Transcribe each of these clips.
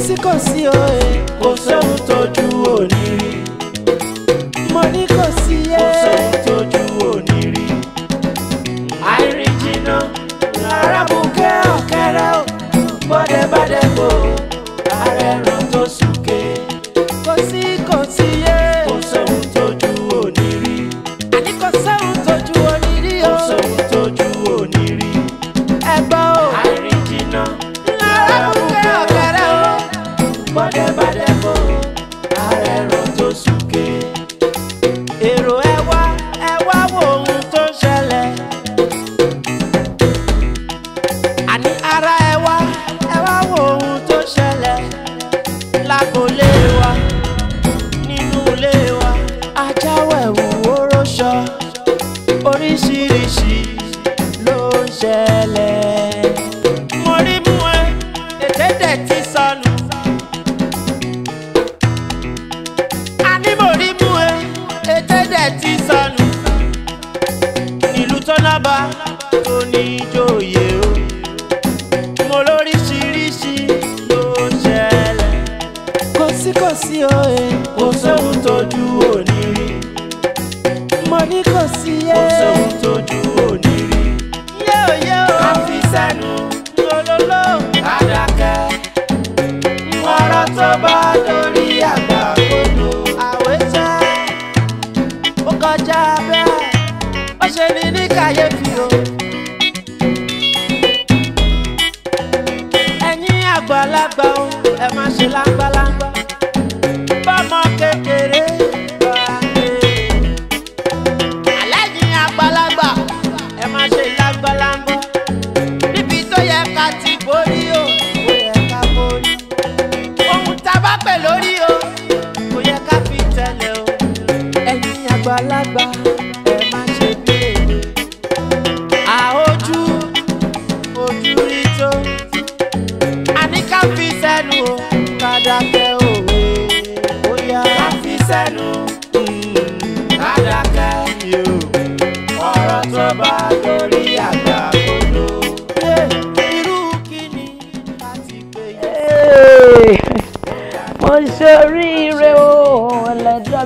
sí kò sí òye kò sóhun tójú òní mo ní kò sí yé.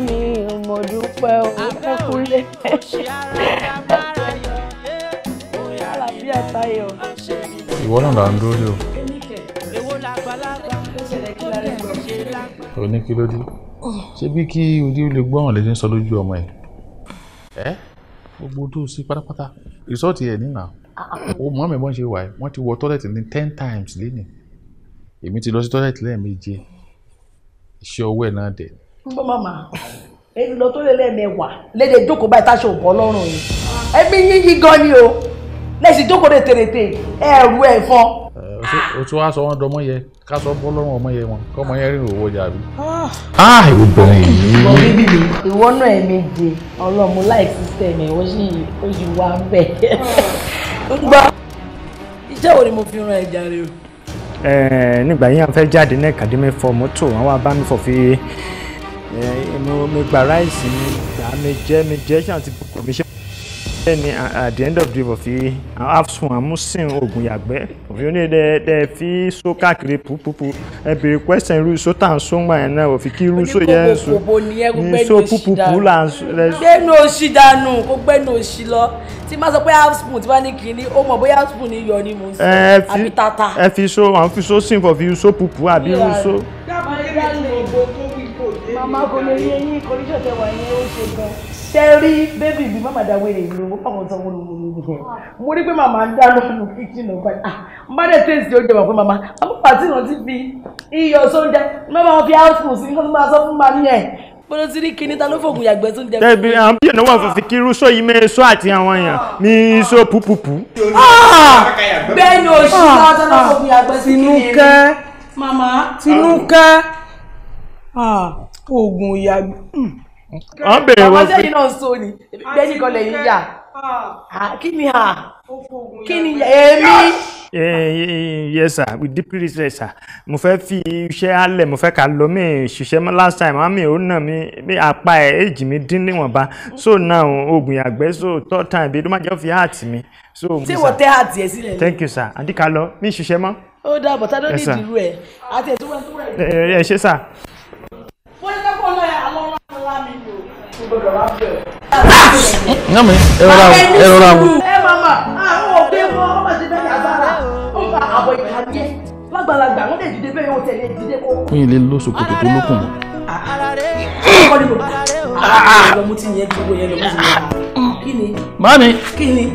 mi mo dúpẹ́ o ẹ kúlé àlàáfíà tayọ̀. ìwọ náà là ń dúró lé o. òní kí ló dé ṣé bí kí odi lè gbọ́ràn lẹ́sìn sọ lójú ọmọ ẹ̀ ẹ́ gbogbo tó sí pátápátá rìsọ́ọ̀tì ẹ̀ nínà o mọ̀ mi bọ́n ṣe wà ẹ́ ti wọ tọ́lẹ̀tì ní ten times lẹ́nìí èmi ti lọ sí tọ́lẹ̀tì lẹ́ẹ̀mejì iṣẹ́ ọwọ́ ẹ̀ náà dẹ̀ ni gbọ́ màmá èyí lọ tó lé lẹ́ẹ̀mẹwàá lédè jókòó báyìí táṣọ òbọ̀ lọ́rùn yìí ẹbí yíyí gan ni o lẹ́sìn jókòó lè tèrètè ẹ̀rù ẹ̀fọn. o tún wá sọ wọn dọmọ yẹ ká sọ bọ́ lọ́rùn ọmọ yẹ wọn kọ́mọ yẹn rìn òwò jàbí. Ah. Ah, obìnrin yìí. ìwọ náà ẹ̀ méje ọlọ́mú láì sísẹ̀mì ó sì ó sì wá bẹ̀. gbọ́ iṣẹ́ wo ni mo fi ran ẹja rẹ o. nígbà yín a fẹ́ jáde ní academy for mọ́tò àwọn abámi fi mo mo gba ráìsì mi gbà mi jẹ mi jẹ ṣáà ti bùkún mi ṣe ṣe ni at the end of the day òfin afsun amusin oògùn yàgbẹ́ òfin oní ẹ ẹ fi so káàkiri pupupu ẹ béèrè question irú so tá à ń so ń gbà yẹn náà òfin kí irú so yẹn ń so ní so pupupu là ń so. gbẹ́nu òsì dànù kó gbẹ́nu òsì lọ tí máa sọ pé half spoon tí wàá ní kínní ó mọ̀ bóyá half spoon ni iyọ̀ ni mò ń sọ àbí tata. ẹ fi so àwọn fi so sìn fọ fi so pupu àbí irú so àgọlẹ̀ yẹn yín kọ́ndíṣọ̀ tẹ wà yẹn ó ṣe gan. tẹ rí bébì mi má màdá wẹ̀rẹ̀ ìlú àwọn tó wọ́n lò yẹn. mo rí pé màmá ń dáná nù kíchìnì ọ̀gbà yìí. má dẹ̀ tẹ̀sí oúnjẹ wà fún màmá àmọ́ pàtí ìrántí fi iyọ̀ sóúnjẹ má máa fi áùtù sí kó tó máa sọ fún màmí ẹ̀ bọ́lá ti rí kinní ta ló fògùn yàgbẹ́ tó ń jẹ. tẹbi àwọn bíyẹn náà wà fífi kírú sọ yìí mẹ́rin sọ àti àwọn èèyàn ní sọ púpùpù. Ah! bẹ́ẹ̀ ni òṣì ah! náà tó náà fògùn yàgbẹ́ sí kinní oògùn ìyá mi. Hmm. ń bèrè wọn fún. ọmọdé yìí náà so ni bẹ́ẹ̀ni kan lẹ́yìn yà ah. Ah, kí ni à kí ni èmi. Eh, eh, yes sir with deep respect sir mo fẹ́ fi iṣẹ́ alẹ̀ mo fẹ́ ká lọ mi ṣiṣẹ́ last time àmì ò nà mí apá ẹ̀ èjì mi dín níwọ̀nba so now oògùn ìyàgbẹ́ so third time bí ló má jẹ́ fi heart mi. so ṣé wọ́n tẹ́ heart yẹn sílẹ̀. thank you sir àdìkà lọ mi ṣiṣẹ́ mọ́. ó dà bọ̀ tá ló ní ìdìrú ẹ̀ àti ẹ̀ tó wà tó wà. Eh, ẹ ṣe sà nga mi ẹ rọra o ẹ rọra mami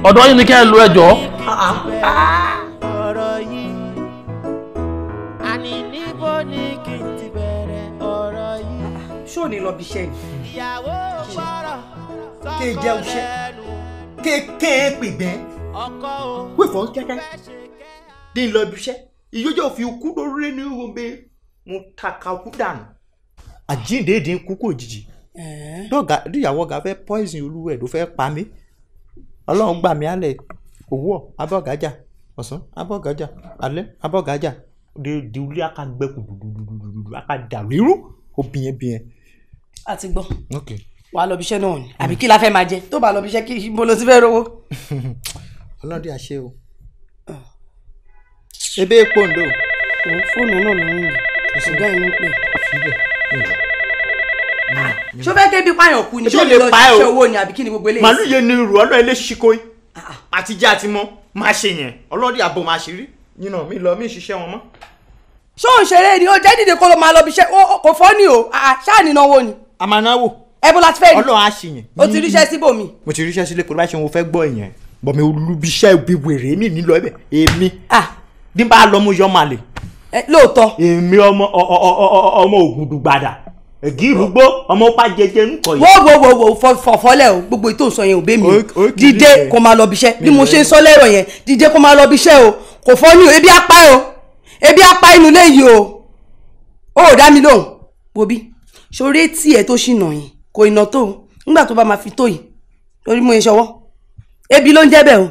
ọ̀dọ́ yìí ni kẹ́ ẹ lo ẹjọ́. Ah, ah. ò ní lọ bí iṣẹ́ ni. ìyàwó gbọ́rọ̀ kí ẹ jẹ́ ọṣẹ́ kéèké pègbẹ́ kẹ́kẹ́ ní lọ bí iṣẹ́ ìyójó fi kú lórí ní omi mo taka kú dànù. àjíǹde dín kú kò jìjì lọ́gà níyàwó ọ̀gá fẹ́ poison olúwẹ̀ ló fẹ́ pa mí ọlọ́run gbà mí alẹ̀ òwúrọ̀ abọ́gájà ọ̀sán abọ́gájà alẹ́ abọ́gájà di ulé aka gbẹ́kù dùdùdùdùdù aka dàrú irú obìnrin bìnrin àti gbọ́n wàá lọ bíṣẹ́ náà ni àbí kí la fẹ́ máa jẹ tó bá lọ bíṣẹ́ kí mo sí fẹ́ rówó. ọlọ́dẹ àṣẹ o ah. ebe epo ndo. òun fóònù náà ló ń rìn ìṣúgbọ́n inú pè. ṣó ah. fẹ́ kébi pààyàn kú ni ṣó lè lọ ṣiṣẹ́ owó ni àbí kí ni gbogbo eléyìí. màálù yẹn ni irú ọlọ́ọ̀ ilé ṣíkó ah, àti jẹ́ àti mọ́ máa ṣe yẹn ọlọ́dẹ àbọ̀ máa ṣe rí yìnyín mi lọ mi ṣiṣẹ́ wọn mọ́. ṣó òṣèré ni ó jẹ́ dìde kó lọ máa lọ bíṣẹ́ kò fọ́ ni o ṣáà nínáwó ni a máa náwó. ẹ bó la ti fẹ́ rí. ọlọ́run á ṣe yẹn. o ti ríṣẹ́ síbò mi. mo ti ríṣẹ́ sílé kó bá ṣe mo fẹ́ gbọ́ ìyẹn bọ̀mí olùbíṣẹ́ ibi wèrè mi nílò ẹ̀bẹ̀ èmi. bí n bá lọ mú yọ máa lè. lóòótọ́. èmi ọmọ ọmọ ògùdùgbàdà ègì ìrúgbó ọmọ pa jẹjẹ nǹkọ yìí. wo wo wo fọfọlẹ o gbogbo ètò ìsọ yẹn ò bẹ mi o dìde kó máa lọ bíṣẹ́ bí mo ṣe ń sọ lẹ́rọ̀ yẹn dìde kó máa lọ bíṣẹ́ o kò fọ́ ní o ebi apá o ebi apá inú lẹ́yìn o ó dá mi lóhùn wo bí ṣorí etí ẹ tó ṣìnà yìí kò ìnà tó nígbà tó bá máa fi tó yìí lórí mú yẹn ṣọwọ́ ebi ló ń jẹ́ bẹ́ẹ̀ o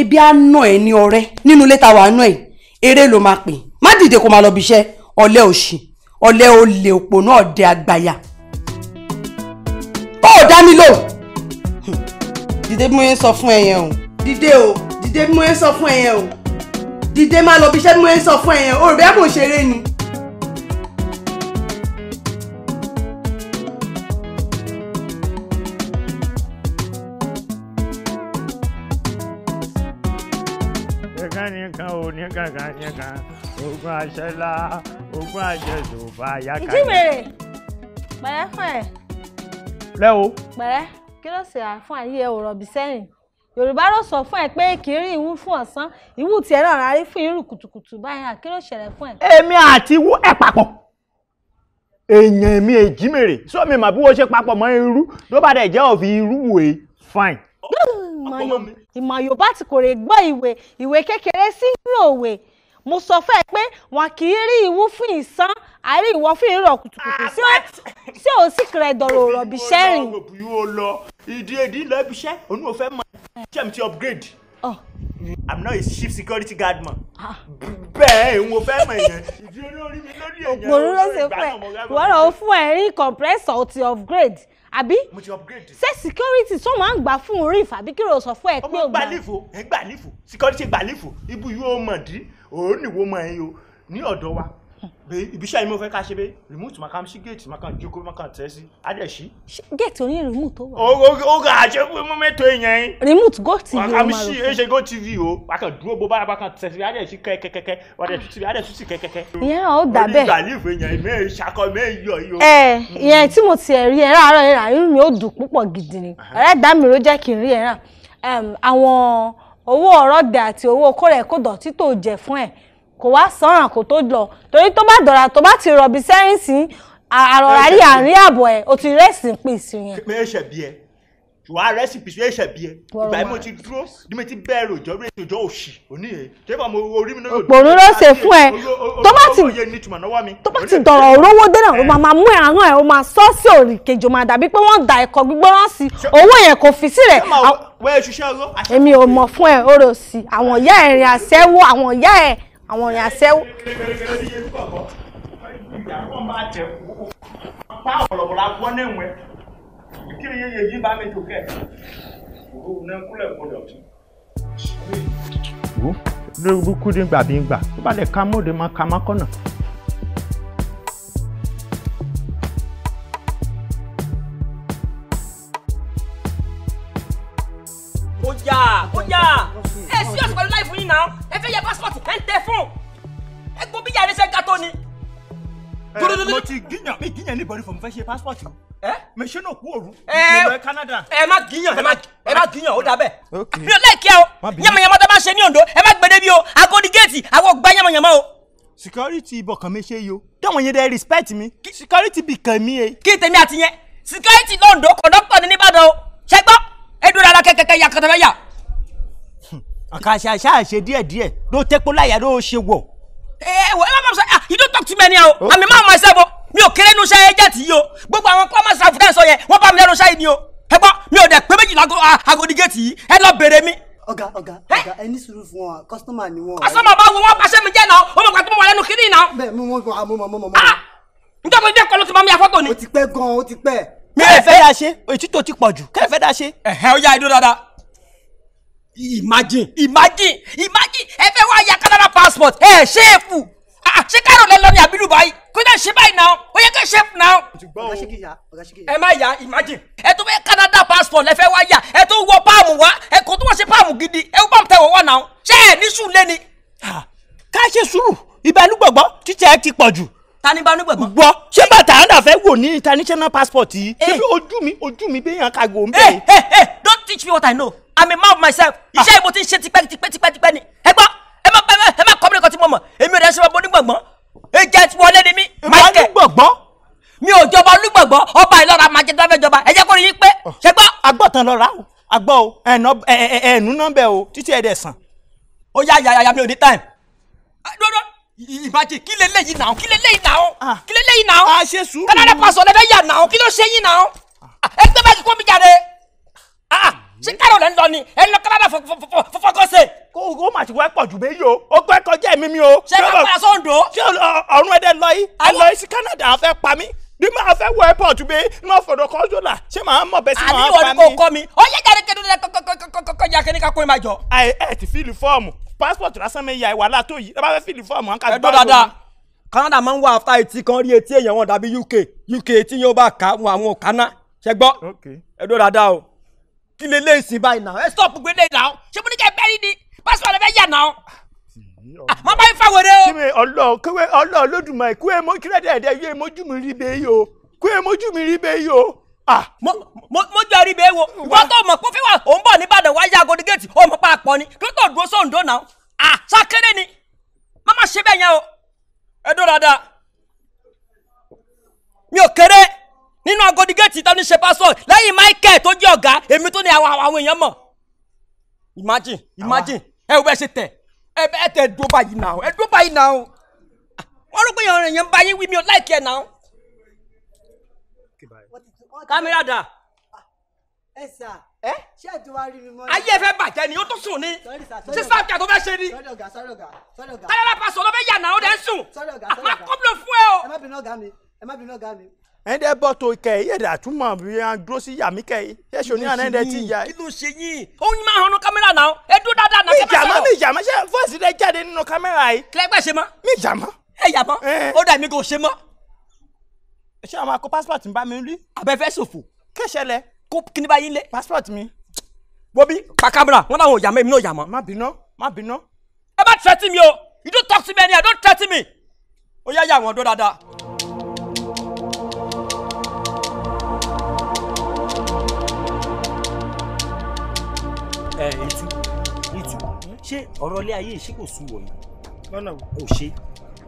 ebi á nà ẹ ní ọrẹ́ nínú ilé táwa nù ẹ eré ló máa pè má dìde kó máa lọ bíṣẹ́ ọ̀lẹ òṣì ọ̀lẹ olè òpò náà dé àgbàyà ó dá mi lò hmm. dìde bí mo yẹn sọ fún ẹ o dìde o dìde bí mo yẹn sọ fún ẹ o dìde má lọ bíṣẹ́ bí mo yẹn sọ fún ẹ o rẹ̀ mò ń ṣeré ni. kankan o ní kankan ní kan ogun àṣẹlá ogun àṣẹṣò bá yá kan. ìjíwè pẹ̀lẹ́ fún ẹ̀. lẹ́ o. pẹ̀lẹ́ kí ló ṣe àfún àyè ẹ̀ òrọ̀bì sẹ́yìn yorùbá ló sọ fún ẹ pé kìrì ìwú fún ọ̀sán ìwú tiẹ̀ náà rárí fún irú kùtùkùtù báyìí àkí ló ṣẹlẹ̀ fún ẹ. èmi àti ìwú ẹ̀ papọ̀ èèyàn mi èjì mèrè sọ mi mà bí ṣe papọ̀ mọ́ irú ló bá dẹ̀ jẹ́ òfin irú wèé fine ìmọ̀ yorùbá tí kò rè gbọ́ ìwé ìwé kékeré sí rírò mo sọ fẹ́ pé wọn kì í rí ìwú fún ìsán àárí ìwọ fún ìrírọ̀ kùtùkùtù sí ò ah, sí kìrẹ̀ ìdọ̀rọ̀ ọ̀rọ̀ bí sẹ́rìn. ìdí èdè ìlọ ibiṣẹ́ onú ò fẹ́ mọ iṣẹ́ mi ti upgrade i'm not a chief security guard man ah. bẹ́ẹ̀ n wo fẹ́ mọ̀ yẹn ìdílé orí mi lórí èèyàn òpòrò ló ṣe fún ẹ wọ́n lọ fún ẹ rí compressor ti upgrade àbí ṣé security tó máa ń gbà fún un ríf àbí kí ló sọ fún ẹ pé ó gbà. ọmọ gbalífo ẹ gbalífo security gbalífo ibu yóò mọ̀ dí òórùn ìwọ mọ̀ ẹ yo ní ọ̀dọ̀ wa ibiṣẹ́ yìí mo fẹ́ ká ṣe bẹ́ẹ̀ remote máa kàn sí gate máa kàn jókòó máa kàn tẹ́ sí àdẹ̀sí. gate oní remote ó wà. ó gà á ṣe pé mo mẹ́tò èèyàn yín. remote go tv ó máa lọ sí. ẹ ṣe go tv o wà á kàn dúró bó bára bá kàn tẹ̀ sí àdẹ̀sí kẹ́kẹ́kẹ́ wà á tún àdẹ̀sí sí kẹ́kẹ́kẹ́. ìyẹn náà ó dà bẹ́ẹ̀. ó ní ìgbàlífù èèyàn mẹ́rin ṣakọ mẹ́rin yọ yìí o. ẹ ìyẹn tí mo ti ẹ̀ rí ẹ̀ ráàárọ̀ ẹ̀ rà inú mi ó kò wá sọ́ràn kò tó lọ torí tó bá dọ̀rà tó bá ti rọ̀bì sẹ́yìn sí àrọ̀rà rí àárín àbọ̀ ẹ̀ o ti rẹ́sì ń pèsè yẹn. mi ẹ ṣe bí ẹ wàá rẹ́sì pèsè ẹ ṣe bí ẹ ìgbà yẹn mo ti dúró ní mi ti bẹ̀rẹ̀ òjò rẹ̀ òjò òṣì òní yẹn tó bá mo orí mi lórí òjò. òpònú ṣe fún ẹ tó bá ti tó bá ti dọ̀rọ̀ òróró dé náà ló máa mú ẹ̀ràn ẹ̀ o máa sọ sí òrì kejì máa dàbí pé wọ́n da ẹ̀kọ́ gbígbóná sí owó yẹn kò fi sílẹ̀ èmi ò mọ̀ fún ẹ ó rò sí àwọn ìyá ẹ̀rìn àṣẹ́wó àwọn ìyá ẹ̀ àwọn èèyàn àṣẹwó. wo lórí burúkú dìgbà bí ń gbà tó bá lè ka mọ́ọ̀dé máa ka mákọ́nà. ó yá ó yá ẹ sí ọ̀sán pẹ̀lú mi náà ẹ fẹ́ yẹ passport ẹ ń tẹ fún ẹ gbọ́ bí yàrá iṣẹ́ gàtọ́ ni. ẹ mo ti gíyàn mi gíyàn níbọ̀dí fún mi fẹ́ ṣe passport o mi ṣe náà kú òru mo lọ Canada. ẹ má gíyàn ẹ má gíyàn ó dábẹ́ mi ò láìkí ẹ o yamayama tó bá ṣe ní Ondo ẹ má gbẹdẹ bí o Agodi géètì àwọn ọgbà yamayama o. security ibọkàn mi ṣe yìí o táwọn yẹn dẹ respect mi security bìkan mi e. kí tèmi àti yẹn security lọ́ndọ̀ kọ̀dọ́kọ̀ ní nìbàdàn o ṣẹgbọ́n ẹ dúró ara kẹkẹkẹ yà kọtàbẹ́yà àkàṣà ṣáàṣe díẹ̀díẹ̀ ló tẹ́pọ̀ láyà ló ṣe wọ̀. ẹ wọ ẹ má bàbá sọ ah you don't talk to me anyhow àmì máa ma ṣe bọ mi ò kéré nu ṣe ẹjẹ tì í o oh. gbogbo àwọn kọ́ máa ṣàfùdá sọ yẹn wọ́n bá mi lẹ́nu ṣáà ni o oh. ẹ gbọ́ mi ò dẹ̀ pé méjìlá ah, agodi géètì yìí ẹ lọ bèrè mi. ọ̀gá ọ̀gá ọ̀gá ẹ ní sùúrù fún wọn kọ́sítọ́mà ni wọn. kọ́sítọ́mà bá wo wọn pàṣẹ mi jẹ́ náà ó mọ̀ pàtó mọ̀ wà lẹ́nu kiri náà. bẹ́ẹ̀ mo mọ mo mọ mo mọ. Ah! njẹ́ kò dé kọ́ ló ti máa mi àfọ́tò ni. ó ti pẹ́ gan O ti pẹ́. mi ò fẹ́ dá ṣe ètùtù ti pọ̀ jù kẹ́ẹ̀ fẹ́ dá ṣe. ẹ̀hẹ́ ó yá idó dáadáa imagine. imagine imagine ẹ fẹ́ wá ya Canada passport ẹ ṣe é fù ah, ṣé káàrọ̀ lẹ lọ ní àbílù báyìí kó jẹ́ ṣe báyìí náà ó yẹ ká ṣe fún náà. ẹ má ya imagine ẹ tó fẹ́ Canada passport lẹ fẹ́ wá ya ẹ tó wọ páàmù wá ẹ kò tó wọ́n ṣe páàmù gidi ẹ wọ́n páàmù tẹ̀wọ̀ wá náà ṣé ẹ ní sùn lé ni. Ah, ká ṣe sùúrù ìbẹnugbọ̀gbọ́ títí ẹ ti pọ̀ jù tani bá nígbà gbọ́. gbọ́ ṣé bàtà àndà fẹ́ wò ní international passport yìí. Eh. ṣé ojú mi ojú mi bẹ́ẹ̀ yàn ká gò ń bẹ̀. Eh, eh, don't teach me what I know. I'm a man of myself. Ah. Iṣẹ́ ìbò ti ń ṣe tipẹ́ tipẹ́ tipẹ́ tipẹ́ ni. Ẹ gbọ́, ẹ má pẹ́ ẹ má kọ́ mi nìkan tí mo mọ̀. Èmi ò dẹ́ ṣe wọn bó ní gbọ̀ngbọ́n. Agent wọlé ni mí. Michael. Ìbá olúgbọ̀gbọ́. Mi ò jọba olúgbọ̀gbọ́. Ọba ìlọ́ra máa jẹ dáfẹ́ jọba. Ẹ jẹ́ kó rí yín pé. Oh. Ṣé gbọ́? Agbọ́tàn lọ́ra o. Agbọ́ o. Ẹ̀ẹ̀nù nọ́mbẹ̀ o. Títí ẹ̀ dẹ̀ sàn. Ó yá yàyà mi ò ní time. Dọ́dọ́ ah, ìbàjẹ́ kí lè léyìí náà kí lè léyìí náà ah. kí lè léyìí náà. A ṣe sùúrù. Kánádà pàṣọ lẹ́fẹ̀ẹ́ yà náà kí ló ṣe yín náà. Ẹgbẹ́ bá ti kó mi jáde. Ah, ṣé kárọ̀ lẹ́ ń lọ ni ẹ lọ Canada fọkọ́sẹ̀. kó o máa ti wá pọ̀ jù méjì o ó gbẹ́ kọjá mi mi o. ṣé ká pàṣẹ sóńdò. ṣé ọ̀run ẹ̀dẹ̀ lọ yìí ẹ lọ yìí sí Canada a fẹ́ pa mí bí máa fẹ́ wọ airport gbé náà fọ̀dọ̀ kan jọ̀là ṣé màá mọ̀ bẹ́ẹ̀ sí màá pa mí. àníwọ̀ ni kò kọ́ mi ó yẹ jáde kẹ́dùn lẹ́ kọ́kọ́kọ́kọ́kọ́jà kẹ́ni ká kó ẹ máa jọ. ẹ ẹ ti fíìlì fọ́ọ̀mù passport lásán mi ya ìwà látó yìí ẹ bá fẹ́ fíìlì fọ́ọ̀mù à ń ká gbọ́ àgbọ̀ mi. Canada máa ń wá after etí kan rí etí èèyàn wọn dàbí UK UK etí yóò bá ká àwọn òkáná ṣẹgbọ́ ẹ dó dáadáa o kí lè léyìí sí báyìí náà. ẹ stop gbé léyìí náà ṣé mo ní kẹ́ bẹ́ẹ̀ ni pásítọ̀ lè fẹ́ yà náà. Ah, mo bá yín fa wèrè o. kí ni ọlọ́ọ̀ kí wẹ́ ọlọ́ọ̀ lódùmọ̀ ẹ̀ kú ẹ̀ mọ́ kí lẹ́dẹ̀ẹ́dẹ́ yé mojú mi rí bẹ́ẹ̀ yìí o kú mojú mi rí bẹ́ẹ̀ yìí o ah mo mo mo jẹ rí bẹ́ẹ̀ wo ìwọ tó mọ̀ pé fíwà òun bọ̀ nìbàdàn wá yá agodi géètì ó mọ̀ pàápọ̀ ni kí ló tó dúró sóńdó náà ah sákéré ni má má ṣe bẹ́ẹ̀ yẹn o ẹ dó dáadáa mi ò kéré nínú agodi gate tó ní ṣe pásọ lẹ́yìn michael tó jẹ́ ọ̀gá èmi tó ní àwọn àwọn èèyàn mọ̀ imagine imagine ẹ wo bẹ ṣe tẹ ẹ bẹ tẹ dúró báyìí náà ẹ dúró báyìí náà wọn rò pé ìyọ̀rọ̀ yẹn ń bá yín wí mi ò láìkẹ́ náà kámẹ́rà dà. ẹ sà ẹ ṣé ẹ ti wá rí mi mọ́. ayé ẹ fẹ́ bàjẹ́ ni ó tún sùn ni ṣé sáfìà tó fẹ́ ṣe ni. sọ́dọ̀ ọ̀gá sọ́dọ̀ ọ̀gá sọ́dọ̀ ọ̀gá. kálára pàṣọ ló fẹ́ yà náà ó dẹ̀ ń sùn. sọ́dọ̀ ọ̀gá àmọ́ ah, kọ́pìlò ẹ̀ńdẹ́ bọ́ tó kẹ̀ yẹ̀dà túmọ̀ bí wọ́n dúró sí yàmí kẹ̀ yẹ ṣò ní àná ẹ̀ńdẹ́ tí ìyá. kí ló ṣe yín. òun máa hànú kámẹ́rà náà ẹ dáadáa náà kẹ́mẹ́rà sọ̀rọ̀. mi ìjàmọ́ mi ìjàmọ́ fọ́ọ̀sì rẹ jáde nínú kámẹ́rà yìí. kílẹ̀ ṣe mọ́. mi ìjàmọ́. ẹ yàmọ́ ó dà mí kò ṣe mọ́. ṣé àwọn akọ passport ń bá mi rí. abẹ́fẹ́ ṣòfò. kẹ́sẹ̀lẹ̀. kó kíní bá yín mi. bobi pa kámẹ́rà wọn mi ó yá yà wọ́n dó dáadáa. ẹ ìtú ìtú ṣé ọ̀rọ̀ ilé ayé ìṣe kò sùn wọ̀nyí. lọ́nà wo. ò ṣe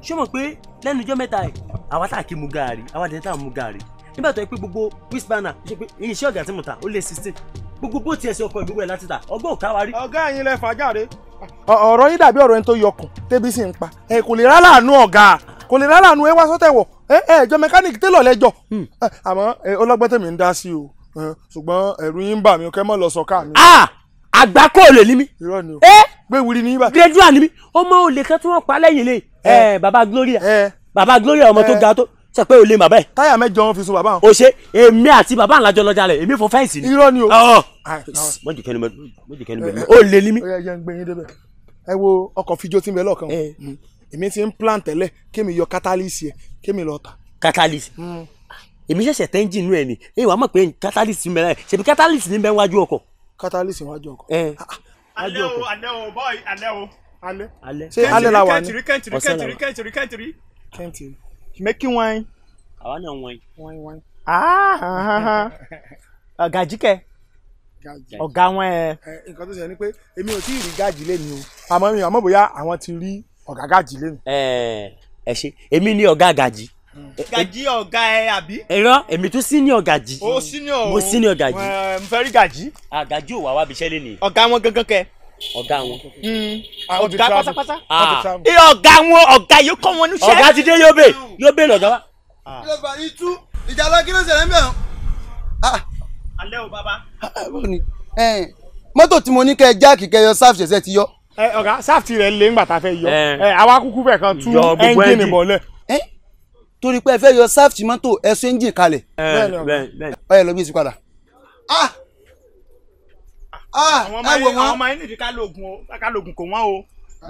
ṣé o mọ̀ pé lẹ́nu ijọ́ mẹ́ta ẹ̀ àwa tá a kì í mu gaari àwa dẹ̀ tá a mu gaari nígbà tó yẹ pé gbogbo wíṣbánà ṣe pé iṣẹ́ ọ̀gá tí mo ta ó lé sixteen gbogbo bó tiẹ̀ sí ọkọ̀ ìgbogbo ẹ̀ láti ta ọgbọ́n ò káwa rí. ọ̀gá ẹ̀yin lẹ fàájàre. ọ̀rọ̀ yìí dàbí ọ̀rọ̀ ẹni tó yọkùn tẹ́bí sì ń pa ẹ kò lè rálàánú ọ̀gá kò lè rálàánú ẹ wá sọ́tẹ̀wọ̀ ẹ ẹ jọ mẹkáníìkì télọ̀ lẹ́jọ́ hmm. àmọ́ ọlọ́gbọ́n ń dá sí o ṣùgbọ́n ẹ̀rù yín ń bà mí ọkẹ́ mọ́ lọ sọ káà mi. Ah! àgbà kò lè ní mi. irọ́ ni o eh? gbé wuli ní ibà. gbẹdúrà ní mi ọmọ olè kan tí wọ́n pa lẹ́yìn lè ẹ baba gloria ẹ eh. baba gloria ọmọ tó eh. ga tó sọ pé olè bàbá ẹ. táyà mẹ́jọ wọn fi sun bàbá wọn. o ṣe èmi àti bàbá ńlá jọ lọ́jà rẹ̀ èmi fọ fẹ́ǹsì ni. irọ́ ni o. mọ jù kẹnu mọ jù kẹnu bẹ mi o lè ní mi. ẹ wo ọkọ̀ fijó tí ń bẹ lọ́ọ̀kan hmm. èmi ti ń plan tẹ́lẹ̀ kémi yọ catalyst yẹ kémi lọ ta. catalyst hmm. èmi ṣẹ̀ṣẹ̀ tẹ́ńjì nù ẹ̀ ni èyí wàá mọ̀ pé catalyst ń bẹ láyé ṣèbí catalyst ń bẹ wájú ọkọ̀ catalyst iwájú ọkọ. Ah, ah, alẹ́ o alẹ́ o bọ́ọ̀ alẹ́ o. alẹ́ ṣé alẹ́ la wà ní. kẹ́ntìrí kẹ́ntìrí kẹ́ntìrí kẹ́ntìrí. kẹ́ntìrí. making wine. àwa náà wine. wine wine. Ah, gàjí kẹ ọ̀gá wọn ẹ. nǹkan tó ṣe ni pé èmi ò tí ì rí gàjí lẹ́nu o àmọ́ mi àmọ́ bóyá àwọn ti rí ọ̀gá gàjí lẹ́nu. ẹ ẹ ṣe èmi ni ọ̀gá gàjí gàjí ọ̀gá ẹ àbí. ẹ̀rọ èmi tún sí ní ọ̀gàjì. o sí ní ọ̀hún mo sí ní ọ̀gàjì. mo fẹ́ rí gàjí. àgàjì ò wá wá bíṣẹ́ lé nìyí. ọ̀gá wọn gangan kẹ. ọ̀gá wọn. Hmm. ọ̀gá pátápátá. Ah. ọ̀gá wọn ọ̀gá yóò kọ́ wọn níṣẹ́. ọ̀gá ti dé yóò bè yóò bè lọ́gá wa. ìjọba ah. itú ìjà lọ kí ló ṣẹlẹ̀ ń bẹ̀ ọ́. Ah. alẹ́ o bàbá. Eh, mọ́tò tí mo ní kẹ́ jáàkì kẹ́ yọ sáfì ṣẹ̀ṣẹ̀ ti yọ. Eh, ọ̀gá sáfì rẹ̀ lé ńgbà tá a fẹ́ yọ eh. àwa kúkú fẹ́ kan tú ẹ́ńgìnì bọ̀lẹ̀ torí pé ẹ fẹ́ yọ sáfìtì mọ́tò ẹ̀sùn ẹ́ńjìn kalẹ̀. ọyẹ lọ bí èsì padà. Ah! Ah! àwọn ọmọ yẹn nìdí ká lóògùn o ká lóògùn kò wọ́n o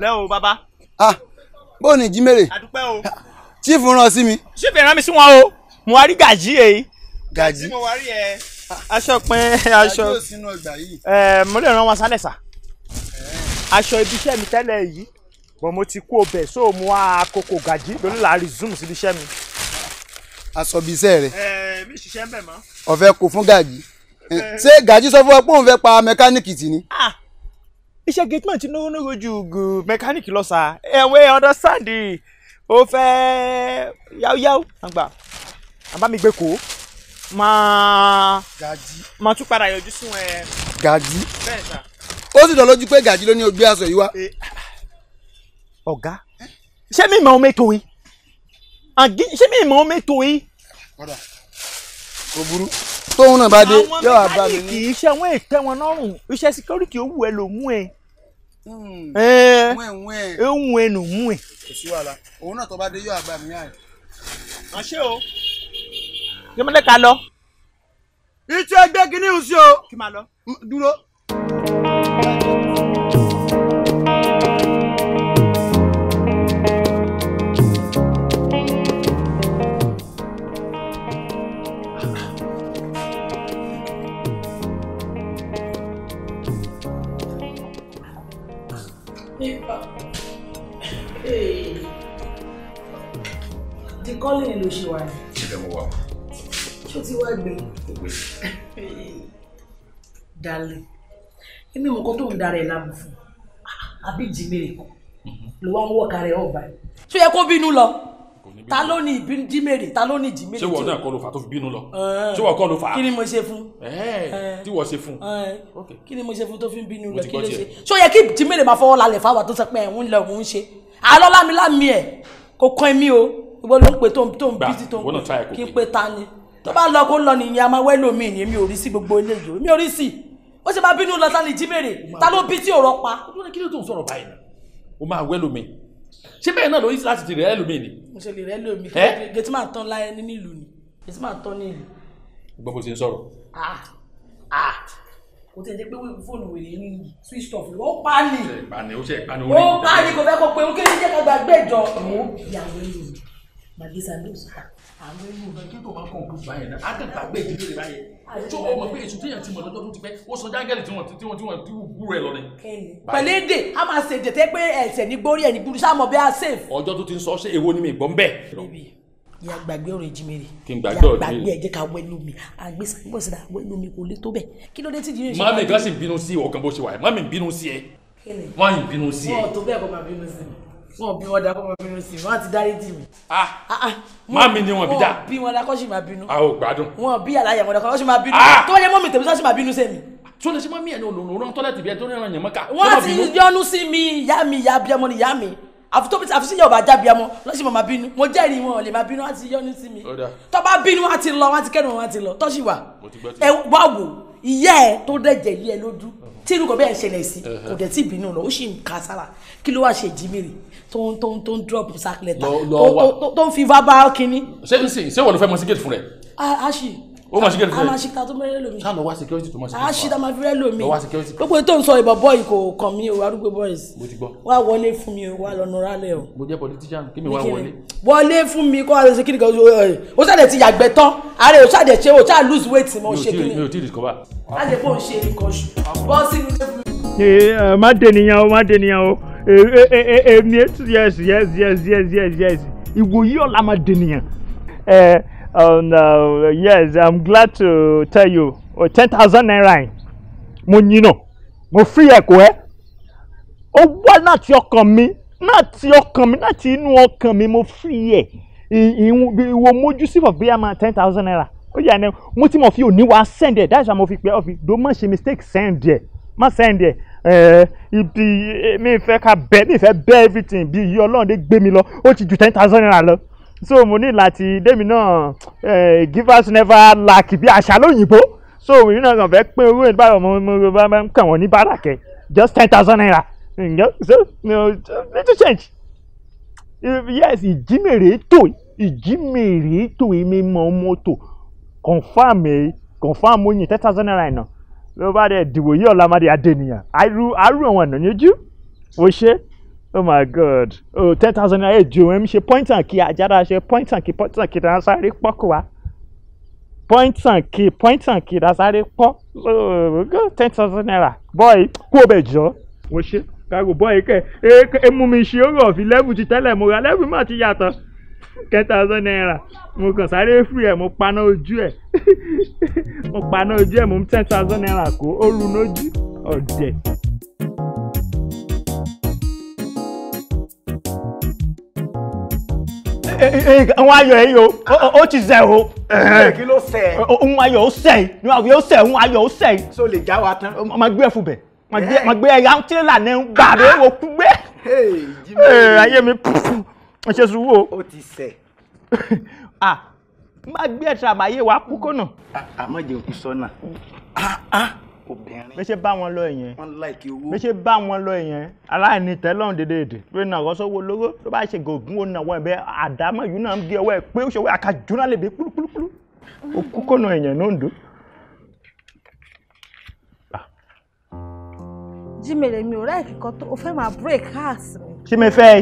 lẹ́ o bàbá. Ah! bó ni jímèrè chief rán sí mi. chief rán mi sí wọn o mo wá rí gàjí èyí. E. gàjí mo wá rí ẹ. aṣọ pin aṣọ mo lè rán wọn sálẹ̀ sà aṣọ ibi iṣẹ́ mi tẹ́lẹ̀ yìí bọ̀ mo ti kó bẹ̀ so mo wá kókó gàjí lórí la resume síbi iṣẹ́ mi. asọ̀bìsẹ́ rẹ̀. ẹ eh, mi ṣiṣẹ́ ń bẹ̀ mọ́. ọ̀fẹ́ kò fún gàjí eh, eh. ṣé gàjí sọ fún wa pé òun fẹ́ pa mẹkáníìkì tì ní. Ah, iṣẹ́ gateman ti náwó náwó ju mẹkáníìkì lọ sá ẹ̀wẹ̀ understand ó fẹ́ yáwóyáwó àgbà àbámigbé kò máa gàjí máa tún padà yọjú sí wọn. gàjí ó sì dán lójú pé gàjí ló ní ó gbé aṣọ yìí wá ọ̀gá ṣé mi mọ̀ omi tòye àgí ṣé mi mọ̀ omi tòye. kò burú tóun náà bá dé yóò wá bá mi ní. kì í ṣe àwọn ètò ẹ̀wọ̀n lọ́rùn iṣẹ́ síkírítì ó wù ẹ́ ló mú ẹ. Hmm, ẹ ń wẹ̀ nù mú ẹ. kò sí wàhálà òun náà tó bá dé yóò wá bá mi yá ẹ. àṣé o. jọmọdé ká lọ. ìtú ẹgbẹ́ kìíní ń ṣe o. kí máa lọ. dúró. kọ́ lè lo ṣe wà ní. ibẹ̀ mo wà. ṣó ti wá gbé. kò gbé. dalẹ̀ èmi mọ̀ kó tó ń darẹ̀ láàmú fún àbí jìmìrì kan mhm. ló wá ń wọ̀ka rẹ̀ ọ̀bà. tó yẹ kó bínú lọ ta ló ní jìmìrì ta ló ní jìmìrì. ṣé wọ́n náà kọ́ ló fà tó fi bínú lọ. ṣé wọ́n kọ́ ló fà. kí ni mo ṣe fún. tí wọ́n ṣe fún. kí ni mo ṣe fún tó fi ń bínú lọ kí ló ṣe. ṣó yẹ kí jìmìrì máa fọwọ́ lálẹ̀ fáwọn tó sọ pé ẹ̀ ń lọ òun ṣe. àlọ́ lámilámi ẹ̀ kò kan mi o ìwọ ló ń pe tó ń tó ń bísí tó ń pè kí n pe ta ni tó bá lọ kó lọ nìyẹn a máa wẹ́ lómi ni mi ò rí sí gbogbo eléyìí mi ò rí sí ó ṣe máa bínú lọ sani jí bèrè ta ló bí tí òrọ pa. olórí kí ló tó ń sọ̀rọ̀ báyìí náà o máa wẹ́ lómi ṣé bẹ́ẹ̀ náà ló yí láti ti rẹ̀ ẹ́ lómi ni. mo ṣe lè rẹ́ lómi gẹ̀tí máa tán láyé ní nílùú ni gẹ̀tí máa tán ní ìlú. gbọ́ bó ń sọ̀rọ̀. Ah, ah. kò tẹ̀ jẹ́ pé fóònù wèrè ní switch off ló pa ni ó pa ni kò fẹ́ kó pe òun kí jẹ́ ká gbàgbé ìjọ òun ìyàwó ìlú màgísà ló sọ. àwọn ẹnu ọ̀nà kí tó máa kàn kú báyẹn náà àtẹ̀tà gbé ìdílé rẹ báyẹn tó o mọ̀ pé èso téèyàn ti mọ̀ lọ́jọ́ tó ti pẹ́ ó sọ jágẹ́lì tí wọ́n tí wọ́n tí wọ́n ti wù rẹ̀ lọ ni. pẹ̀lú èdè a máa ṣe èdè tẹ́ pé ẹ̀sẹ̀ ní gbórí ẹ̀ ní gbúdú sáà mọ̀ bí a ṣe. ọjọ́ tó ti ń sọ ṣé èwo ni mi gbọ́ ń bẹ̀. ìyá gbàgbé ọ̀rọ̀ ìjìmẹ̀rẹ̀ ìyá gbàgbé ẹ̀jẹ̀ ká wẹ́lú mi àgbẹ̀sàgbọ̀sídà wẹ́lú mi kò lè tó bẹ́ẹ̀ kí ló dé tí jìnnì. mami gán sì bínú sí ọkàn bó ṣe wà mami bínú sí ẹ mami bínú sí ẹ. wọn ò tó bẹ́ẹ̀ kó máa bínú sí mi wọn bí wọn da kó máa bínú sí wọn ti dárí dì mí. Ah, ah, ah, má mi ni wọn bí dá. wọn bí wọn da kó sì máa bínú. a ò gbádùn. wọn bí àlàyé wọn da kó sì máa bínú. tó wọ́n yẹ mọ́ mi tèmi sọ́ọ́ sì máa bínú sẹ́mi. tó lè ṣe mọ́ mi ẹ̀ ní olùrànlọ́rọ́ tọ́lẹ̀ tìbí ẹ̀ tó ní ẹran yẹ̀mọ́ ká. wọ́n ti yọnu sí mi ìyá mi ìyá abiyamọ ni ìyá mi àfitóbi àfi síyàn ọba jábìá mọ lọ́sì mọ̀ máa bínú mo jẹ́rìí wọn ò lè máa bínú wọ́n ti yọnu sí mi tó bá bínú wọ́n ti lọ wọ́n ti kẹ́nu wọ́n ti lọ tọ́sí wa ẹ wá wò ìyá ẹ tó dẹ̀jẹ̀ yí ẹ lójú tí irú kan bẹ́ẹ̀ ṣẹlẹ̀ sí kò dẹ̀ tí ìbínú lọ ó sì ń ka sára kí ló wá ṣe jìmìrì tó ń tó ń tó ń drop sack letter tó ń fi verbal kínní. ṣé ṣé ìwọ ló fẹ́ mọ sí gate fún rẹ̀. a ṣì ó máa ṣe kẹ́lẹ́ fẹ́. a máa ṣe ká tó mẹ́rẹ́ lómi. ṣáà lọ wá security tó máa ṣe kẹ́lẹ́ fà. a ṣe tá máa fi rẹ́ lómi. lọ wá security. gbogbo tó ń sọ ìbọn bọ́ọ̀ì kò kàn mí o arúgbó boys. mo ti gbọ́. wá wọlé fún mi o wá lọ nura lẹ o. mo jẹ́ politician kí mi wá wọlé. wọlé fún mi kó a lọ ṣe kí ni kan o eh, ṣàdẹ̀ ti yàgbẹ́ tán ààrẹ o ṣàdẹ̀ ṣe o ṣáà lose weight mọ́ o ṣe kí ni. mi ò tí ì discover. má jẹ́ kó o ṣe nǹkan ṣù bọ́ sínú ilé. Eh, má dènìyàn o má dènìyàn o èmi eh, yes yes yes yes yes ìwòyí ọ̀la má dènìyàn And oh, no, yes, I'm glad to tell you. Oh, thousand naira. Mo yino. Mo free ẹ kò ẹ́. Ó wá láti ọkàn mi, láti ọkàn mi, láti inú ọkàn mi, mo free ẹ̀. Ìwọ mojú sí fọ̀ bí a ten thousand naira. Ó yà ni mo ti mọ̀ fi òní wá send ẹ̀. That's why mo fi pẹ́ ọ́fì. Do má ṣe mistake send ẹ̀. Má send ẹ̀. Uh, eh, ibi mi fẹ́ ka bẹ́ẹ̀ mi fẹ́ bẹ́ẹ̀ everything bí iye ọlọ́run dé gbé mi lọ. Ó ti ju 10,000 naira lọ so mo ní láti démi náà eh, givers never lack bí àṣà lóyìnbó so èmi náà kàn fẹ́ pín owó ìdí báyọ̀ mo mo máa ń kàn wọ́n ní bàràkẹ́ just ten thousand naira So little change yes ìjímèrè tó ìjímèrè tó èmi mọ mọ́tò confam ẹ confam oyin ten thousand naira ìnà ló bá dẹ̀ dìbò yí ọ̀la má dé adé nìyà àrùn àwọn ènìyàn yójú ó ṣe oh my god oh ten thousand naira ju ẹ mi ṣe point and key àjára ṣe point and key point and key dáná sáré pọ́ kó wa point and key point and key dáná sáré pọ́ oh ten thousand naira boy kú ọbẹ̀ jọ mo ṣe kágo boy kẹ ẹ mú mi ṣe ó rọ̀ fi level ti tẹ́lẹ̀ mo ra level mà ti yàtọ̀ ten thousand naira mo kàn sáré free ẹ mo paná ojú ẹ mo paná ojú ẹ mo ten thousand naira kó ó ru lójú ọ̀dẹ̀. àwọn ayọ̀ ẹ̀ yìí o ó ti sẹ̀ o. kí ló sẹ̀. ohun ayọ̀ ó sẹ̀ ní àwọn yóò sẹ̀ ohun ayọ̀ ó sẹ̀. so lè já wa tán. máa gbé ẹ̀fù bẹ̀ máa gbé ẹ̀yà tírélà ní gbà bẹ́ẹ̀ wò kú gbé. ayé mi ẹ ṣe sùúrù o. ó ti sẹ̀. Ah, máa gbé ẹ̀ṣẹ̀ àbáyé wa kú kọ́nà. àmọ́ jẹun kú sọ́nà. Ah, ah obìnrin. méṣe bá wọn lọ yẹn. wọn láìkí owó. méṣe bá wọn lọ yẹn. aláìní tẹ́lọ̀n dédé èdè. pé nàgọ́ sọ́wọ́ lówó tó bá ṣe gògùn òun náà wọ́n ẹ̀ bẹ́ àdámọ̀ yìí náà ń gé ọwọ́ ẹ̀ pé ó ṣòwò àkàjúná lè bí kúlúkúlú. okú kọ́nà èèyàn ló ń dò. Ah. jímẹ̀lẹ̀ mi ò rẹ́ ìkíkọ́ tó o fẹ́ máa break heart mi. ṣé mi fẹ́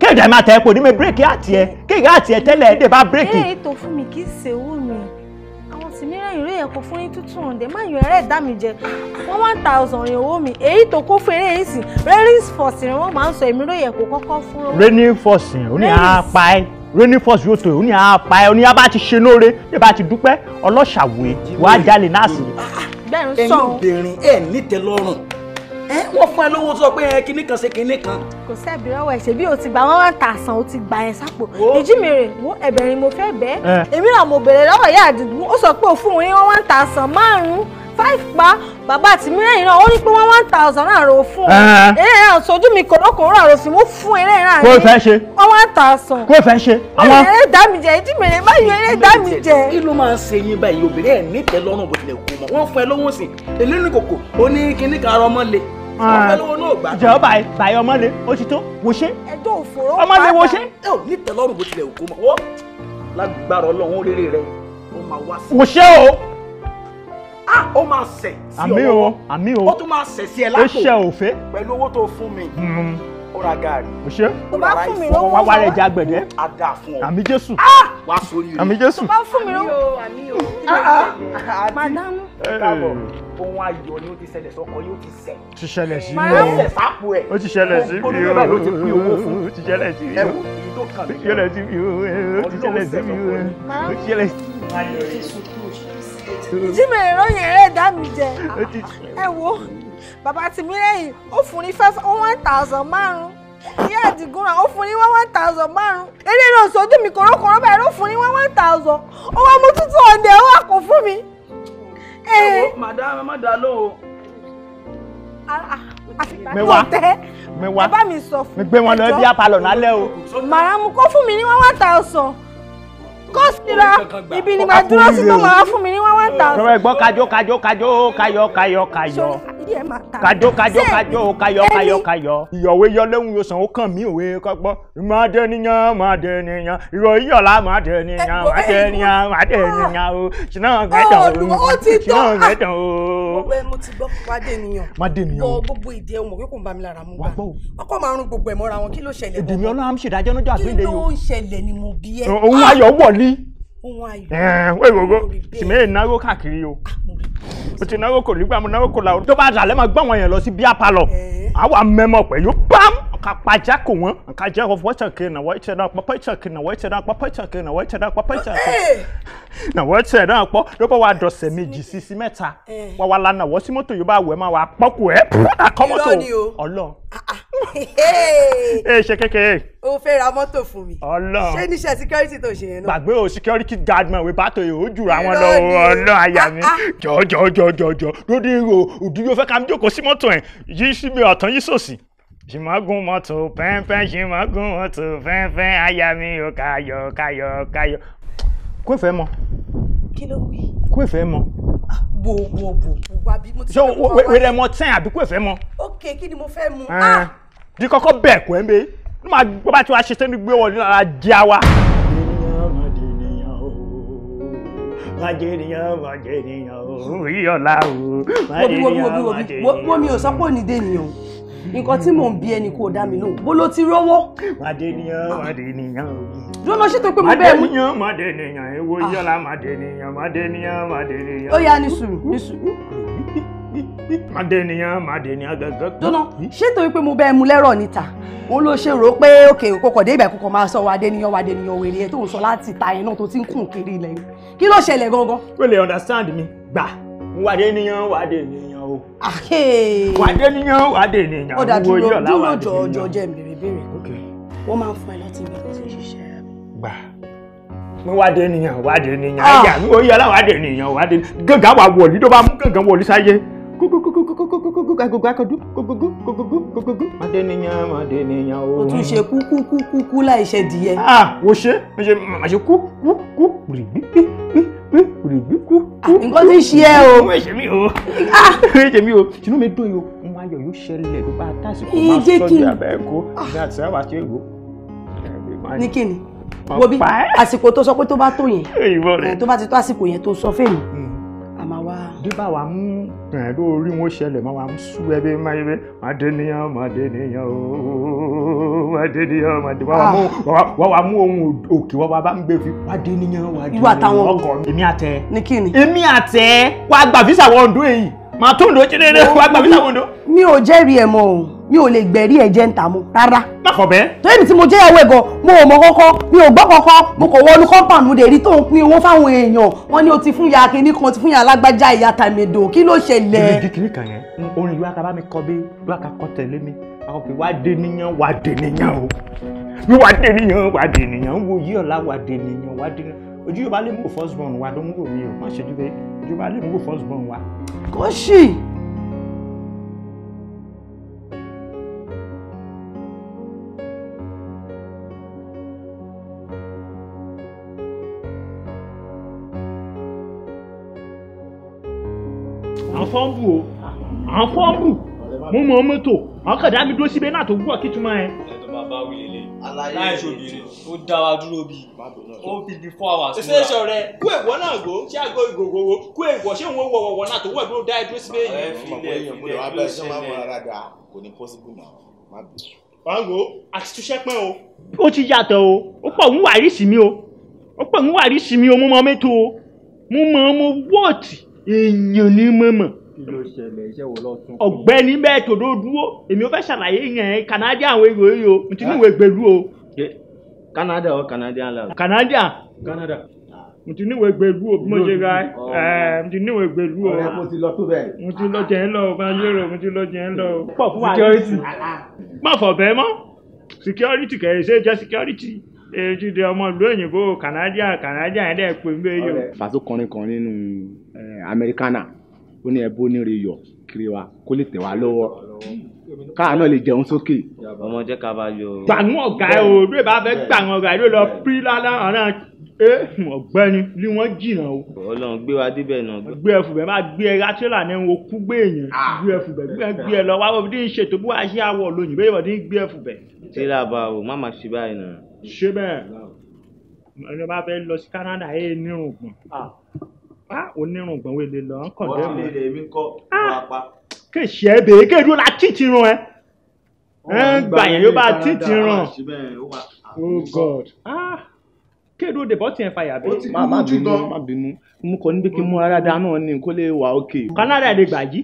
kéèké máa tẹ̀ ẹ́ pò ní mi break heart yẹ kéèké heart yẹ tẹ́lẹ̀ ẹ̀ dé bá break. ẹ̀ ètò fún mi kì í ṣe owó mi àǹtí mi rẹ̀yìn rí ẹ̀kọ́ fún yín two hundred má yọ ẹ̀rẹ́ ìdá mi jẹ wọ́n one thousand rìn owó mi èyí tó kó fún eré ìsìn rẹ́rìns fọ̀sì rìn wọ́n máa ń sọ èmi rí ẹ̀kọ́ kọ́kọ́ fún owó. rẹ́ni fọ̀sì ò ní apá ẹ rẹ́ni fọ̀sì yóò tó ò ní apá ẹ ò ní abá ti ṣe lóore bí bá ti dúpẹ́ ọlọ́ṣàwé wàá jalè náà sí. bẹ́ẹ̀ ń sọ wọ́n fún ẹ lówó sọ pé ẹ kinní kan ṣe kinní kan. kò sẹ́ẹ̀bì rọ́wọ́ ẹ̀ ṣebí o ti gba one one thousand o ti gba ẹ̀ sápò ìjímèrè wo ẹ̀bẹ̀ ni mo fẹ́ bẹ́ẹ̀ èmi náà mo bèrè lọ́wọ́ ìyá àdìgún ó sọ pé ó fún òun ní one one thousand márùn-ún five pa bàbá àti mìíràn yìí náà ó ní pé one one thousand náà rò fún un eré náà sojú mi kòrókòró àrò sí mo fún eré náà ní kó fẹ́ ṣe one one thousand kó fẹ́ ṣe. àwọn eré dámìjẹ ìjímèrè báyìí eré dámìjẹ. kí ló máa ń ṣe yín báyìí obìnrin ẹ̀ nítẹ̀lọ́rùn bó tilẹ̀ kú mọ́ wọ́n fún ẹ lówó sí i èlé ní kòkò ó ní kíní kan ara ọmọ le jọ bàyẹ ọmọlé ó ti tó wò ọmọlé wò ní tẹ́lọ́rùn bó tilẹ̀ òkú mọ́ lágbára ọlọ́run rere rẹ ó máa wá sí. wò o. ó máa sẹ̀ sí ọwọ́ ó tún máa sẹ̀ sí ẹ lápò pẹ̀lú owó tó fún mi. Hmm ó ra gaari. o ṣe ó ra ráìsì wọn wá wá rẹ jẹ agbẹ̀dẹ. a dà fún ọ àmì jésù. Ah! wá sórí rẹ àmì jésù. tó bá fún mi lówó àmì o àmì o. Ah, ah. madamu. káàbọ̀ ohun ayọ̀ ni ó ti ṣẹlẹ̀ sọ́kọ yóò ti sẹ̀. ti ṣẹlẹ̀ sí mi o. máa ń sàpò ẹ̀. ó ti ṣẹlẹ̀ sí mi o. olùdókòwò ló ti pín owó fún. ó ti ṣẹlẹ̀ sí mi o. ẹ̀wọ̀n tí mi rẹ̀ ròyìn ẹ̀rẹ́ ìdá mi jẹ ẹ wo bàbá tìmí lẹ́yìn ó fún ní five one thousand márùn-ún ìyá àdìgúnra ó fún ní one one thousand márùn-ún eré náà sójú mi kọ̀rọ̀kọ̀rọ̀ báyìí ó fún ní one one thousand ó wá mú tútù ọ̀dẹ̀ ó wà kó fún mi. Eh. màdá má dá lóhùn. mẹ́wàá mẹ́wàá bàbá mi sọ fún mi. mi gbé wọn lọ bí apalọ̀ nálẹ́ o. màrà mu kó fún mi ní one thousand kó síra ibi ni màá dúró sí tó máa fún mi ní one one thousand. ẹ̀gbọ́n kájó kájó kájó káyọ̀ káyọ̀ orí ẹ̀ máa ta. kájọ kájọ kájọ o káyọ káyọ káyọ. ìyọ̀wé yọ lẹ́hùn yóò sàn ó kàn mí òwe kọ́gbọ́n. máa dé níyàn máa dé níyàn ìrọ̀ yíyọ̀lá máa dé níyàn máa dé níyàn máa dé níyàn o. ṣìnà gẹ̀dọ̀ o ṣìnà gẹ̀dọ̀ o. ọgbẹ́ mo ti gbọ́ máa dé níyàn. máa dé níyàn o. gbogbo ìdí ẹ̀ mọ̀ pé kò ń bá mi lára mu wa. ọkọ máa rún gbogbo ẹ̀ ohun ayọ̀. ẹ ẹ wo tìmẹ́ ìnáwó káàkiri o ah, o ti náwó kò nígbà mo náwó kò làwọn tó bá dà lẹ́mọ̀ gbọ́ àwọn èèyàn lọ sí bíá palọ̀ àwa mẹ́mọ̀ pẹ̀lú pam kapajako wọn nkaje of wachakin na wache na pa pachakin na wache na pa pachakin na wache na pa pachakin na wache na po do pa wa do se méjì sisi mẹ́ta eh. wa wa lana wo si mọ́tò yo ba we ma wa poku e akomoto Ọlọ́run ah, ah. eh ṣe keke ó fẹ́ ra mọ́tò fún mi Ọlọ́run ṣé ni ṣe security tó ṣe yẹn na gbàgbé o security guard man we ba to yo oju ra wọn lọ Ọlọ́run aya ah, mi jo jo jo jo jo do di ro odu yo fẹ́ ká mi jókòó sí mọ́tò en yi si mi otan yi sosi ṣìmọ́gùn mọ́tò pẹ́ńpẹ́ ṣìmọ́gùn mọ́tò pẹ́ńpẹ́ aya mi ò káyọ̀ káyọ̀ káyọ̀. kó ìfẹ́ mọ. kí ló wí. kó ìfẹ́ mọ. wo wo wo wa bí mo ti fẹ́ mọ. ṣé wẹ́rẹ́ mọ tẹ́ àbí kó ok kí ni mo fẹ́ mu. di koko bẹ̀ kọ́ ẹ́ mbẹ́ ní ma gbọ́ bá ti wá ṣe sẹ́ni gbé wọlé lára jẹ́ wa. Májènìyàn májènìyàn o, ìyọ̀lá o, májènìyàn májènìyàn. Wọ́n mi ò sọ pé òní dé nìyàn nǹkan tí mò ń bí ẹni kò dá mi lóhùn bó ló ti rówó. màdènìyàn màdènìyàn. dúró ṣé tó pé mo bẹ́ẹ̀ mú. màdènìyàn màdènìyàn ewo ah. yọlá màdènìyàn màdènìyàn màdènìyàn. ó yá ní sùúrù ní sùúrù. màdènìyàn màdènìyàn gàgà. dúró ṣé tó pé mo bẹ́ẹ̀ mú lẹ́rọ̀ níta òun ló ṣe rò pé òkè kòkò dé ìgbà kòkò máa sọ wàdènìyàn wàdènìyàn wèrè tó sọ láti ta ẹ náà tó ti ń kùn kiri ilẹ̀ kí ló ṣẹlẹ̀ gangan. o lè understand mi gbà wàdènìyàn wàdènìyàn Ah, o. wàdé níyàn wàdé níyàn owó yọ̀ láwàdé níyàn. ó dà dúró dúró jọ jẹ́ ìbèrè béèrè. wọ́n máa ń fún ẹ lọ́tí bí kò ṣe ṣiṣẹ́ rẹ̀. gbà mo wàdé níyàn wàdé níyàn ẹ̀yà ah. mi ò yẹ láwàdé níyàn wàdé gángan wà wọ̀lí tó bá mú gángan wọ̀lí sáyé mọ̀dẹ́niyàn mọ̀dẹ́niyàn o. o tún ṣe kú kú kú kú kú láì ṣe dìyẹ. ah wo ṣe mo ṣe mà ṣe kú kú kú rì bí bí bí bí rì bí kú. nǹkan tí ń ṣe ẹ o. mo ṣe mí o mo ṣe mí o tinú mi dùn yìí o mo ayọ̀ yóò ṣẹlẹ̀ ló bá tásìkò máa sọ́jà bẹ́ẹ̀ kó ìgbà tí wọ́n bá ṣe é wò. ní kíni wo bí àsìkò tó sọ pé tó bá tó yẹn tó bá ti tó àsìkò yẹn tó sọ fèmí dé bá wa mú ẹ̀ lórí wọn ṣẹlẹ̀ máa wa sú ẹbí máa yẹ máa dé níyàn máa dé níyàn ooo máa dé níyàn máa dé wọ́n ah. wa mú ohun òkè wọ́n wa bá ń gbé fi wá dé níyàn wá dé níyàn ọkọ mi èmi àtẹ ní kíni èmi àtẹ wàá gbà físà wọ́ndó èyí màá tó ń do jẹ́rẹ́rẹ́ wàá gbà físà wọ́ndó. mi ò jẹ́rìí ẹ̀ mọ́ o mi ò lè gbẹ̀rí ẹ̀jẹ̀ ń tà mọ́ rárá. lákọ̀bẹ́. tó èmi tí mo jẹ́ ìyàwó ẹ̀ mo ò mọ kọ́kọ́ mi ò gbọ́ kọ́kọ́ mo kò wọnú compound mo dẹ̀ rí tó ń pín owó fáwọn èèyàn wọn ni o ti fún ya kinní kan ti fún ya alágbájá ìyá tàmẹ̀dò kí ló ṣẹlẹ̀. kékeré kan yẹn orin ìwà kaba mi kọ bí ìwà kakọ tẹ̀lé mi àwọn kò wá dé níyàn wá dé níyàn o mi wá dé níyàn wá dé níyàn wo yí ọ̀la wá dé níyàn wá dé níyàn ojú yóò lè mú first born wa ló ń wò mí o má ṣe jù bẹ́ẹ̀ ojú yóò lè mú first born wa. kò sí. fọ́ǹbù o à ń fọ́ǹbù mo mọ̀ mọ́tò àwọn kàdá mi dúró síbẹ̀ náà tó gbọ́ kí túmọ̀ ẹ̀. ẹ̀dọ̀ bàbá wílé lé aláyé ṣòbìrì ó dá wa dúró bíi ó fi di four hours. èsì ẹ̀ṣọ́ rẹ kú ègbọ́ náà gò ṣé àgọ́ ìgògò wo kú ègbọ́ ṣé òun wọ̀ wọ̀wọ̀ náà tó wọ̀ dúró dá ẹ dúró síbẹ̀ yìí. ẹ fi ilẹ̀ ilẹ̀ ló ṣẹlẹ̀ kò ní pọ́sibú náà má bì. báwo àti túṣẹ́ pẹ́ o. ó ti yàtọ̀ o ó pọ̀ ń wàrí sí mi o ó pọ̀ ń wàrí sí mi o mo mọ mẹ́tò o mo mọ mo wọ́ọ̀tì èèyàn ní mọ̀mọ̀. ọ̀gbẹ́ni bẹ́ẹ̀ tòdó dúró èmi ò fẹ́ ṣàlàyé yẹn Canada àwọn èrò yìí o n ti ní ìwé ah. gbèlú o. Canada o Canadian la. Canada. Canada. mo ti ní ìwé gbèlú o bí mo ṣe ra oh. ẹ mo ti ní ìwé gbèlú o. ọ̀rẹ́ mo ti lọ tó bẹ́ẹ̀. mo ti lọ jẹ́ ń lọ bá yẹ̀rọ mo ti lọ jẹ́ ń lọ. pọ̀ fún wa security. Ah, ah. má fọ̀ bẹ́ẹ̀ mọ́ security kẹ̀ ẹ́ ṣe jẹ́ security ejide ọmọ ìlú òyìnbó kànájà kànájà yẹn dẹ̀ pé ń bẹ́ yọ. fàṣọ kọrin kan nínú amẹríkánà ó ní ẹbú onírè yọ kiri wa kó lè tẹ̀ wá lọ́wọ́ káà náà lè jẹun sókè. ọmọ jẹ́ ká bá yọ. gbàgbọ́n ọ̀gá ẹ̀ o bí o bá fẹ́ gbàgbọ́n ọ̀gá ẹ̀ ló lọ pí lálá ọ̀nà ọ̀gbẹ́ni ni wọ́n jìnnà o. Ọlọ́run gbé wa débẹ̀ náà. gbé ẹfù bẹ́ẹ̀ máa gbé ẹ rátírà ní wo kú gbé èèyàn ah. gbé ẹfù bẹ́ẹ̀ gbé ẹ gbé ẹ lọ wá wọ́n bí ṣètò bí wàá ṣe àwọ̀ lóyìn bẹ́ẹ̀ wọ́n ti ń gbé ẹfù bẹ́ẹ̀. tíra bá o má má ṣe báyìí náà ṣé bẹ́ẹ̀ ẹni bá fẹ́ lọ sí Canada ẹ̀ nírùngbọ̀n ah. ah, onírùngbọ̀n wo lè lọ ń kọ̀ dẹ́mu. wọ́n ti lè mi kọ́ ah, wà pa. kèsì la títì ràn ẹ ẹ gbà yẹn yóò bá títì ràn oh God. Ah kéèrò dè bọ́tì ẹ̀ fàyà bẹ́ẹ̀. má má bínú má bínú mo kọ níbi kí n mú ara da náà kó lè wà òkè. Canada de gbàjí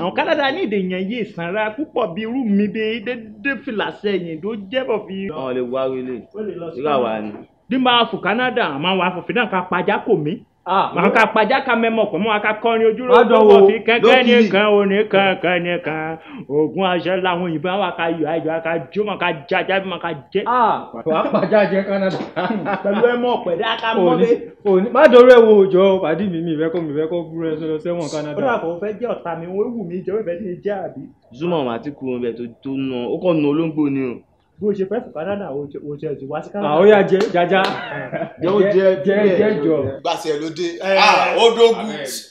àwọn Canada ní èdè yẹn yé ìsanra púpọ̀ bí irú mi bí dédé fìlàsẹ̀ yẹn tó jẹ́bọ̀ fi. ọ̀ lè wá wílé ìgbà wà ní. bí n bá fò Canada àmọ́ àwọn afọ̀fin náà ká pajá kò mí. Ah, màá ka pàjá ka mẹ́mọ̀ pọ̀ mọ́ aka kọrin ojúlọ ojúbọ fi kẹ́kẹ́ nìkan òní kankan nìkan oògùn aṣẹ làwọn òyìnbó àwọn aka yọ àìjọ aka jó mọ aka jájá bí mọ aka jẹ. Ah, wàá pàjá jẹ Canada. pẹ̀lú ẹmọ pẹ̀lú aka mọ́ bẹ́ẹ̀. òní má dọ̀rọ̀ ẹ̀ wo òjò pàdé mi mi ìfẹ́ kó mi ìfẹ́ kó búrẹ́ sọ́dọ̀ sẹ́wọ̀n Canada. ó dàpọ̀ fẹ́ jẹ́ ọ̀tá mi wọ́n wù mí jẹ́ bó ṣe fẹ́ fún Canada o jẹ ju wá sí Canada. àwọn ah, yà jẹ jaja yóò jẹ jẹ jẹ jọ. gbàsẹ̀ ló dé ah, odógun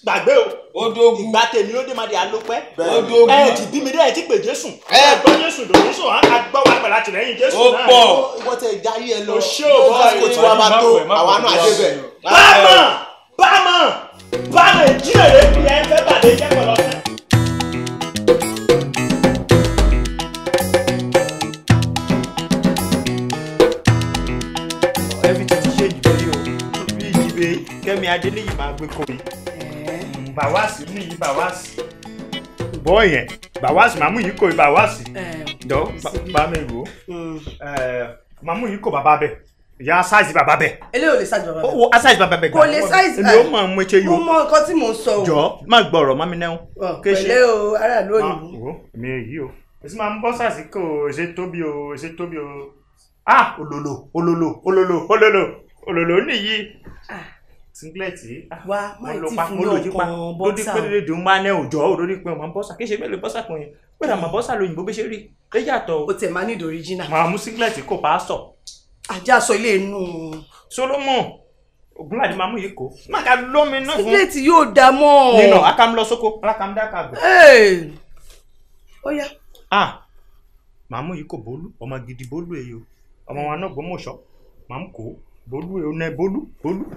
gbàgbé o odógun ìgbà tèmi ló dé má di alópẹ́ odógun ẹ ti bí mi dẹ́ ẹ ti pè Jésù ẹ gbọ́ Jésù ló ní sùn á gbọ́ wà pẹ̀lú àtìlẹ́yìn Jésù náà. ó pọ̀ wọ́n tẹ ìdarí ẹ lọ ṣé o bá yẹ kó tí wàá máa tó àwa náà á débẹ̀. bámọ̀ bámọ̀ bámọ̀ ìjírèrè bí ẹ fẹ́ bàdé jẹ́kọ̀ọ́ Fẹ́mi Adéníyì máa gbé kórè bàwáàsì mú yìí bàwáàsì bọ́ yẹn bàwáàsì màmú yìí kò bàwáàsì dọ́ bàmí wò hmm. màmú yìí kò bàbá bẹ̀ ìyá size bàbá bẹ̀. eléyìí lè size bàbá bẹ̀. o a size bàbá bẹ̀ gan. kò lè size bàbá bẹ̀. mọ ọmọ ẹ̀ṣẹ̀ yìí o. mo mọ nǹkan tí mò ń sọ o. jọ má gbọ́ ọ̀rọ̀ mami náà. pẹ̀lẹ́ o aráàlú òyìnbó. wo mi èyí o èsì máa ń bọ́ sàásì kò ṣe tóbi o ṣe tóbi o. ah ololo ololo ololo ololo ololo nìyí singlet ah, wa máa ti fi yọ kan bọ́sà lórí pé lédè ń máa ní òjò lórí pé ọmọ bọ́sà kí ṣe bẹ́ẹ̀ lè bọ́sà kan yẹn pé àmọ́ bọ́sà lóyìnbó bẹ́ẹ̀ ṣe rí ẹ yàtọ̀. o tẹ̀ máa ní ìdòrí jìnnà. màá mú singlet kò bá sọ. ajá sọ ilé inú. solomon ogunladi máa mú yìí kó máa ka lómi náà fún. singlet yóò dá mọ́. nínà akam lọ sóko alakam dá ka gbọ́. ó yá. ah màá mú yìí kó bólú ọmọ gidi bólú ẹ yo ọmọ wa náà gbọ́ mọ̀ṣọ́ màá mú kó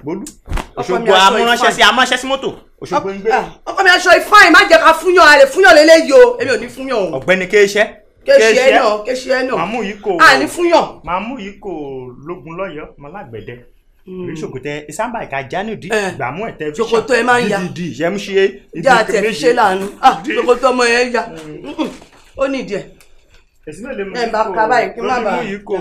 bolu. ẹ ó Òṣogbo amúránṣẹ́ sí amúránṣẹ́ sí mọ́tò. Òṣogbo ń gbé. Ah, ọkọ mi aṣọ ifáì má jẹ́ ká fúnyàn àlè fúnyàn lélẹ́yìí o, èmi ò ní fúnyàn o. Ọ̀gbẹ́ni Kéṣẹ́. Kéṣẹ́ náà Kéṣẹ́ náà. Màmú yìí kò. À ní fúnyàn. Màmú yìí kò lógun lọ́yọ̀ọ́, màlágbẹ̀dẹ hmm. rí ṣòkòtẹ sábà ìka jánu di eh. gbàmú ẹ tẹbi ṣòkòtò ẹ máa ń ya dídì yẹmu ṣe ibi kẹmẹjì jáde ṣe lànà ah, ṣòkòtò ọmọ yẹn ya hmm. ó ní ìdí ẹ. èsì náà lè mú yìí kó ló mú yìí kó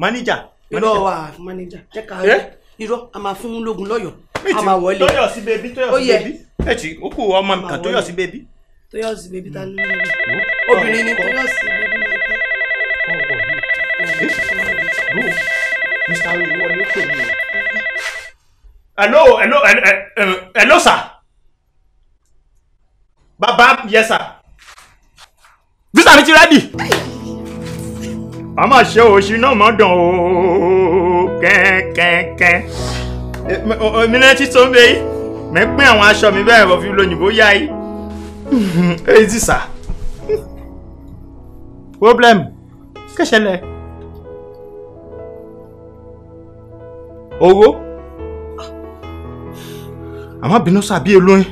máníjà. irọ́ wa máníjà jẹ́ ká rí. Eh? irọ́ a máa fún un lógun lọ́yọ̀ a máa wọlé tọ́yọ̀ sí bèbí tọ́yọ̀ sí bèbí ẹ̀tì ó kù ọmọ mi kan tọ́yọ̀ sí bèbí. tọ́yọ̀ sí bèbí ta ló ń lò obìnrin ni tọ́yọ̀ sí bèbí máa jẹ́. Mr. olùwọ ni ó pè mí o. hello hello eh, eh, eh, hello sir baba yes sir visa mi ti ready a máa ṣe òṣì náà mọ́ dàn ó kẹ́kẹ́kẹ́ èmi náà ti tó ń bẹ yìí mẹ́ pín àwọn aṣọ mi bẹ́ẹ̀ wọ́n fi lóyìnbó yá yìí èyí ti sà problem kẹsẹlẹ owó àmọ́ bínú sàbí olóyin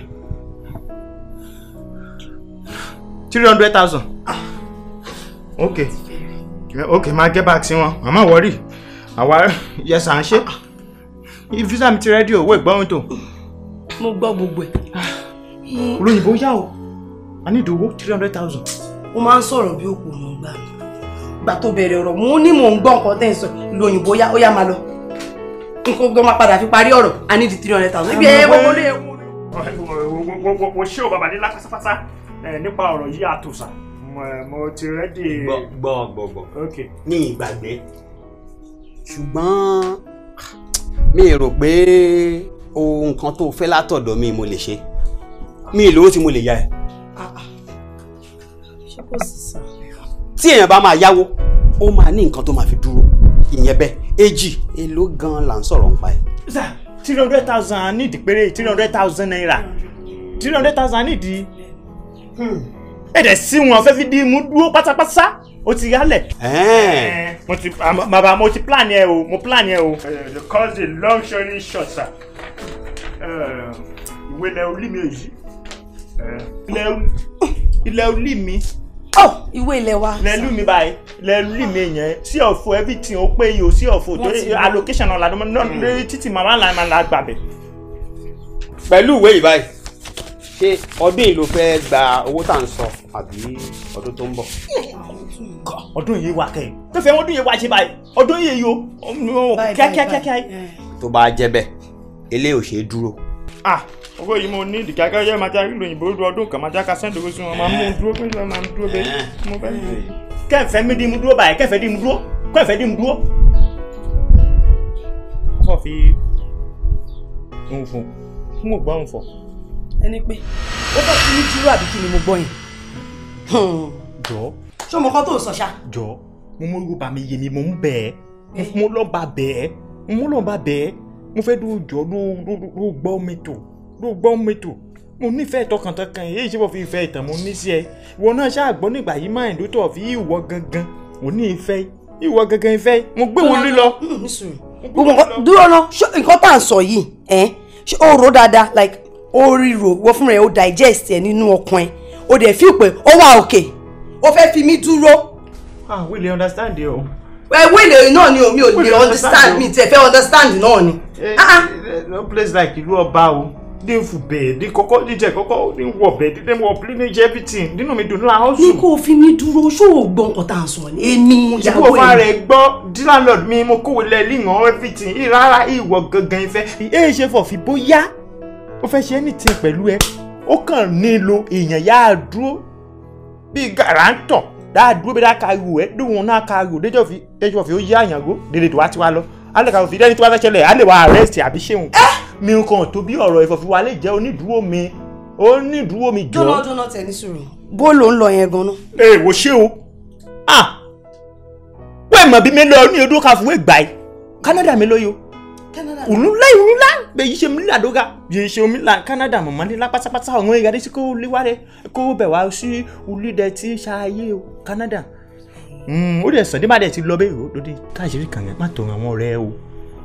three hundred thousand ah. okay ok ma get back sí wọn màmá wọrí Yes, yẹsà ń ṣe visa mi ti rẹ́dí owó ìgbọ́hún tó. mo gbọ́ gbogbo ẹ̀. olóyìnbó yá o a ní ìdòwò three hundred thousand. ó máa ń sọ̀rọ̀ bí òkú mò ń gbà mí gbà tó bẹ̀rẹ̀ ọ̀rọ̀ mo ní mò ń gbọ́ nǹkan tẹ́ ń sọ lóyìnbó yá ó yá máa lọ nǹkan gbọ́ máa padà fi parí ọ̀rọ̀ a ní three hundred thousand. ibi ẹ̀ wọ́n lé ewu. wọ́n ṣé o bàbá ní lápásápásá nípa ọ̀rọ̀ yìí àtòsà mo ti rẹ́dì. gbọ́ gbọ́ gbọ́ ní ìgbàgbé ṣùgbọ́n mi rò pé ohun kan tó fẹ́ látọ̀dọ̀ mi mo lè ṣe mi lówó tí mo lè yá ẹ. tí èèyàn bá máa yáwó ó máa ní nǹkan tó máa fi dúró ìyẹn bẹ́ẹ̀ èjì èló gan-an là ń sọ̀rọ̀ nípa ẹ̀. three hundred thousand ní ìdí péré three hundred thousand naira three hundred thousand ní ìdí. Hmm ẹ̀dẹ̀ sí wọn fẹ́ fi di imú dúró pátápátá ó ti yálẹ̀. mo ti bàbá mo ti plan yẹn o mo plan yẹn o. the eh, cause the long story short sir eh, ìwé eh, ilẹ̀ olú mi èyí ilẹ̀ olú mi. Oh, ìwé ilẹ̀ wa. Lẹ́lú mi báyìí, lẹ́lú mi yẹn, sí ọ̀fọ̀ everything ó pé yìí ó sí ọ̀fọ̀ torí allocation ọ̀la títí màmá làmà là gbàbẹ̀. Pẹ̀lú ìwé yìí báyìí ṣé ọdún yìí ló fẹ́ gba owó tá à ń sọ àbí ọdún tó ń bọ̀. ọdún yìí wà kẹ́yìn tó fẹ́ ọdún yìí wá ṣe báyìí ọdún yìí yo kíákíákíá. tó bá jẹ́ bẹ́ẹ̀ eléyìí ò ṣeé dúró. ah owó yìí mo ní ìdìkàkẹ́ ọjọ́ ìmájà ìròyìn bó ọdún kan májà ká sẹ́ńdọ̀gbọ́n sí wọn máa mú un dúró pé máa mú un dúró bẹ́ẹ̀ mo fẹ́ kẹ́fẹ́ mi di mu dúró báyìí kẹ́fẹ́ di mu dúró kẹ́fẹ́ di mu dúró. wọ́n fi ń fún un fún ògbọ́n fún un ẹni pé ó fẹ́ kí ní dúró àbí kí ni mo gbọ́ yẹn. jọ. ṣé ọmọ kan tó ń sọ ṣá. jọ mo mú yorùbá mi yé mi mo ń bẹ̀ ẹ́ mo lọ bá bẹ̀ ẹ́ mo lọ bá bẹ̀ ẹ́ mo fẹ́ dúró jọ ló gbọ́ mi tò ló gbọ́ mi tò mo nífẹ̀ẹ́ tọkàntọkàn èyí ṣe bọ́ fi ìfẹ́ ìtàn mo ní sí ẹ ìwọ náà ṣáàgbọ́ nígbà yìí máa ń dótọ̀ fi ìwọ gangan ò ní ìfẹ́ ìwọ gangan ìfẹ́ mo gbé wọn lílọ. dúró náà nǹkan tá à ń sọ yìí ẹ ṣé o rò dáadáa like ó ríro wọ́n fúnra ẹ̀ ó digest ẹ̀ nínú ọkàn ẹ̀ ó dẹ̀ feel pé ó wà òkè ó fẹ́ fi mí dúró. ah we lè understand o. ẹ wíìlì náà ni omi ò lè understand mi tẹ fẹ́ understand náà ni. Eh, ah, ah. Eh, no place like ìlú ọba o ní fù bẹ́ẹ̀ ní kọ́kọ́ níjẹ́ kọ́kọ́ ní wọ̀ bẹ́ẹ̀ ní wọ̀ bí ní jẹ́ everything nínú mi dùn ní house. ní kò fi mi dúró ṣòwò gbọ́n kọ́ta sọ ni èmi ìyàwó ẹ̀. ìwọ fara ẹ gbọ́ dílàlọ́ọ̀dù mi mo kówó lẹ́ẹ̀lì ìwọ̀n everything ìrara ìwọ̀ gangan ìfẹ́. ìyá ìṣe fọ̀ fi bóyá ó fẹ́ ṣe anything pẹ̀lú ẹ ó kàn nílò èèyàn yáa dúró bíi gàràǹtọ̀ dáa dúró bí dáa kariwo ẹ dóhun náà kariwo déjọ́ fi déjọ́ fi ó yá àyàngó dédé tó wá ti wá lọ alẹ́ka òfin dẹ́ni tó bá fẹ́ ṣẹlẹ̀ á lè wá arrest àbí ṣéun eh! mi nǹkan tó bí ọ̀rọ̀ ìfọ̀fíwá lè jẹ́ onídùúró mi onídùúró mi jọ. dúnà dúnà tẹ̀ ní sùúrù bó ló ń lọ yẹn gan-an. ẹ eh, wò ṣé o ah wẹ́ẹ̀mọ̀ bí mi lọ ní odó ká fún ẹgbàá yìí Canada mi lóyún unula unula be yise mila doga yise mila Canada mama nila pátápátá àwọn ìyá desi ko liwa re ko bẹ wa si uli de ti ṣaaye o Canada hmm, ó dẹ̀ sàn débàdẹ̀ ti lọ bẹ́ẹ̀ o lóde káàṣírí kàn yẹn má tó àwọn ọ̀rẹ́ o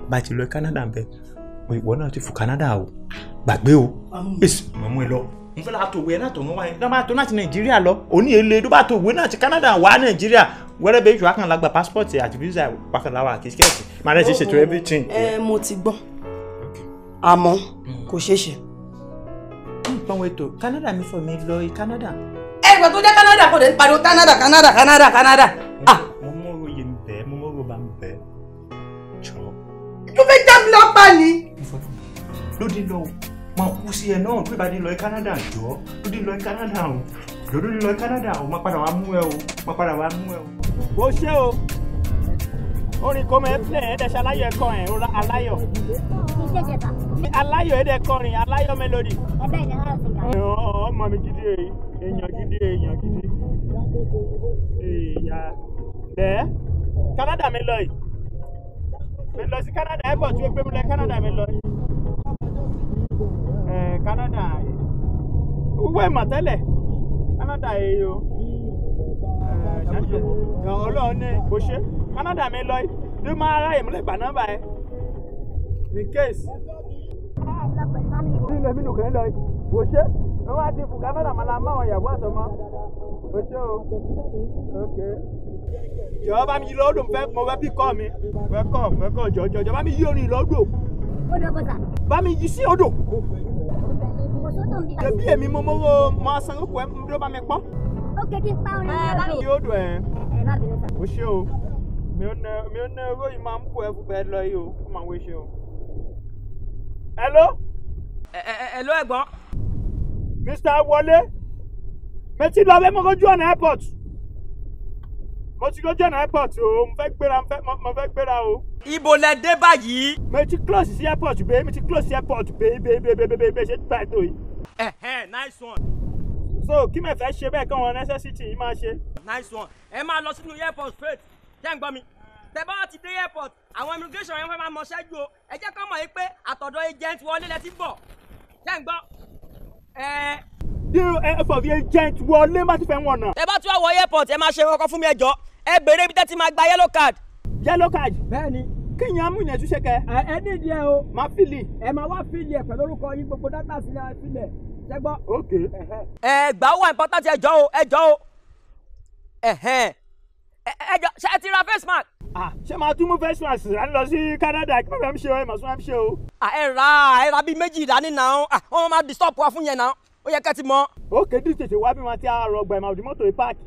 bá ti lọ Canada bẹ́ẹ̀ ìwọ náà ti fò Canada o gbàgbé o èsì mọ̀mọ́ ẹ lọ n fẹ́ la tó wẹ̀ náà tó mú wáyé lọ́ba tó láti nàìjíríà lọ òní èlé tó bá tó wẹ̀ náà ti canada wá nàìjíríà wẹ́rẹ́ bẹ́ẹ̀ ju akànlá gba passport àti visa wákànláwà àti skẹ́ẹ̀tì máa rẹ̀ ti ṣètò oh, everything. ẹ oh, eh, mo ti gbọ́ àmọ́ hmm. kò ṣeé ṣe. nǹkan wo ètò canada mi fọ mi lọ canada. ẹ ìgbà tó jẹ́ canada kò dé ń pariwo canada canada canada canada. Ah. mo mọ oyè ń bẹ mo mọ yorùbá ń bẹ jọ. tó fẹ́ já mi ni. lóde lọ́wọ́ máa kú sí ẹ náà tó ìbàdí lọ ẹ Canada jọ tó dé lọ ẹ Canada o jọ tó dé lọ ẹ Canada o máa padà wá mú ẹ o máa padà wá mú ẹ o. bó ṣe o orin kò mọ̀ ẹ́ pílẹ̀ ẹ̀ dẹ̀ṣẹ̀ aláyọ̀ ẹ̀kọ́ ẹ̀ aláyọ̀. aláyọ̀ ẹ̀ dẹ̀ kọrin aláyọ̀ melody. ẹ̀bẹ̀ ìdí aláyọ̀ ti gbà. ọmọ mi gidi èèyàn gidi èèyàn gidi. èèyàn bẹ́ẹ̀ Canada mi lọ yìí mi lọ sí Canada airport wípé mi lọ Canada mi lọ yìí. Canada wúwẹ́ màtẹ́lẹ̀ Canada eh, yìí o eh, eh, ọlọ́run ní kò ṣe Canada mi lọ ló máa ráyè múlẹ̀ gbà nọ́mbà ẹ̀ in case. ní ilé mi nù kẹ́ lọ kò ṣe wọ́n wá ti fún Canada màlá máwọn ìyàwó àtọmọ kò ṣe o ok jọ̀wọ́ bá mi yí lọ́dún fẹ́ mo fẹ́ bí kọ́ mi fẹ́ kọ́ fẹ́ kọ́ jọ̀jọ̀ jọ̀wọ́ bá mi yí orin lọ́dún. ó dọ́gbọ́sà. bá mi yí sí odò ebi èmi mo mo mo san oko ẹ ló bá mi pọ. ó ké kí n pa orin náà lórí. yóò dùn ẹ. ẹ má bẹ̀rẹ̀ sàn. o ṣe o mi ò ná hello. hello ẹ̀gbọ́n. mr wọlé mẹtí lọ bẹ mọ ojú ọ̀nà airport mo ti lọ jẹ́nà airport o mo fẹ́ gbéra mo fẹ́ gbéra o. ibo lẹ dé báyìí. mo ti close sí airport bẹ́ẹ̀ mo ti close sí airport bẹ́ẹ̀ bẹ́ẹ̀ bẹ́ẹ̀ bẹ́ẹ̀ bẹ́ẹ̀ ṣe gbà tó yìí. ẹhẹ nice one. so kí mẹ fẹ́ ṣe bẹ́ẹ̀ kí wọn necessity yìí máa ṣe. nice one ẹ máa lọ sínú airport straight jẹ́ ń gbọ́ mi tẹ bá ti dé airport àwọn immigration yẹn fẹ́ máa mọ ṣẹ́jú o ẹ jẹ́ kọ́ mọ̀ yìí pé àtọ̀dọ̀ agent wọlé lẹ ti bọ̀ jẹ́ ń gbọ́ zero airport yẹn gent wọlé má ti fẹ́ wọn nà. tẹ bá tún àwọ airport ẹ máa ṣe ìrànkọ fún mi ẹjọ ẹ bèrè ibi tẹ́ ti máa gba yellow card. yellow card. bẹ́ẹ̀ni kínyìn amú ìyẹn túnṣe kẹ. ẹ ní ìdí ẹ o. máa fìlì. ẹ máa wá fìlì ẹ pẹ̀lú orúkọ yín gbogbo dátà sí náà sílẹ̀ ṣẹ́gbọ́. ok. ẹ gbà wà important ẹ jọ o ẹ jọ o ẹ jọ ṣe ẹ ti ra face mask. ṣé máa tún mú face mask rà lọ sí Canada kí wọ́n fẹ́ ṣe ẹ mọ̀ sí wọ́n ṣe o. ẹ ra ẹ ra bíi méjì dání náà wọ́n máa disturb wa fún yẹn náà ó yẹ ká ti mọ. òkè dí tètè wá bí wọn ti àárọ̀ ọgbà ìmọ̀ òdì mọ́tò yìí páàkì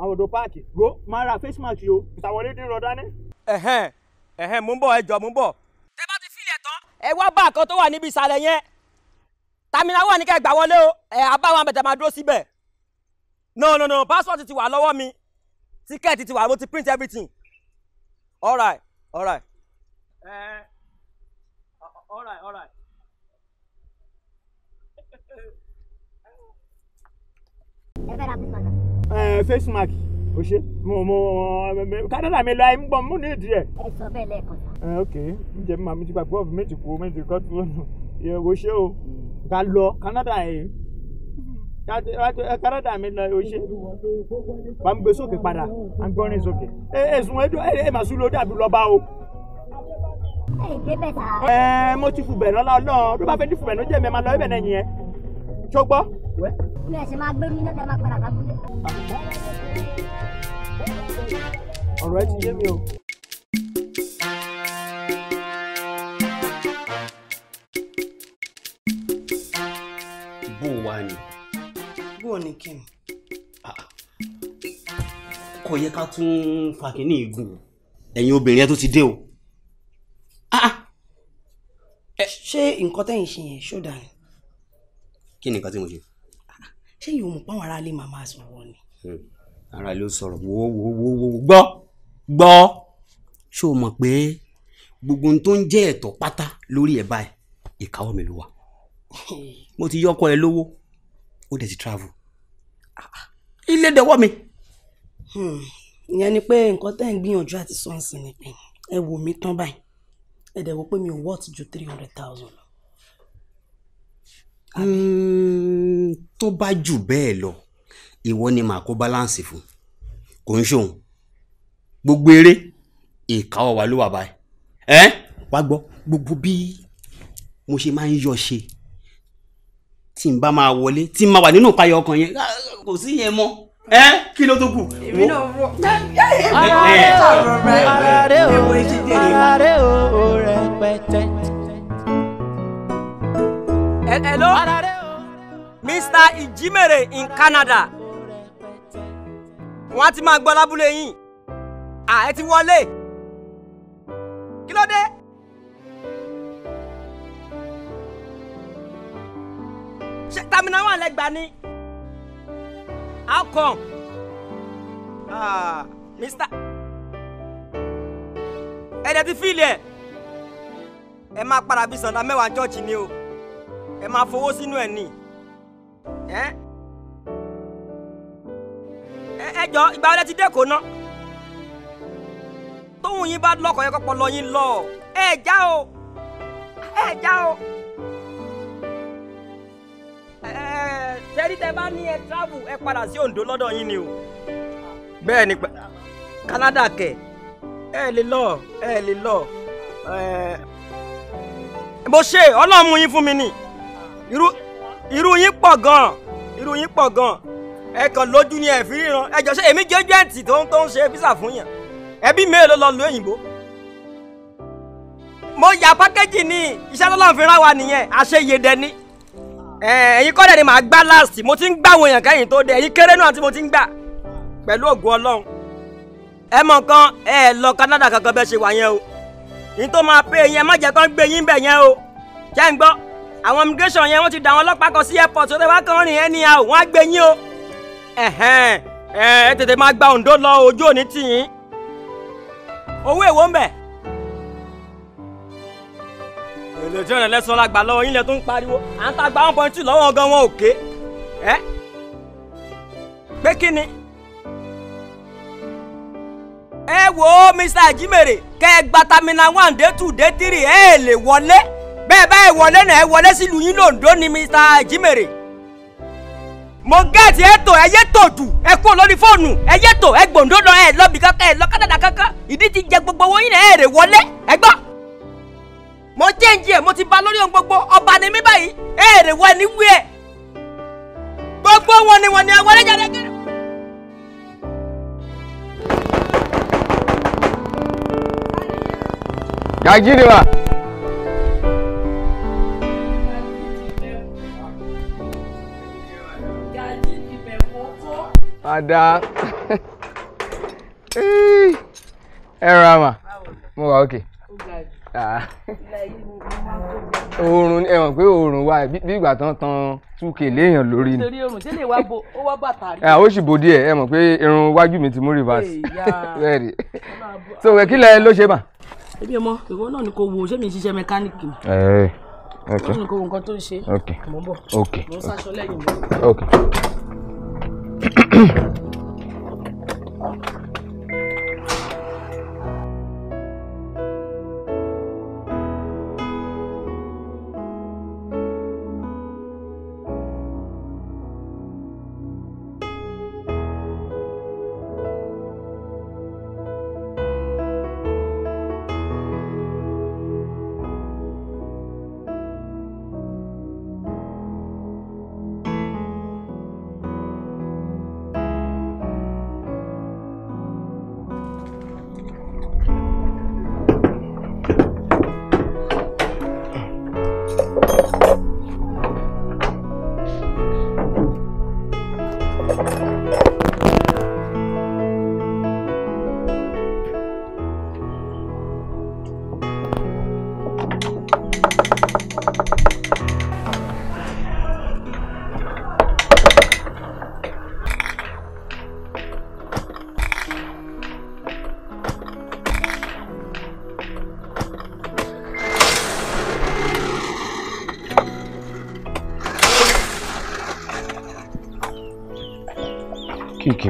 àwọn òdò páàkì gbó máa ra face mask yìí o ìtàwọn lédè rọ dání. ẹhẹn ẹhẹn mò ń bọ̀ ẹjọ mò ń bọ̀. tẹ bá ti filẹ̀ tán. ẹ wá bá àkọ́ tó wà níbi ìsàlẹ̀ yẹn tamina wà ní ká gbà wọlé o ẹ abáwọn abẹ̀tẹ̀ máa dúró síbẹ̀. no no no passport ti wà lọ́wọ́ mi tíkẹ́ẹ̀tì ti wà mo ti print everything. all right all right. ẹ uh, all right all right. ẹ fẹ́ ra face mask. ẹ face mask o ṣe mo mo kádàdà mi lọ ayé ń gbọ́ mú ní ìdí ẹ̀. ẹ sọ bẹ́ẹ̀ lẹ́ẹ̀kan. ẹ ok ǹjẹ́ mi máa mi ti gbàgbọ́ ọ̀fìn méjì kú méjì kọ́ tó nù ìyẹn o ṣe o ká lọ kánádà yìí kánádà mi lọ o ṣe bá ń gbé sókè padà à ń gbọ́rin sókè ẹ ẹ̀sùn ẹjọ́ ẹ màá sún lọ dàbí lọ́ba o. ẹ mo ti fùbẹ̀ lọ́la ọlọ́run tó bá fẹ́ ní fùbẹ̀ ló jẹ́ mi máa lọ ẹ̀bẹ̀ náà wẹ́. inú ẹ̀sìn máa gbẹ́rú iná tẹ́ máa padà kábúlẹ̀. ọ̀rọ̀ ẹ ti yé mi o. bó o wá ni. bó o ní kí n. Ah, ah. kò yẹ ká tún fa kínní igun ẹ̀yin obìnrin ẹ tó ti dé o. Ah, ṣé nǹkan tẹ́yìn ṣe yẹn ṣó dáa ni. kí ni nǹkan tí mo ṣe ṣé ìyẹn ò mọ̀ páwọn aráalé màmá sọ̀rọ̀ ni. Hmm. ara ló sọ̀rọ̀ wo wo wo wo gbọ́ gbọ́ ṣé o mọ̀ pé gbogbo ohun tó ń jẹ́ ẹ̀tọ́ pátá lórí ẹ̀ báyìí ìkáwọ́ mi ló wà mo ti yọkọ ẹ lówó ó dẹ̀ ti travel ilé dẹwọ́ mi. Hmm. ìyẹn ni pé nǹkan tẹ́ ń gbìyànjú àti sọ́ọ̀sì ni pé ẹ wò mí tán báyìí ẹ dẹ̀ wò pé mi ò wọ́ọ̀tì ju three hundred thousand tó bá jù bẹ́ẹ̀ lọ ìwọ ni màá kó balance fún kò ń ṣòun gbogbo eré ìkáwọ́ wa ló wà báyìí ẹ wá gbọ́ gbogbo bí mo ṣe máa ń yọ ṣe tí n bá máa wọlé tí n máa wà nínú ìpayọ ọkàn yẹn kò sí yẹn mọ́ ẹ kí ló tó kù. èmi náà wọ ara rẹ o ara rẹ o rẹpẹtẹ. Eh, hello mr ijimere in canada wọn á ti máa gbọ́ lábúlé yín ààyè ti wọlé kí ló dé. ṣe tamina wà lẹ́gbàá ni how come ah mr ẹ̀dẹ̀ ti fíìlì ẹ̀ ẹ máa padà bí sọ̀dá mẹ́wàá ṣọ́ọ̀ṣì ni o ẹ máa fowó sínú ẹ̀ nì ẹ́ ẹ jọ ìgbà wọlé ti dẹ́kọ̀ọ́ ná tóun yín bá lọkọ̀ yẹn kọ́pọ̀ lọ yín lọ ẹ já o ẹ já o ẹ bá ní ẹ travel ẹ padà sí Ondo lọ́dọ̀ yín ni o bẹ́ẹ̀ ni Canada kẹ̀ ẹ lè lọ ẹ lè lọ ẹ mo ṣe ọlọ́run yín fún mi ni irú irú yín pọ̀ gan-an irú yín pọ̀ gan-an ẹ kàn lójú ni ẹ fi ríran ẹ jọ ṣe èmi jẹ́ jẹ́ǹtì tó ń tó ń ṣe físà fún yàn ẹbí mélòó lọ lu òyìnbó mo yà pákéjì ní iṣẹ́ tọ́lọ́run fi rán wa nìyẹn àṣeyè dẹni ẹ̀yin kọ́ dẹ̀ ni màá gbá last mo ti ń gbá àwọn èèyàn kẹ́yìn tó dé ẹ̀yin kéré náà tí mo ti ń gbà pẹ̀lú ògùn ọlọ́run ẹ mọ̀ nǹkan ẹ lọ Canada kankan bẹ́ẹ̀ ṣe wà yẹn o yìí tó máa pé yẹn má jẹ́ kán gbé yín bẹ̀ yẹn o jẹ́ ń gbọ́ àwọn immigration yẹn wọ́n ti dà àwọn ọlọ́pàá kan sí airport ọ̀tẹ̀ wá kan rìn ẹni a wọ́n á gbé yín o ẹ̀hẹ́n ẹ tètè máa gba Oǹdó lọ ojú òní tìyín owó èwo ń bẹ̀. èlé tí ọ̀nà lẹ́sàn-án la gbà lọ́wọ́ yín lẹ tó ń pariwo à ń ta gba one point two lọ́wọ́ gan wọn òkè ẹ́ pé kí ni. ẹ wo Mr. Ajimere kẹ́ ẹ gba tamina one dé two dé three ẹ lè wọlé. bẹ́ẹ̀ báyìí wọlé náà ẹ wọlé sílùú yín lóńdó ni Mr. Jimere mo gẹ́ẹ̀tì ẹ tò ẹ yé dù ẹ kú lórí fóònù na yé tò ẹ gbòǹdó lọ ẹ lọ́bì kankan ẹ lọ́kàdàdà kankan ìdí ti jẹ gbogbo owó mo jẹ́ǹjì ẹ̀ mo ti ba lórí ohun gbogbo ọba ni mí báyìí ẹ rè wọ ẹni ẹ gbogbo wọn ni wọn ni Ada. Ẹ ra mà. Mo wà òkè. Ah. Oòrùn ẹ mọ̀ pé oòrùn wa bí ìgbà tán tan túkè léèyàn lórí ni. Torí oòrùn délé wa bo ó wá bàtà rí. Ah, ó sì bo díẹ̀ ẹ mọ̀ pé irun wájú mi ti mú reverse. Bẹ́ẹ̀ni. So kí lẹ ló ṣe mà? Ebi ọmọ ìwọ náà ni kò wo ṣé mi ṣiṣẹ́ mẹkáníìkì mi. Ẹ̀ẹ́ eh, eh, ok. Ìwọ náà ni kò wo nǹkan tó ń ṣe. Ok. Mo ń bọ̀. Ok. Mo ń sáṣọ lẹ́yìn mi. Ok. okay. okay. okay. Thank you.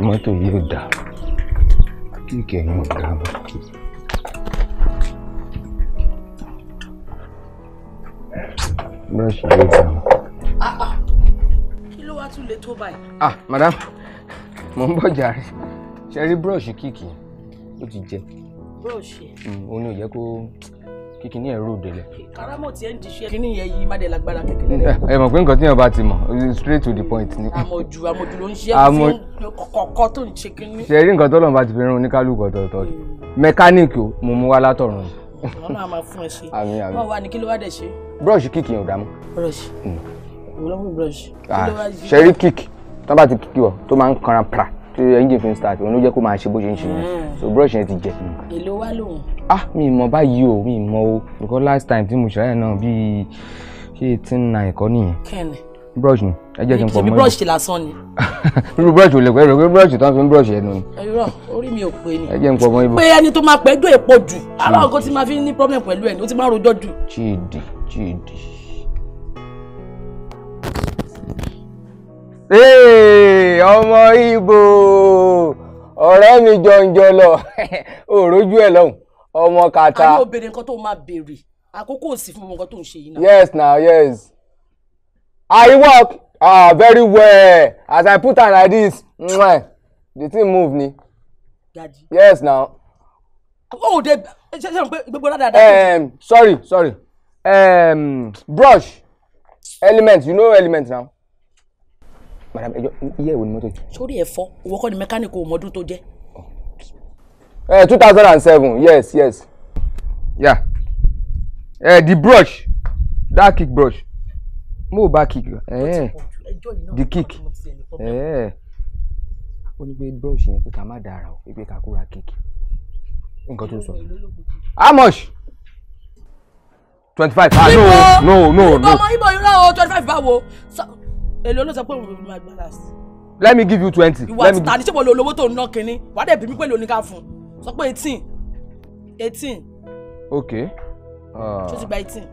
mọ́tò yìí ò dáa kí ìkẹyìn ò dáa bá. bírọ̀ṣì yóò dáa. Ah, ah. kí ló wá tún lè tó báyìí. ah madam mo ń bọ̀ jàre ṣe rí bírọ̀ṣì kíkì ó ti jẹ. bírọ̀ṣì. Hmm, ó ní ò yẹ kó kíkì ní ẹ̀rọ òdèlè. karamọ tí ẹ ń diṣẹ. kíní yẹn yìí má dé lágbára kékeré. Eh, ẹ mọ̀ pé nǹkan tí yẹn bá ti mọ̀ straight to the point ni. àmọ̀jù àmọ̀jù ló ń ṣe é kọ̀ọ̀kan tó ń ṣe kínní. ṣe rí nǹkan tó lọ́nà bá ti fi rún oníkálukú ọ̀tọ̀ọ̀tọ̀ hmm. mẹkáníìkì o mo mú wá látọ̀run. wọn náà máa fún ẹ ṣe wọn wà ní kí ló wá dẹ̀ ṣe. búrọ̀ṣì kíkì yẹn ò dámú. búrọ̀ṣì òwúlọ́mú búrọ̀ṣì. ṣe rí kíkì tó bá ti kíkì wọ tó máa ń kanra pra tí engine fi ń start òun ló jẹ́ kó máa ṣe bó ṣe ń ṣe yẹn hmm. so brush, yẹn ti jẹ. Hmm. èló wá lòun. ah mi ì mọ báyìí o mi mọ o because last time tí mo ṣàyẹ̀ náà bíi eighteen nine kọ́ nìyẹn. kẹ́ni. búrọ̀ṣì ni ẹ jẹ́ kí n pọ̀ mọ́ ìlú. brush lásán ni. irú brush ò lè pẹ́ rẹ̀ brush tó ń fi brush ẹnu ni. irọ́ orí mi ò pé ni. ẹ jẹ́ n pọ̀ mọ́ ibò. pé ẹni tó máa pẹ́ jọ èpo jù aláwọ̀ kó ti máa fi ní problem pẹ̀lú ẹ̀ ni ó ti máa rojọ́ jù. Chidi Chidi. ee ọmọ ibo ọ̀rẹ́ mi jọ̀njọ̀lọ̀ òrójú ẹ̀ lọ́hùn ọmọ kàtà. àwọn obìnrin kan tó máa béèrè àkókò òsì fún ọmọ kan tó ń ṣe yìí náà. yes na yes i work ah very well as i put am like this mwah, the thing move me. gaji yes now. Oh, de eh, gbogbo dada dada. Um, sorry sorry um, brush element you know element now. madam ẹjọ iye ìwé ni mọ́tò yìí. sórí ẹ̀fọ́ ìwọ kọ́ ni mẹkáníìkì ò mọ́dún tó eh, two thousand and seven yes yes yeah uh, the brush that kick brush move back kick. Eh the kick eh. ó ní pé brush yẹn pé ká má dára o pé ká kúra kíkì nǹkan tó sọ how much twenty five ah, no no no no. ọmọ ibo irọ́ o twenty five báwo èlò ló sọ pé òun máa gbára sí. let me give you twenty. ìwà títà ní sẹ́wọ̀n lo olówó tó ń ná kínní wàá dẹ̀ bí mi pé lóní ká fún un sọ pé eighteen eighteen. ok. tó ah. ti gba eighteen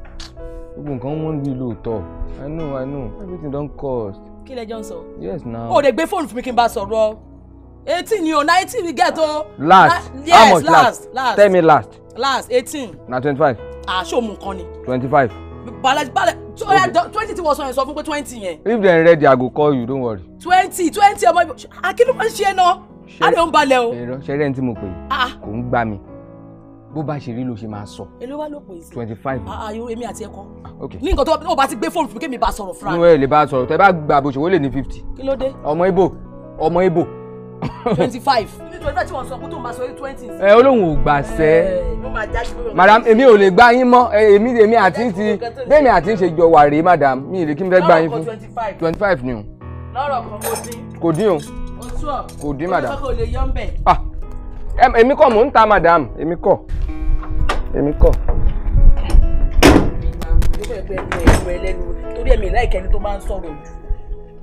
gbogbo nǹkan wọ́n bí lóòótọ́ i know i know everything don cost. kí lẹ ń sọ. yes na. o de gbé fóònù fún mi kí n bá sọ̀rọ̀ eighteen ni o na we get o. last yes, how much last? last tell me last. last eighteen. na twenty-five. aṣọ mu nǹkan ni. twenty-five. balẹ̀ balẹ̀ eh, twenty ti wọ sọ yẹn sọ fún pé twenty yẹn. if dem ready i go call you don't worry. twenty twenty ọmọ akínú máa ń ṣe é náà. a lè ń balẹ̀ o. ṣe é mo pè é ah, ah. kò ń gbá mi bó bá ṣe rí ló ṣe máa sọ. èló wá ló pè é twenty five. àyò ah, ah, èmi àti ẹ̀kọ́. ok ní nǹkan tó o bá ti gbé fóònù fún kémi bá sọ̀rọ̀ fúnra. inú ẹ lè bá sọ̀rọ̀ tẹ bá gbà bó ṣòwò lè ní fifty. kí ló dé. ọmọ ibo ọmọ ibo. twenty five. nítorí náà tí wọ́n sọ pé tó máa sọ twenty. ẹ olóhùn ò gbà sẹ́. madam èmi ò lè gbá yín mọ́ èmi èmi àti ti bẹ́ẹ̀ni àti ṣe jọ wà rèé madam mi ì lè kí n fẹ́ gbá yín fún twenty five ni o. lọ́rọ̀ kan kò dín. kò dín o. o tú kò dín madam. o lè yọ ń bẹ̀. ah èmi kọ́ mò ń ta madam èmi kọ́ èmi kọ́. torí ẹ̀mí láìka ẹni tó máa ń sọ̀rọ̀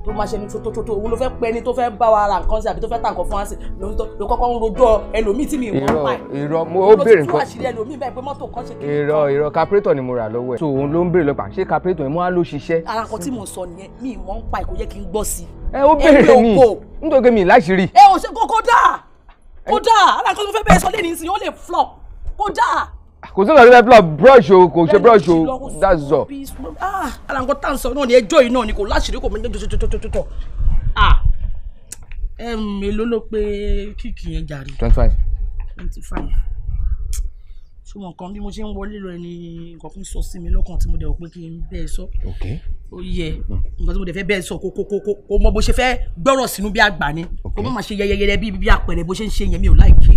tó máa ṣe ní tótótótó òun ló fẹ́ pẹ́ ni tó fẹ́ bá wa ra nǹkan sí àbí tó fẹ́ ta nǹkan fún wa sí ló kọ́kọ́ ń rojọ́ ẹlòmíì tí mi ìwọ̀n pa ẹ̀. irọ́ mo ó béèrè nǹkan ló ti fún àṣírí ẹlòmíì bẹ́ẹ̀ pé mọ́tò kan ṣe kékeré. irọ́ irọ́ kapirétọ̀ ni mo rà lọ́wọ́ ẹ̀. tó òun ló ń béèrè lọ́pàá ṣé kapirétọ̀ yẹn mo á ló ṣiṣẹ́. ara kan tí mo sọ nìyẹn mi ìwọ̀n pa ẹ̀ kò yẹ kí n gbọ́ sí i. ẹ ó béèrè ni nítorí mi láṣìírí. ẹ ò ṣe kókó dáa kódà alákó tó fẹ́ bẹ́ẹ̀ sọ lẹ́ni ìsìn ó lè flop kódà. kò sí ìlànà flop brush o kò ṣe brush o that's all. alákó ah, tá à ń sọ náà ni ẹjọ́ yìí náà ni kò láṣìírí kò mẹ́jọ tọ̀tọ̀tọ̀tọ̀ ah, èló ló pé kíkì yẹn jàre. twenty five. twenty five ṣùgbọ́n kan bí mo ṣe ń wọlé lọ ẹni nǹkan kan sọ sí mi lọ́kàn tí mo dẹ̀ wò pé kí n bẹ́ẹ̀ sọ. okay ó yẹ mm. nǹkan tí mo dẹ̀ fẹ́ bẹ́ẹ̀ sọ kó mọ bó ṣe fẹ́ gbọ́rọ̀ sínú bí àgbà ni kó mọ̀ máa ṣe yẹyẹyẹ bí bí àpẹẹrẹ bó ṣe ń ṣe yẹn mi ò láìkí e.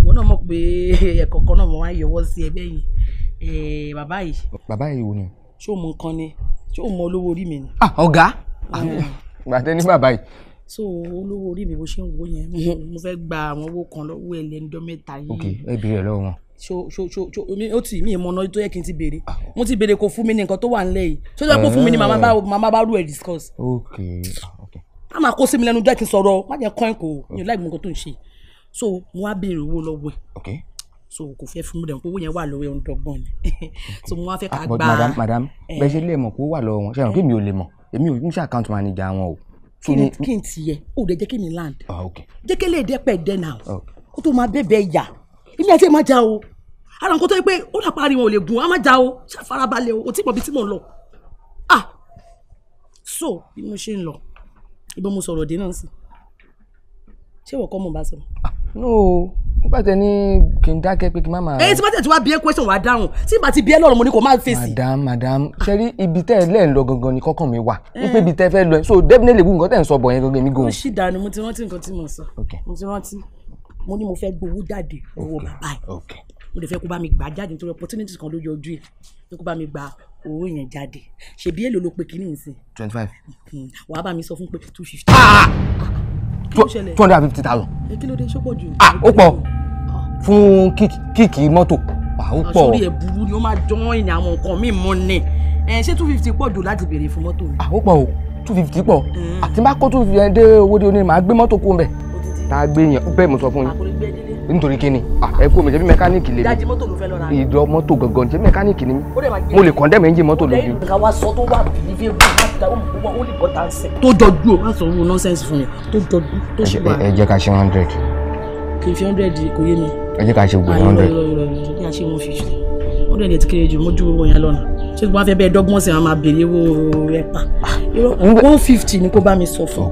ìwọ náà mọ̀ pé ẹ̀kọ́ kan náà mo máa ń yọwọ́ sí ẹgbẹ́ yìí eh, bàbá yìí. bàbá yìí wo ni. ṣé o mọ ni ṣé o mọ olówó orí mi ni. ọ̀gá gbàdé ní bàbá yìí so olówó orí mi bó ṣe ń wo yẹn mo fẹ́ gba àwọn owó kan lọ́wọ́ ṣo ṣo ṣo ṣo mi ó ti mi ìmọ̀nà tó yẹ kí n ti béèrè ah. mo ti béèrè kò fún mi ní nǹkan tó wà nílẹ̀ yìí ṣó jẹ́ pé fún mi ni màmá bá eh. màmá bá rú ẹ̀ discuss. ok ah, ok. a máa kó sí mi lẹ́nu jẹ́ kí n sọ̀rọ̀ má jẹ́ kọ́ ẹ̀kọ́ mi ò láì mú nǹkan tó ń ṣe so mo wá béèrè owó lọ́wọ́ ẹ̀. ok. so kò fẹ́ fún mi dẹ̀ owó yẹn wà lọ́wọ́ ẹ̀ ń dọ́gbọ́n ni so mo wá fẹ́ ká ah, gbà. madam madam eh. bẹ́ẹ̀ ṣe lè mọ̀ kó wà lọ́wọ́ wọn ṣe é ràn kí mi ò lè mọ̀ èmi ò o kí kí n ti yẹ o de jẹ́ kí mi land jẹ́ kí lè o tó máa bẹ́ẹ̀ ilé ẹtí ẹ má já o ara nǹkan tó yẹ pé ó dà parí wọn ò lè gùn á má já o ṣá o tí mo bí tí mo lọ ah so bí mo ṣe ń lọ ìbọn mo sọ̀rọ̀ dé náà sí ṣé ìwọ kọ́ mo bá sọ. no nígbà tẹ ní kí n dákẹ́ pé kí n má máa. ẹ tí bá tẹ̀ tí wàá bí ẹ question wàá dáhùn tí bá ti bí ẹ lọ́rọ̀ mo ní kó má fèsì. madam madam ṣe rí ibi tẹ́ ẹ lẹ́ ń lọ gangan ni kọ́kàn mi wà eh. wípé ibi tẹ́ fẹ́ lọ so definitely nǹkan tẹ́ ń sọ bọ̀ yẹn gangan mi gan. ó ṣì dànù mo ti rántí nǹkan tí mo sọ mo ti rántí mo ní mo fẹ́ gbowó jáde owó bàbá ẹ̀ mo lè fẹ́ kó bá mi gbà jáde nítorí opportunity kan lójú ọdún yìí pé kó bá mi gba owó yẹn jáde ṣebí èlò ló pe kínní nsìn. twenty five. Hmm, wà á bá mi sọ fún pé two fifty. Ah! Ah! two hundred and fifty thousand. Eh, kí ló dé ṣọ́pọ̀ jù. ó pọ̀ ah, fún kíkì mọ́tò ó pọ̀. sórí ẹ̀ burú ni ó máa jọ́n ìyìn àwọn nǹkan míì mọ́ ni eh, ṣé two fifty pọ̀ jù láti béèrè fún mọ́tò mi. ó pọ̀ o two fifty pọ̀ àti hmm. bá kó two fifty eh, dé owó dé oní màá gbé mọ́tò kó mbẹ̀ tá a gbé yẹn bẹ́ẹ̀ mo sọ fún yín nítorí kíni ẹ kó mi ṣe bí mẹkáníìkì lè mi ìjọ mọ́tò gangan ṣe bí mẹkáníìkì ni mi mo lè kọ́ndẹ́mù ẹ́ńjìn mọ́tò lójú. tó jọjú o má sọ ohun nọ́sẹ̀nsì fún mi tó jọjú tó ṣe wà. ẹ jẹ́ ká ṣe hundred. kì í fi hundred kò yé mi. ẹ jẹ́ ká ṣe gbòòrò hundred. ní àṣẹ wọn fi hundred ti kéré jù mojú owó yẹn lọ́nà ṣé kí wọ́n fẹ́ bẹ́ẹ̀ dọ́gbọ́n sí àwọn máa béèrè owó ẹ̀pà ah. one fifty ni kó bá mi sọ fún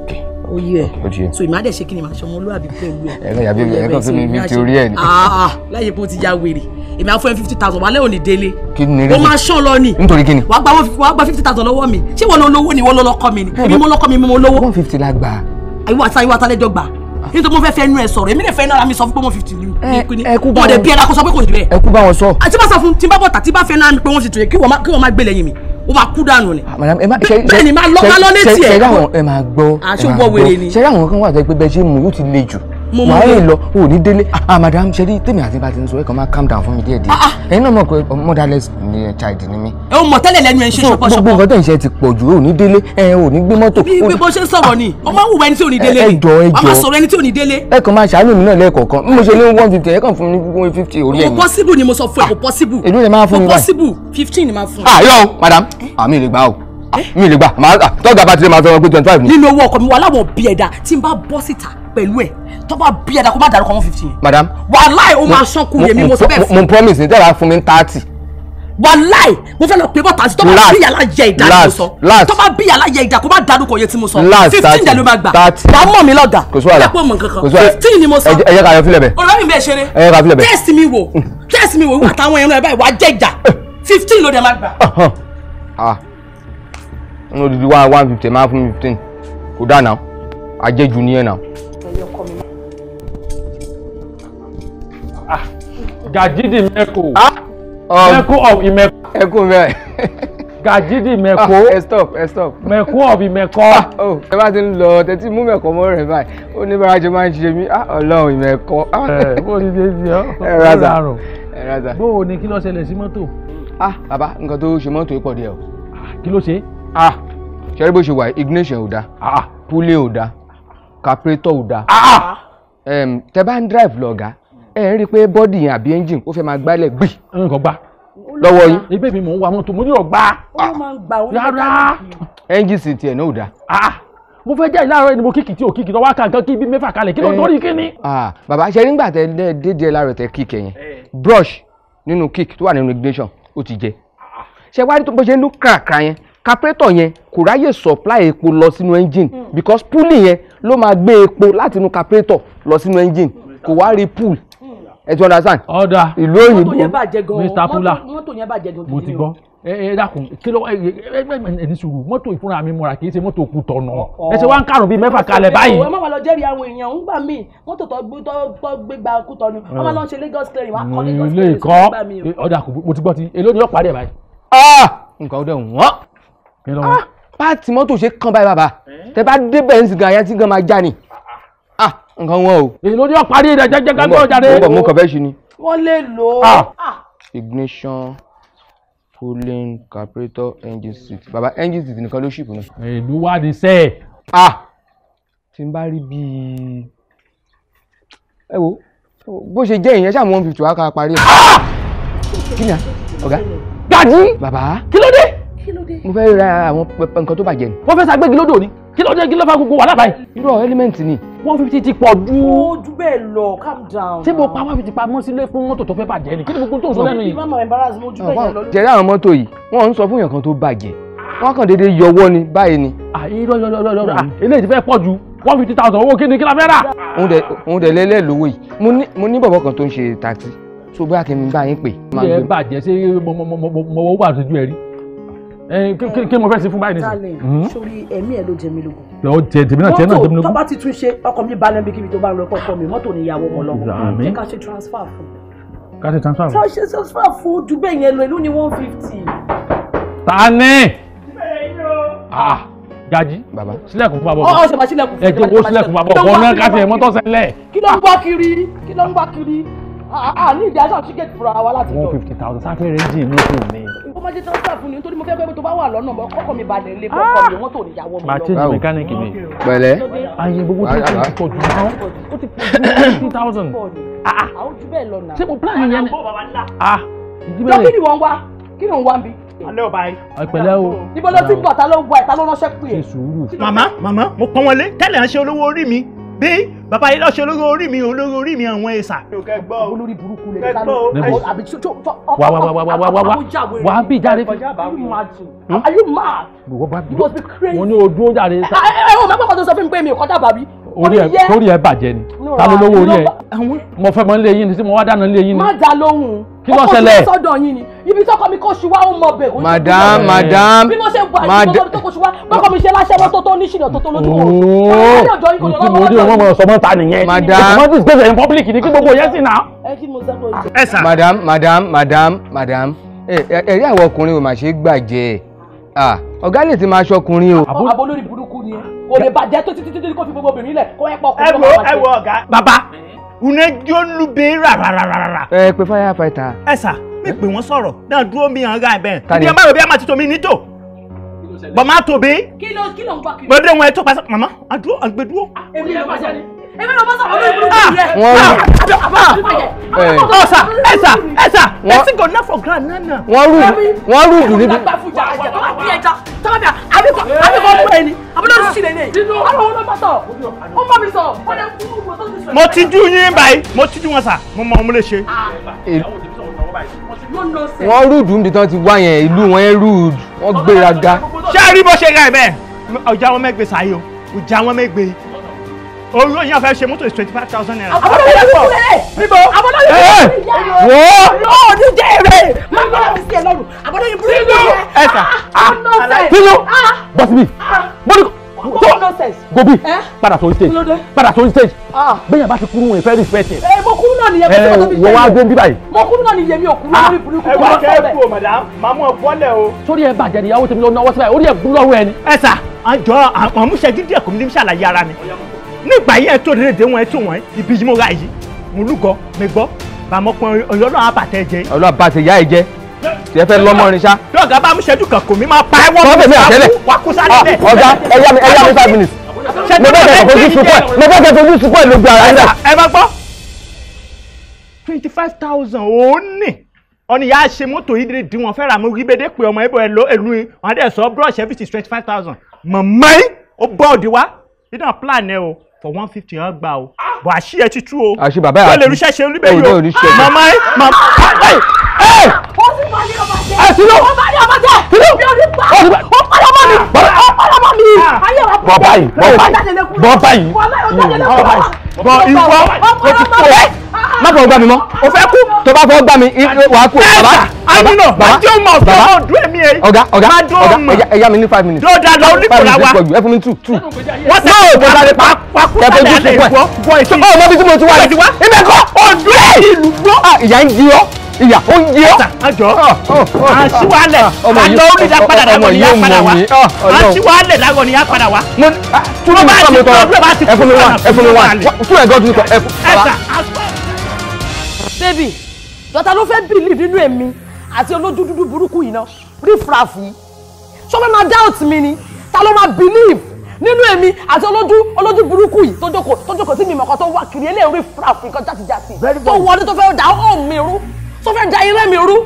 ó yí ẹ so ìmọ̀ àdẹ̀ ṣe kí ni màá ṣe ọmọlúwàbí pẹ̀lú ẹ. ẹ̀rọ yàbí ẹ̀rọ tó mi fifty orí ẹ̀ ni. Ah, ah, láyé bó ti ya wèrè èmi àfọyín fifty thousand wà lẹ́wọ̀n ní délé. kí ni rí o máa ṣán lọ ni. nítorí kí ni. wàá gba wàá gba fifty thousand lọ́wọ́ mi ṣé wọ́n lọ́wọ́ ni wọ́n lọ́ lọ́kọ́ mi ni èmi mo lọ́kọ́ mi mo lówó. one fifty la gbà. àyíwá ata àyíwá ata lẹ́jọ́ gbà ah. nítorí mo fẹ́ fẹ́ inú ẹ sọ̀rọ̀ èmi lè fẹ́ inú ara mi sọ fún pé one fifty ni. ẹkú bá wọn sọ ẹkú bá wọn sọ. àti bá sọ fún tí bá bọ̀tà tí bá fẹ́ náà mi pé one fifty kí wọ́n má gbé lẹ́yìn mi ó máa kú dànù ni. Ah, madam ẹ má ṣe bẹ́ẹ̀ ni máa lọ́kálọ́ létí ẹ̀. ṣe ṣe ṣe ṣe ṣe ṣe ṣe ṣe ṣe ṣe ṣe ṣe ṣe ṣe ṣe ṣe ṣe ṣe ṣe mo mọ bẹ́ẹ̀ wàá lọ o ní délé ah, ah madam ṣe rí tèmi àti bá ti ń sọ ẹ kàn máa calm down fún mi díẹ̀ díẹ̀ ah, ah. ẹ̀yin náà mọ̀ pé motherless ni child ni mi. ẹ o mọ̀ tẹ́lẹ̀ lẹ́nu ẹ ṣe ṣọpọ ṣọpọ. gbogbo nǹkan tẹ̀ ń ṣe ti pọ̀ jù o ní délé ẹ o ní gbé mọ́tò. bí bí bó ṣe ń sọ̀rọ̀ ni o máa ń hùwà ẹni tí ò ní délé ni ẹ jọ ẹ jọ a máa sọ̀rọ̀ ẹni tí ò ní délé. ẹ kàn máa ṣàánú mi náà lẹ́ẹ̀kọ̀ọ̀kan bí mo ṣe ní one fifty ẹ kàn fún mi one fifty orí ẹ̀yìn. kò possible ni mo sọ fún ẹ kò possible. èló ni máa fún mi báyìí kò possible fifteen ni máa fún eh? mi. àyọ̀ madam àmì ìrìgbà o mi lè gbà eh? tọ́gà bá ti lè máa sọ wọn pé twenty five ni. nínú owó ọkọ mi wà láwọn òbí ẹ̀dá tí n bá bọ́ síta pẹ̀lú ẹ̀ tó bá bí ẹ̀dá kó má dárúkọ one fifty madam wàláì ó máa sọ́kù yèmí mo sọ bẹ́ẹ̀ fún. mo promise ní tẹ́lá fún mi thirty. wàláì mo fẹ́ lọ pé bọ́tà tó bá bí yàrá yẹ ìdá ni mo sọ tó bá bí yàrá yẹ ìdá kó má dárúkọ yẹn tí mo sọ fifteen dẹ̀ ló máa gbà wàá mọ̀ mi lọ́gà kò sí wàhálà kò sí wàhálà fifteen ni mo sọ. ẹ jẹ́ ká yọ fílẹ̀ bẹ́ẹ̀. ọ̀rẹ́ mi bẹ́ẹ̀ ṣeré tẹ́sì mi wò mm. tẹ́sì mi wò wíwà táwọn ẹran ẹ̀ báyìí wàá jẹ́ ìjà eh. fifteen ló dẹ̀ máa gbà n odidi one one fifty máa fún mi fifteen kò dáa náà àjẹjù ni ẹ náà mi ọkọ mi. Ah, Gajidi Meko. Ah, um, Meko of Imeko. Ẹkún bẹ́ẹ̀. Gajidi ah, Meko. Ẹ stop Ẹ stop. Meko of Imeko. Oh, ẹ bá ti ń lọ tẹ́tí mú Meko mọ́ rẹ̀ báyìí. Ó ní bára jọ máa ń ṣe mí. Ọlọ́run Imeko. Ẹ bó ni ṣe ń ọ́. Ẹ raza. Ẹ raza. Bó o ní kí ló ṣẹlẹ̀ sí mọ́tò? Ah Baba, nǹkan tó ṣe mọ́tò yìí pọ̀ díẹ̀ o. Kí ló ṣe? Ah ṣẹ́rí bó ṣe wà ignition ò dáa. Ah. Púlé ò dáa carburetor ò dáa ah, ah. tẹ bá ń drive lọ́gàá ẹ ń rí i pé bọ́dì yẹn àbí engine ó fẹ́ máa gbálẹ̀ gbì. nǹkan gbà lọ́wọ́ yín. ibẹ̀ mi mò ń wa mọ́tò mo ní ọ̀gbà. ó máa ń gbà ó ní ọ̀gbà. engine sì tiẹ̀ náà ò dáa ah, mo fẹ́ jẹ́ ìlàrọ̀ ẹni mo kíkì tí ò kíkì tó wá ka nǹkan kí ibi mẹ́fà kalẹ̀ kí ló eh, tó rí kí ni. bàbá ṣe nígbà tẹ ẹ dédé láàárọ̀ tẹ kíkì yẹn eh. brush nínú kíkì tó wà nínú ignition ó ti jẹ ṣe wá bó ṣe ń lú kàkà yẹn carburetor yẹn kò ráyè supply epo lọ sínú engine hmm. because pulley yẹn ló máa gbé epo láti inú carburetor lọ sínú engine kò wá rí pool ẹ ti understand. ọ̀dà ìlú òyìnbó mr pula mo ti gbọ́ ẹ dákun kí ló ẹ ẹ ní sùúrù mọ́tò ìfúnra mi múra kì í ṣe mọ́tò òkú tọ̀nà ẹ ṣe wá ń kàrùn bíi mẹ́fà kalẹ̀ báyìí. ẹ má lọ jẹ́rìí àwọn èèyàn ń gbà mí mọ́tò tó gbé gba òkú tọ̀nà wọ́n máa lọ ṣe Lagos clearing wá kọ́ Lagos clearing sí gbà mí. ọ̀dà kò mo ti gbọ́ ti èló yóò parí ẹ̀ báyìí. Ah! nǹkan ọdẹ wọ́n páàtì mọ́tò ṣe kàn báyìí bàbá eh? tẹ bá dé bẹ́ẹ̀ nsì gan ayántí gan máa já ni ah, ah. Ah, nǹkan wọn o. èyí ló ní ọ̀parí rẹ̀ jẹ́jẹ́ gágbé ọjà rẹ̀. mo bọ̀ mo kàn fẹ́ ṣu ni. wọ́n lè lò ignition cooling carburetor engine seat bàbá engine seat nìkan ló ṣìpù náà. èlú wà ní sẹ́ẹ̀. tí n bá rí bíi ẹ wo bó ṣe jẹ́ ìyẹn ṣáà one fifty wá ká parí ẹ̀. kí ni ọ̀gá. gbàdí. bàbá kí ló dé kí ló dé. mo fẹ́ ra àwọn nǹkan tó bàjẹ́ ni. wọ́n fẹ́ sagbégi lódò ni kí ló dé kí ló fa gbogbo wàhálà báyìí. irọ́ element ni one fifty ti pọ̀ jù. ó jù bẹ́ẹ̀ lọ calm down. ṣé mo pa one fifty pamọ́ sílé fún mọ́tò tó fẹ́ bàjẹ́ ni kí ni gbogbo tó ń sọ lẹ́nu yìí. mama embarrass mo jù bẹ́ẹ̀ lọ. jẹ̀rẹ̀ àwọn mọ́tò yìí wọ́n ń sọ fún èèyàn kan tó bàjẹ́ wọ́n kàn déédéé yọwọ́ ni báyìí ni. àìrọ̀ yọ̀rọ̀ yọ̀rọ̀ eléyìí ti fẹ́ pọ̀ jù one fifty thousand owó kíni kí la fẹ́ rà. òun dẹ̀ lẹ́lẹ́ lówó yìí mo ní bọ̀bọ̀ kan tó ń ṣe taxi so bóyá kí n bá yín pè. ilé ẹ bàjẹ́ ṣé mo wà sójú ẹ rí. Eh, kí ni mo fẹ́ ṣe fún báyìí nísìnyí. Hmm? sórí ẹ̀mí ẹ̀ ló jẹ mí lógún. lọ jẹ tèmi náà jẹ náà jẹ mí lógún. mọ́tò tó bá ti tún ṣe ọkọ mi balẹ̀ bí kíbi tó bá rọ ọkọ mi mọ́tò ni ìyàwó ọmọ lọ́wọ́ jẹ́ ká ṣe transfer fún. ká ṣe transfer fún. ká ṣe transfer fún dùgbẹ́ yẹn lọ ìlú ni one fifty. ta ni. Ah, Gaji baba sílẹ̀kùn fún babọ ọ ṣe ma sílẹ̀kùn fún babọ ẹ jẹ kó sílẹ̀kùn fún babọ ọ náà ká ṣe mọ́tò ṣẹlẹ̀. kí ló ń wá kiri kí ló ń wá kiri a need the aṣọ ticket fúnra wa láti jọ. one fifty thousand sáfẹ́rẹ́ jì ló kù mí. ó máa ṣe transfer fún mi nítorí mo fẹ́ pé tó bá wà lọ́nà mọ́ kọ́kọ́ mi balẹ̀ lé kọ́kọ́ mi wọ́n tó níyàwó mi lọ. màá change mechanic mi. pẹ̀lẹ́ ayé gbogbo tí o ti pọ̀ jù náà o ti pọ̀ jù one fifty thousand. Ah, ah. àwọn ojú bẹ́ẹ̀ lọ nà. ṣé mo plan yẹn ni. Ah, jọ kí ni wọ́n wá kí ni wọ́n wá bí alẹ́ ọba yìí. ìpẹ̀lẹ́ o. níbo ló ti ń bọ̀ ta ló ń bọ̀ ẹ̀ ta ló ránṣẹ́ pè é. ṣe sùúrù. màmá màmá mo pọ́n wọlé tẹ́lẹ̀ ń ṣe olówó orí mi bí bàbá yìí lọ́sọ olóró orí mi olóró orí mi àwọn ẹ̀sà. olórí burúkú lè dánú àbí tó wà wà wà wà wà wà wà wà á bì jáde. are you mad? wọ́n ní ojú ó jáde. ẹ ẹ ẹ o máa gbọ́dọ̀ sọ fún mi pé mi ò kọjá bàbí orí ẹ torí ẹ bàjẹ́ ni ta ló lówó orí ẹ mo fẹ́ mọ ilé yín ni tí mo wá dáná ilé yín ni. má dá lóhùn kí ló ṣẹlẹ̀ ọkọ tó yín ni ibi tọkọ mi kò ṣùwà ó mọ bẹ. madam madam bí mo ṣe wà ní tọkọ tó kò ṣùwà bọkọ mi ṣe láṣẹwọ tó tó níṣìnà tó tó lójú oorun. ooo mo ní ọmọ ọmọ sọmọ ta nìyẹn. madam mo ti gbèsè in public ni kí gbogbo yẹn sì nà. ẹ kí madam madam madam madam ọ̀gá lè ti máa ṣọkùnrin o. àbó lórí burúkú ni kò lè bàjẹ́ tó títí títí kó fi gbogbo obìnrin lẹ̀ kó ẹ pọ̀ kó tó máa bàjẹ́. ẹ wo ẹ wo ọ̀gá. bàbá uneji olùgbé rárárárá. ẹ pé firefighter. ẹ sà mi pè wọ́n sọ̀rọ̀ náà dúró mi hàn ra ẹ̀bẹ̀. ibi ọmọ ìròbí àmàtí tomi nítò bọ̀má tóbi. kí ló kí ló ń gbà kiri. gbọdọ̀ wọn ẹ tó pàṣẹ màmá àdúró àgbẹ̀dúró. Ah, èmi ló pàṣẹ ni èmi ló ah, ah, bá sọ̀rọ̀ lórí burúkú rẹ̀. wọ́n rú ọ̀sà ẹ̀sà ẹ̀sìn kò ná for grand nana. wọ́n rú wọ́n rú dùn níbi àbíkọ àbíkọ pé ni àbúrò ti sílẹ̀ ní. àwọn ọmọ bá sọ ó bá mi sọ ó lè kú mo tó ti sọ. mo ti dún yín báyìí mo ti dún wọn sà ah! wọ́n rúdù níbi tí ti wá yẹn ìlú wọn yẹn rúdù wọ́n gbéraga. ṣé àrí bó ṣe ra ẹ̀ bẹ́ẹ̀ ọjà wọn mẹ́gbẹ̀ẹ́ sáyé o ọjà wọn mẹ́gbẹ̀ẹ́ owó yẹn fẹ́ ṣe mọ́tò is twenty five thousand naira. àwọn ọmọdé yóò kú lẹ́lẹ̀ níbo àwọn ọmọdé yóò kú lẹ́lẹ̀ wọ́. yóò ní jẹ́ èrè máa ń bá mi sí ẹ lọ́rùn àwọn ọmọdé yóò kú lẹ́lẹ̀. ẹ sà kíló bọ́sibí bọ́dí gobi padà tó ń stage padà tó ń stage gbẹ̀yìn ah. bá ti kúrú wọn ìfẹ́ respect ẹ̀. ẹ mo kúrú náà nìyẹn bí wọ́n tó fi ṣe é. wọ́n wá gbé ń bí báyìí. mo kúrú náà nìyẹn mi ò kúrú lórí ah. burúkú. ẹ wá kẹ́ ẹ kú o madam màmú ọ bọ́lẹ̀ o. sórí ẹ bàjẹ́ ni ìyàwó tèmi lọ náwó síbẹ̀ orí ẹ gbúlọ́wọ́ ẹni. ẹ sà àjọ àmúṣe dídí ẹ̀kọ́ mi ní sàlàyé ara mi nígbà yìí ẹ tó dédé wọn ẹ tó wọn ibi yìí mo ra yìí mo lúgọ mi gbọ́ bàmọ́ pọn ọ̀yọ́ náà àbàtẹ jẹ. ọlọ́ àbàtẹ ìyá ẹ jẹ tiẹ fẹ lọmọ ni sa. dọ́ọ̀gá bá mú ṣẹ́jú kan kò mí máa pa ẹwọ́n mi wà kú wà kú sálẹ̀ bẹ́ẹ̀. Ah, ọ̀gá ẹ yá mi ẹ yá mi five minutes. mo bẹ́ẹ̀ kẹ́ fojú sùpọ̀ ẹ̀ mo bẹ́ẹ̀ kẹ́ fojú sùpọ̀ ẹ̀ lójú ara rẹ̀. ẹ máa gbọ́ twenty five thousand òun nì ọ̀nì yà á ṣe mọ́tò yìí dé dín wọn fẹ́ ra mú rí bédé pé ọmọ ibò ẹ̀lú ẹ̀lú yìí wọn á dẹ̀ sọ brush everything twenty five thousand mọ̀mọ́ yìí ó bọ́ọ̀dì wá nínú plan ẹ o for one fifty hàn gbà o ah! bọ̀ àṣì ẹ ti tú o àṣì bàbá yà á tú wọ́n lè ríṣẹ́ ṣe oníbẹ̀ yìí o ẹ màmá ẹ àti lọ. ọba ní ọba tẹ. mi ò ní pa. ó padà mọ́ mi. ó padà mọ́ báyìí bọ́ báyìí bọ́ báyìí bọ́ ìwọ o ti kú ẹ má fọwọ́ gbá mi mọ́ o fẹ́ kú tó bá fọwọ́ gbá mi wàá kú bàbá bàbá bàbá ọ̀gá ọ̀gá ọ̀gá ẹ̀yà mi ní five minutes lọ́dà lọ onífòlá wa ẹ fún mi two two wọ́n sọ pé ọ̀gá rẹ̀ pa kẹfẹ́ ojú fún ẹ ọ mọ tí mo ti wá rẹ̀ ibẹ̀ ọ̀dọ́ ìlú gbọ́ ah, ìyá ń di ọ́ ìyá ó ń yé ọ́. àjọ àṣìwálẹ̀ àlọ́ onídàá padà lágọ̀ ni yá padà wá àṣìwálẹ̀ lágọ̀ ni yá padà wá. túnú bá ti tọ́ ọ́ bá ti tún padà fún mi wá. túnú ẹ̀gọ́ tún kọ ẹ fara. bébì dọ́tà ló fẹ́ bìlì nínú èmi àti olójú dúdú burúkú yìí náà rífrafù yìí ṣọ́ fẹ́ máa doubt mi ni ta ló máa believe nínú èmi àti olójú olójú burúkú yìí tó jókòó tó jókòó sí mi mọ̀kàn tó wá kiri eléyìí rífrafù nǹkan játijàti tó wọlé tó fẹ́ dá ọ̀ọ́ mi rú tó fẹ́ da irẹ́ mi rú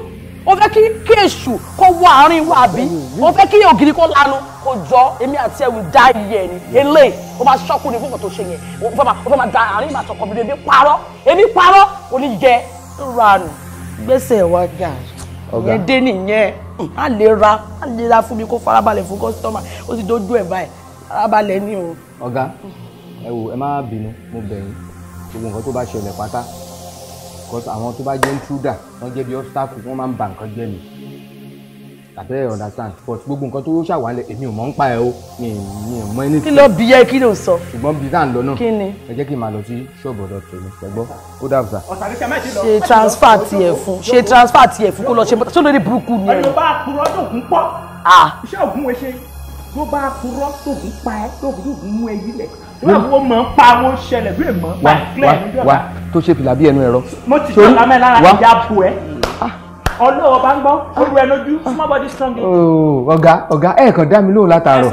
o fẹ́ kí kí èṣù kó wọ àárín wa àbí o fẹ́ kí ògiri kó lanu kó jọ èmi àti ẹ̀wù dá iyẹ̀ ni eléyìí o máa ṣọ́kù ní fún kò tó ṣe yẹn o fẹ́ máa o fẹ́ máa da àárín ìmọ̀ àtọkọ mi èmi parọ́ èmi parọ́ oníjẹ ranù gbèsè wa gà yẹn dé nìyẹn a lè ra a lè ra fún mi kó farabalẹ̀ fún kọ́sítọ́mà ó ti dójú ẹ̀ báyìí farabalẹ̀ ni o. ọ̀gá ẹ wò ẹ má bínú mo bẹ̀ yín gbogbo nǹkan tó bá ṣẹlẹ̀ pátá because àwọn tó bá jẹ́ intruder wọ́n jẹ́ bí obstacle wọ́n máa ń ba nǹkan jẹ́ mi àbẹ́ understand but gbogbo nǹkan tó ṣàwálẹ̀ èmi ò mọ̀ ń pa ẹ̀ o mi mi ò mọ ẹni. kí ló bí ẹ kí ló sọ. ṣùgbọ́n bí dáà ń lọ náà kí ni. ẹ jẹ́ kí n máa lọ sí ṣọ́ọ̀bù ọ̀dọ̀ tèmi ṣẹ́gbọ́ ó dà bùsà. ṣe transfer tiẹ̀ fún ṣe transfer tiẹ̀ fún kó lọ ṣe mọ́tò sódò ní burúkú ni ẹ. ọ̀nà bá a kúrò ọdún ògún pọ̀. Ah! iṣẹ́ ògún wo ṣe tó bá purọ́ tòbí pa ẹ́ tòbí tòbí mú ẹ yílẹ̀ láwo mọ̀ ń pa owó ṣẹlẹ̀ bí èèmọ̀ pa ìpínlẹ̀ níjọba. wa tó ṣe fìlà bí ẹnu ẹ̀rọ. mo ti tọ́ lámẹ́ lára ìyá bu ẹ ah. ọlọ́wọ́ bá ń gbọ́ olú ẹ lójú ah. small body strong. Oh, ọ̀gá ọ̀gá ẹ kàn dá mi lóhùn látàárọ̀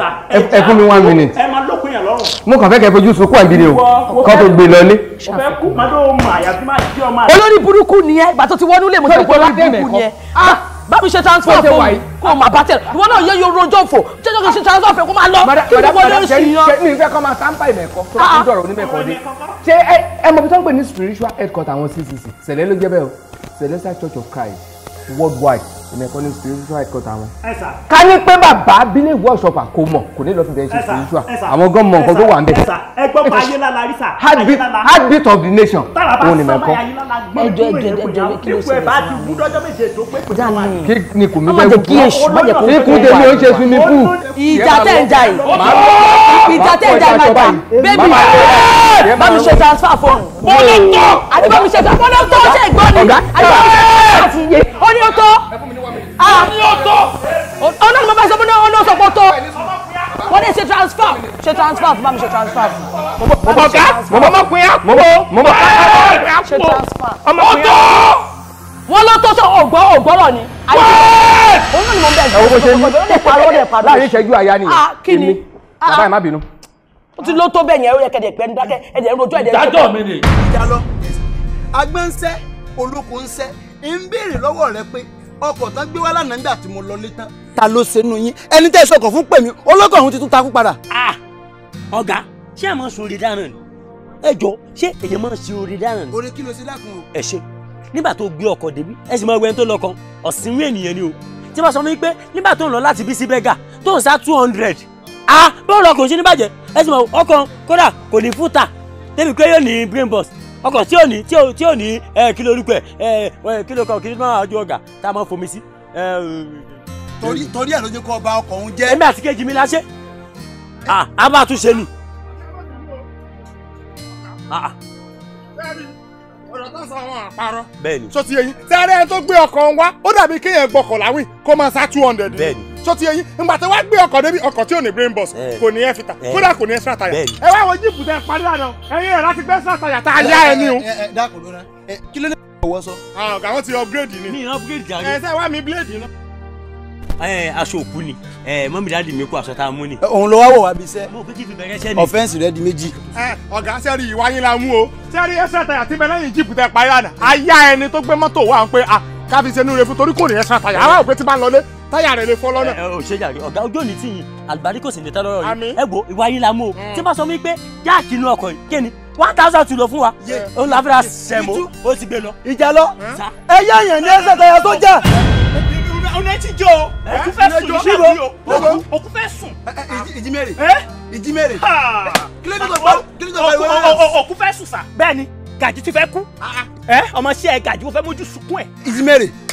ẹ fún mi one minute. ẹ máa lókun yàn lọ́rùn. mo kàn fẹ́ kẹ́ fojú sunkún àgbèrè o kọ́ tó gbé lọlé. o fẹ́ kú màdó mọ àyàfi máa jí ọmọ rẹ. olórí burúkú nìyẹn ìgbà tó ti wọnú lè mọ̀ tó kó lábẹ́ ìkú nìyẹn bá mi ṣe transfer fún mi kó o máa bá tẹ̀ ìwọ náà yẹ yóò rojọ́ fò jẹ́jọ́ kí n ṣe transfer fún kó máa lọ kí n wọlé oṣù yan. mi fẹ́ kọ́ máa sáńpà ìmẹ̀kọ́ tó bá ti ń dọ̀rọ̀ onímẹ̀kọ́ dé ṣé ẹ mọ̀ bí wọ́n ń pè ní spiritual headquarter àwọn CCC sẹ̀lẹ̀ ló jẹ́ bẹ́ẹ̀ o Celestial Church of Christ worldwide èmi ẹ̀kọ́ ní spiritual headquarter wọn. ká ní pé bàbá abilé ìwọ ìṣọ̀fà kò mọ̀ kò ní lọ sí ìdẹ́yẹsì spiritual àwọn gan mọ̀ nǹkan tó wà ń bẹ̀. ẹ gbọ́ pa ayé lára rí sà. heartbeat of the nation òun ni mẹ́kọ́. ẹjọ ẹjọ ẹjọ kí ló ṣe é kí ni kò mí bẹ́ẹ̀ wù. ikú tèmi ò ń ṣe sunmi fún. ìjà tẹ̀ ń jà yìí ìjà tẹ̀ ń jà yìí máa gbà bébì bá mi ṣe transfer fóònù. mo lè tọ́ àti bá mi ṣe transfer fóònù. mo lè tọ́ ṣe ìgbọ́ni àti bá mi ṣe transfer fóònù. ó ní ó tọ́ ọlọ́run mo bá sọ fún ọlọ́run sọ̀pọ̀ tó wọ́n ní ṣe transfer ṣe transfer fún mi ṣe transfer. mo bọ ká mo bọ mọ pinya mo bọ mo bọ ká ṣe transfer. ọtọ. wọ́n ló tó sọ ọ̀gbọ́ ọ̀gbọ́rọ̀ ni. òun náà ni mo ń bẹ̀rẹ̀ sí ọ̀gbọ́n ọ̀gbọ́n ọ̀dẹ̀ parọ́ ọ̀dẹ̀ parọ́. láàrin ìṣẹ́jú àyà nìyẹn. ah kí ni. Ah, bàbá ẹ̀ má bínú. ó ti ló tó bẹ́ẹ̀ yẹn ó yẹ kẹ́dẹ̀ pẹ́ ń dákẹ́ ẹ̀dẹ̀ ń rojú ẹ̀dẹ̀ ń rojú. dájọ́ mi ni. ìjà lọ agbẹ́nsẹ́ olókun ń sẹ́ ń béèrè lọ́wọ́ rẹ pé ọkọ̀ tán gbé wá lánàá nígbà tí mo lọ lé tán. ta ló ṣẹnu yín ẹni tẹ́ ẹ sọkọ̀ fún pèmí ọlọ́kọ̀ ọ̀hún ti tún takú padà. ọ̀gá ṣé àmọ́ sóore dáná ni ẹ jọ ṣé èèyàn máa ń ṣe oore dáná ni. oore kí ló ṣe lákùn o. ẹ ṣe nígbà tó gbé ọkọ̀ débi ẹ sì máa wẹ ẹni tó lọkọ ọ̀sìnwó ènìyàn ni o tí wọ́n sọ fún mi pé nígbà tó ń lọ láti bísí bẹ́gà tó ń sá two hundred ah bọ́ọ̀lù ọkọ̀ ò ṣe ní bàjẹ́ ẹ sì máa ọkọ̀ kódà kò ní fúta débi pé yóò ní brain burst ọkọ̀ tí ò ní tí ò tí ò ní kí ló orúkọ ẹ̀ kí ló kọ kí ló máa ju ọ̀gà tá a máa fomi sí. torí torí ẹ̀ ló jẹ́ kó ọba ọkọ̀ òun jẹ́. èmi àti kejì mi la ṣe a bá tún ṣe nù. ọ̀rọ̀ tó sọ àwọn àparọ́. bẹ́ẹ̀ni. sọ ti yẹ yín tẹ́rẹ́ tó gbé ọkọ̀ wá ó dàbí kéèyàn gbọ́kọ̀ láwìn kó máa sá two hundred. bẹ́ẹ̀ni tó ti eyín ńgbà tí gbé ọkọ̀ débi ọkọ̀ tí ò ní brain box eh. kò ní ẹ́ fita eh. kódà kò ní extra tire ẹ wá wo jíìpù tẹ parí lánàá ẹyin ẹ̀ láti gbé extra tá a yá ẹ ní o. Eh, kí ló ní ọwọ́ sọ. Ah, ọ̀gá wọn ti upgrade ni. mi upgrade jàre. ẹ sẹ́ wá mi blade náà aṣọ òkú ni mọ́mí dáàdi mi kó aṣọ tá a mú ni. òun ló wá wò wá bí iṣẹ́. mo kéjì fi bẹ̀rẹ̀ iṣẹ́ ni. ọ̀fẹ́ǹsì rẹ di méjì. ọ̀gá sẹ́rí ìwà yín la mú o sẹ́rí ẹ̀sẹ̀ táyà rẹ̀ lè fọ́ lọ́nà. ẹ ò ṣe jà ọ̀gá ojú òní tìyìn àlùbárí kò sì lè tẹ́ lọ́rọ̀ yìí ẹ wo ìwà yín la mú o mm. tí bá sọ mi pé jáàkì inú ọkọ̀ yìí kéni one thousand two lọ fún wa ó la fẹ́ra sẹ̀mó ó ti gbé lọ. ìjà lọ mm. ẹ yé èèyàn ní ẹsẹ̀ tẹ̀yà tó jà. ọ̀nà ẹtí jẹ́ o òkú fẹ́ sùn nígbà mi o òkú fẹ́ sùn. ìjímèrè ìjímèrè òkú fẹ́ sùn sà bẹ́ẹ̀ ni gàjí ti fẹ́ kú ah, ah. ọmọ sí ẹ gàjí mo fẹ́ mójú sunkún ẹ. ìjímèrè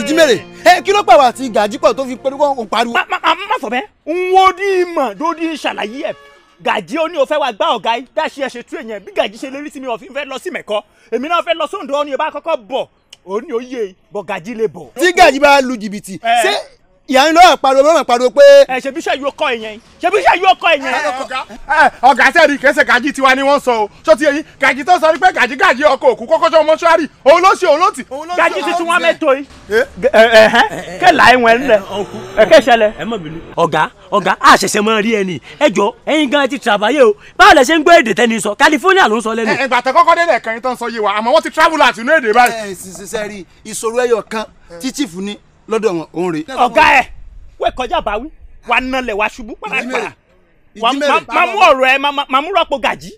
ìjímèrè ẹ kí ló pàwọ́ àti gàjí pọ̀ tó fi pẹ̀lú kó pariwo. má fọ bẹ́ẹ̀ n wo ní ìmọ̀ lórí ìṣàlàyé ẹ̀ gàjí ó ní o fẹ́ wá gbá ọ̀gá yìí dáṣe ẹ̀ṣẹ̀ tú èèyàn bí gàjí ṣe lérí sí mi òfin fẹ́ lọ sí mẹ́kọ́ èmi náà fẹ́ lọ sóńdó ó ní o bá kọ́kọ́ bọ̀ ó ní o yé bọ̀ gàjí lè bọ̀. tí gàjí bá lu jìbìtì ṣé ìyá ń lọ àpàrọ mọ àpàrọ pé. ẹ ṣebí iṣẹ́ yóò kọ́ ẹ̀yẹn ṣebí iṣẹ́ yóò kọ́ ẹ̀yẹn. ẹ ọ̀gá sẹ́ẹ̀rì kẹsẹ̀ gàjí tiwa ni wọ́n sọ o ṣó ti eyín gàjí tó sọ pé gàjí gàjí ọkọ̀ òkú kọ́kọ́jọ́ mọ́ṣúárì òun ló ṣe òun ló tì. gàjí ti tún eh? wọn mẹ́tọ́ yìí. kẹlà ẹ̀wọ̀n ńlẹ̀ eh, ẹ̀kẹ́ ṣẹlẹ̀. ọ̀gá ọ̀gá a ṣẹ̀ṣẹ̀ máa rí ẹni ẹ jọ ẹ̀yin gan ti tìrabàyè o báwo lẹ ṣe ń gbọ́ èdè tẹ́ni sọ California ló ń sọ lẹ́nu. ẹgbà tẹ kọ́kọ́ délẹ̀ kan yìí tó ń sọ yé wa àmọ́ wọ́n ti travel àti inú èdè báyìí. Eh, ẹ ẹ sísẹ rí ìṣòro ẹyọ kan tí chief ní lọ́dọ̀ wọn òun rè. ọ̀gá ẹ̀ wẹ́ẹ̀ kọjá bá wí wà nalẹ̀ wà ṣubú pàápàá máa mú ọ̀rọ̀ ẹ máa mú rọ́pò gàjí.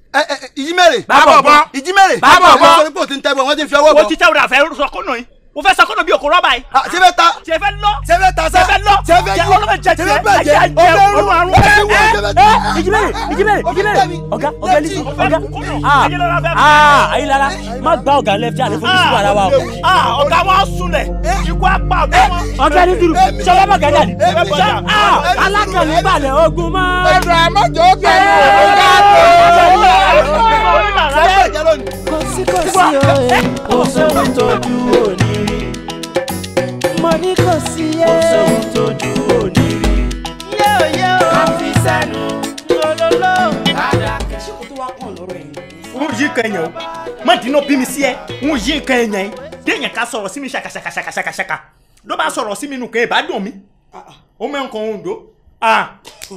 ìjímèrè bàbọ̀ bọ̀ ìjímèrè bàbọ̀ bọ̀ wọ́n ti ń tẹ́ wọ́n ti ń fi ọwọ́ bọ̀. wo ti tẹ́ o rà fẹ́ sọ yìí o fẹ́ sakọ́nà bí okòrò ọba yìí. ṣe fẹ́ ta ṣe fẹ́ lọ ṣe fẹ́ ta sa ṣe fẹ́ lọ ṣe fẹ́ yí ọlọ́mọ jẹ tiẹ ayé ajẹ ọdún àrùn ẹ ẹ ìjìbẹ̀rẹ̀ ìjìbẹ̀rẹ̀ ìjìbẹ̀rẹ̀ ọ̀gá ọ̀gá ẹlẹ́sìn ọ̀gá aa Ayílára má gba ọ̀gá lẹ́fẹ̀ẹ́ àlẹ́ fún ìṣúwà ara wa o. ọ̀gá wa sunlẹ̀ ikú apá ọ̀gá wọn. ọ̀gá ẹni dúró sọlá má gàdá ni alákàlẹ̀ balẹ̀ ogun mọ́. ẹ̀rọ àmọ́jọ́ kẹ́rin ọ̀gá tó. kò sí kò sí òye kò sóhun tójú òní mo ní kò sí yé. kò sóhun tójú òní rí. yóò yóò. ká fi sẹ́nu lólóló. ṣé kò tó wá kàn lọ́rọ̀ ẹ̀yìn. wọ́n yí nǹkan o má dínà bí mi sí ẹ wọ́n yí nǹkan ẹ̀yàn yìí déèyàn ká sọ̀rọ̀ sí mi ṣàkàṣàkàṣàkàṣàkà ló bá sọ̀rọ̀ sí mi nù kẹ́ ẹ̀ bá dùn mí. Ah, ah. ó mẹ́ǹkan ondo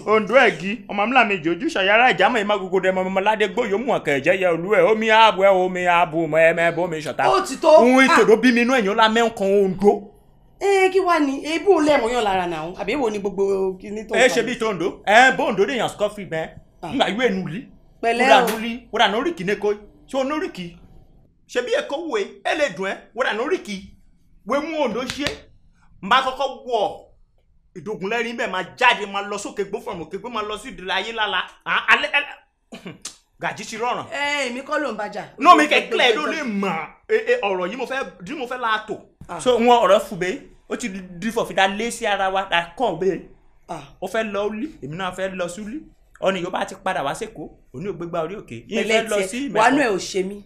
ondo ẹ̀gí ọmọ amúlá mi jòjú ṣàyàrá ìjàmọ̀ ìmá gbogbo dẹ̀ mọ̀mọ́ ládé gbóyò mú ọ̀kẹ́ ẹ̀jẹ̀ yẹ olú ẹ̀ omi ààbò ẹ̀ omi ààbò ẹ̀ mẹ́ẹ̀bọ̀ mi ṣọ̀tà. ó ti tó ẹ eh, kí wàá ní ebú eh, òun lẹ́mọ̀ yàn lára nàá àbí èwo ni gbogbo kíní tó ń eh, sọ. ẹ ṣe bí tòǹdó ẹ bóǹdó lèèyàn scoffery bẹ́ẹ̀ ah. nígbà ìwé ẹnu rí pẹ̀lẹ́ o wúrà nù rí wúrà nù ríkì ní koi ṣé o nù ríkì ṣe bí ẹ̀kọ́ wo ẹ lè dùn ẹ wúrà nù ríkì wé mú òǹdó ṣe má kọ́kọ́ wọ̀ ìdògùn lẹ́rìn bẹ́ẹ̀ máa jáde máa lọ sókè gbófọ̀mù kégbé máa lọ sí ìdílé ayé lála ah, alẹ́ gàjí ti rọrùn. ẹ èmi kọ́ ló ń bàjá. náà mi kẹ́kẹ́ lẹ́ẹ̀dọ́ lè mọ̀ ọ̀rọ̀ yìí mo fẹ́ la tò. Ah. so n wọ ọ̀rọ̀ fún bẹ́ẹ̀ ó ti di fọ̀fìdá lé sí ara wa la kàn bẹ́ẹ̀ ah. ó fẹ́ lọ ulí èmi náà fẹ́ lọ súlí ọ̀nà Yorùbá ti padà wá sẹ́kọ̀ọ́ òní ò gbégbá orí òkè yìí fẹ́ lọ sí ìmẹ̀kọ́ wàánù ẹ̀ ò ṣe mí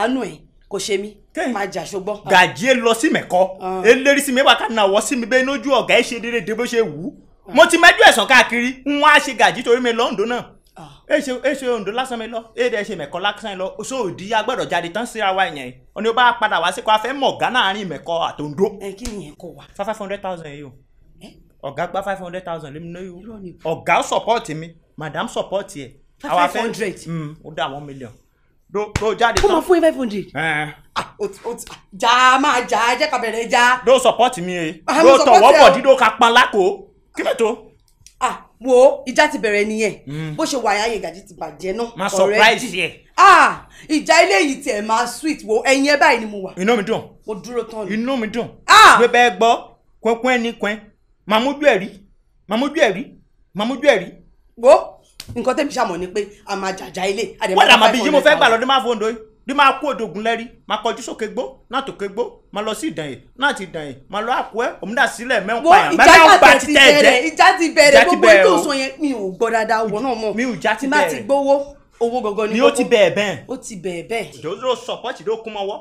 àánú ẹ̀ kò ṣe mí máa jà ṣùgbọ́n. gàjí ẹ lọ sí mẹ̀kọ́ ah. eléri sí mi wà ká nà wọ́ sí mi bẹ́ẹ̀ lójú ọ̀gá ẹ ṣe déédéé bó ṣe wù ú ah. mo ti mẹ́jọ ẹ̀sán káàkiri ń wá ṣe gàjí torí mi lọ́ǹdó náà e ṣe ondo lásán mi lọ e dẹ ṣe mẹkọ lásán lọ so òdi agbọ́dọ̀ jáde tán síra wa yẹn ọ ni ó bá padà wá sí a fẹ́ mọ̀ ọ̀gá náà rìn mẹkọ àtòǹdó. ẹ kí ni yẹn wa. five hundred thousand yìí o ọ̀gá gba five hundred thousand lẹ́mi náà yìí o ọ̀gá support mi madam support yẹ. five hundred mm, ó dá one million do do jáde tán. kó máa fún yín five hundred. Ah, ah, ja máa ja jẹ́ ká bẹ̀rẹ̀ ja. do support mi ye ah, do tọ̀wọ́ bọ̀ dídó ka pan lákòó kí wo ìjà ti bẹ̀rẹ̀ nìyẹn mm. bó ṣe wà ayé gàjí ti bàjẹ́ náà máa surprise yẹ. ah ìjà ilé yìí tiẹ̀ máa sweet wo ẹ̀yin ẹ báyìí ni mo wà. inú mi dùn mo dúró tán ni. inú mi dùn ah! gbé bẹ́ẹ̀ gbọ́ kwẹ́kwẹ́ ní kwẹ́ màá mójú ẹ̀ rí màá mójú ẹ̀ rí màá mójú ẹ̀ rí. wo nǹkan tẹ́mi ṣàmọ̀ ni pé a máa jàjà ilé. wọ́n dà yìí mo fẹ́ gbà lọ́dún máa fọ́ ǹdọ́ yìí bí máa kú òdògùn lẹ́rí máa kọjú sókè gbó náà tó gbó máa lọ sí ìdànyè náà ti dànyè máa lọ àkúẹ́ òmùdásílẹ̀ mẹ́wàá yàn mẹ́wàá gba ti tẹ̀ ẹ̀jẹ̀ ìjà ti bẹ̀rẹ̀ gbogbo ètò òsàn yẹn mi ò gbọ́ dáadáa wọ̀ náà mọ̀ mi ò já ti bẹ̀rẹ̀ ti ti gbowó owó gangan ni ó ti bẹ̀ẹ̀ bẹ́ẹ̀ ó ti bẹ̀ẹ̀ bẹ́ẹ̀. ìdòwúrò sọ̀pọ̀tì ló kún mọ́wọ́.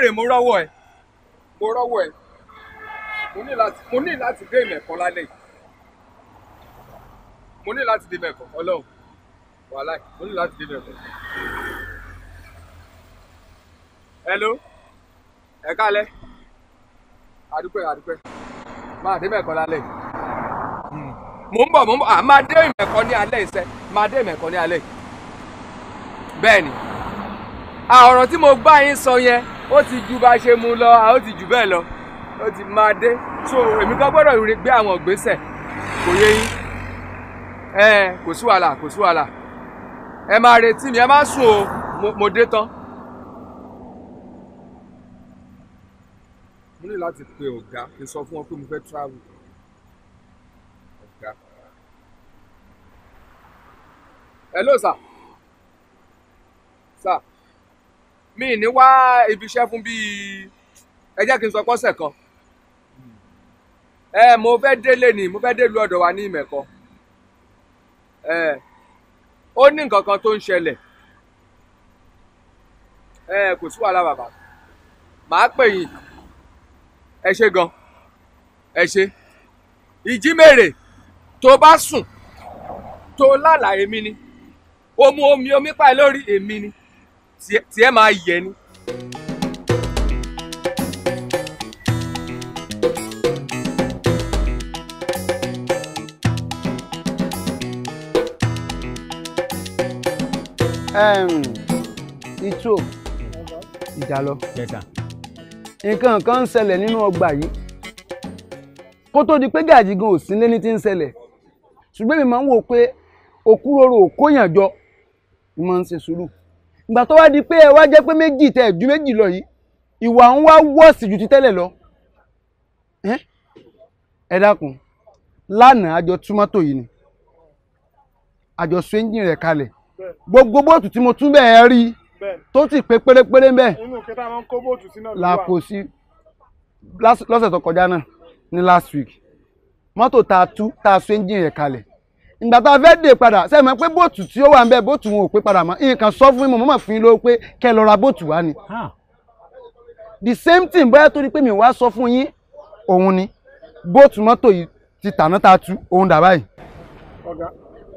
béèrè mo rọ́wọ́ ẹ̀ mo rọ́wọ́ ẹ̀ mo ní láti mo ní láti dé ìmẹ̀kọ́ lálẹ́ yìí mo ní láti dé ìmẹ̀kọ́ ọlọ́run wàhálà mo ní láti dé ìmẹ̀kọ́. hello ẹ kálẹ́ àdúpẹ́ àdúpẹ́ máa dé ìmẹ̀kọ́ lálẹ́ yìí hmm. mo ń bọ̀ mo ń bọ̀ à máa dé ìmẹ̀kọ́ ní alẹ́ ìṣe máa dé ìmẹ̀kọ́ ní alẹ́ yìí bẹ́ẹ̀ ni àwọn ọ̀rọ̀ tí mo gbá yín sọ yẹn ó ti ju bá a ṣe mu lọ a ó ti jù bẹ́ẹ̀ lọ ó ti máa dé so èmi kan gbọ́dọ̀ gbé àwọn ìgbésẹ̀ kò yé yín ẹ kò sí wàhálà kò sí wàhálà ẹ máa retí mi ẹ má sùn o mo dé tán. mo ní láti pe ọ̀gá kí n sọ fún wọn pé mo fẹ́ travel hello sir sir mi ní wá ibi iṣẹ́ fún bíi ẹ jẹ́ kí n sọ pọ́sẹ̀ kan ẹ mo fẹ́ délé ni mo fẹ́ délú ọ̀dọ̀ wa ní ìmẹ̀kọ ẹ ó ní nǹkan kan tó ń ṣẹlẹ̀ ẹ kò sí wàhálà bàbá màá pè yín ẹ ṣe gan ẹ ṣe ìjímèrè tó bá sùn tó lálàá èmi ni ó omi omi pa ẹ lórí èmi ni tí ẹ máa yẹ ni. ìtò ìjàlọ nǹkan kan ń ṣẹlẹ̀ nínú ọgbà yìí kó tó di pé gàjí gan ò sí lé ní ń ṣẹlẹ̀ ṣùgbọ́n mi máa ń wò pé òkúròrò kóyànjọ ni mo ń ṣe sùúrù ìgbà tó wá di pé ẹ wá jẹ́ pé méjì tẹ̀ ju méjì lọ yìí ìwà ń wá wọ́ọ̀sì ju ti tẹ́lẹ̀ lọ ẹ dákun lánàá àjọ túmọ́tò yìí ni àjọ sọ ẹ́ńjìn rẹ̀ kalẹ̀ gbogbo bóòtù tí mo tún bẹ́ẹ̀ rí tó ti pé pérépéré bẹ́ẹ̀ là sí lọ́sẹ̀ tó kọjá náà ní last week mọ́tò tá a tú tá a sọ ẹ́ńjìn rẹ̀ kalẹ̀ ìgbà tá a fẹ́ dè padà ṣe pé bóòtù tí ó wà ń bẹ bóòtù wọn ò pé padà mọ́ nǹkan sọ fún mi mọ̀ mọ̀ fún yín ló pé kẹ́ lọ ra bóòtù wá ni. the same thing bóyá torí pé mi wá sọ fún yín òun ni bóòtù mọ́tò yìí ti tàná ta tu òun dà báyìí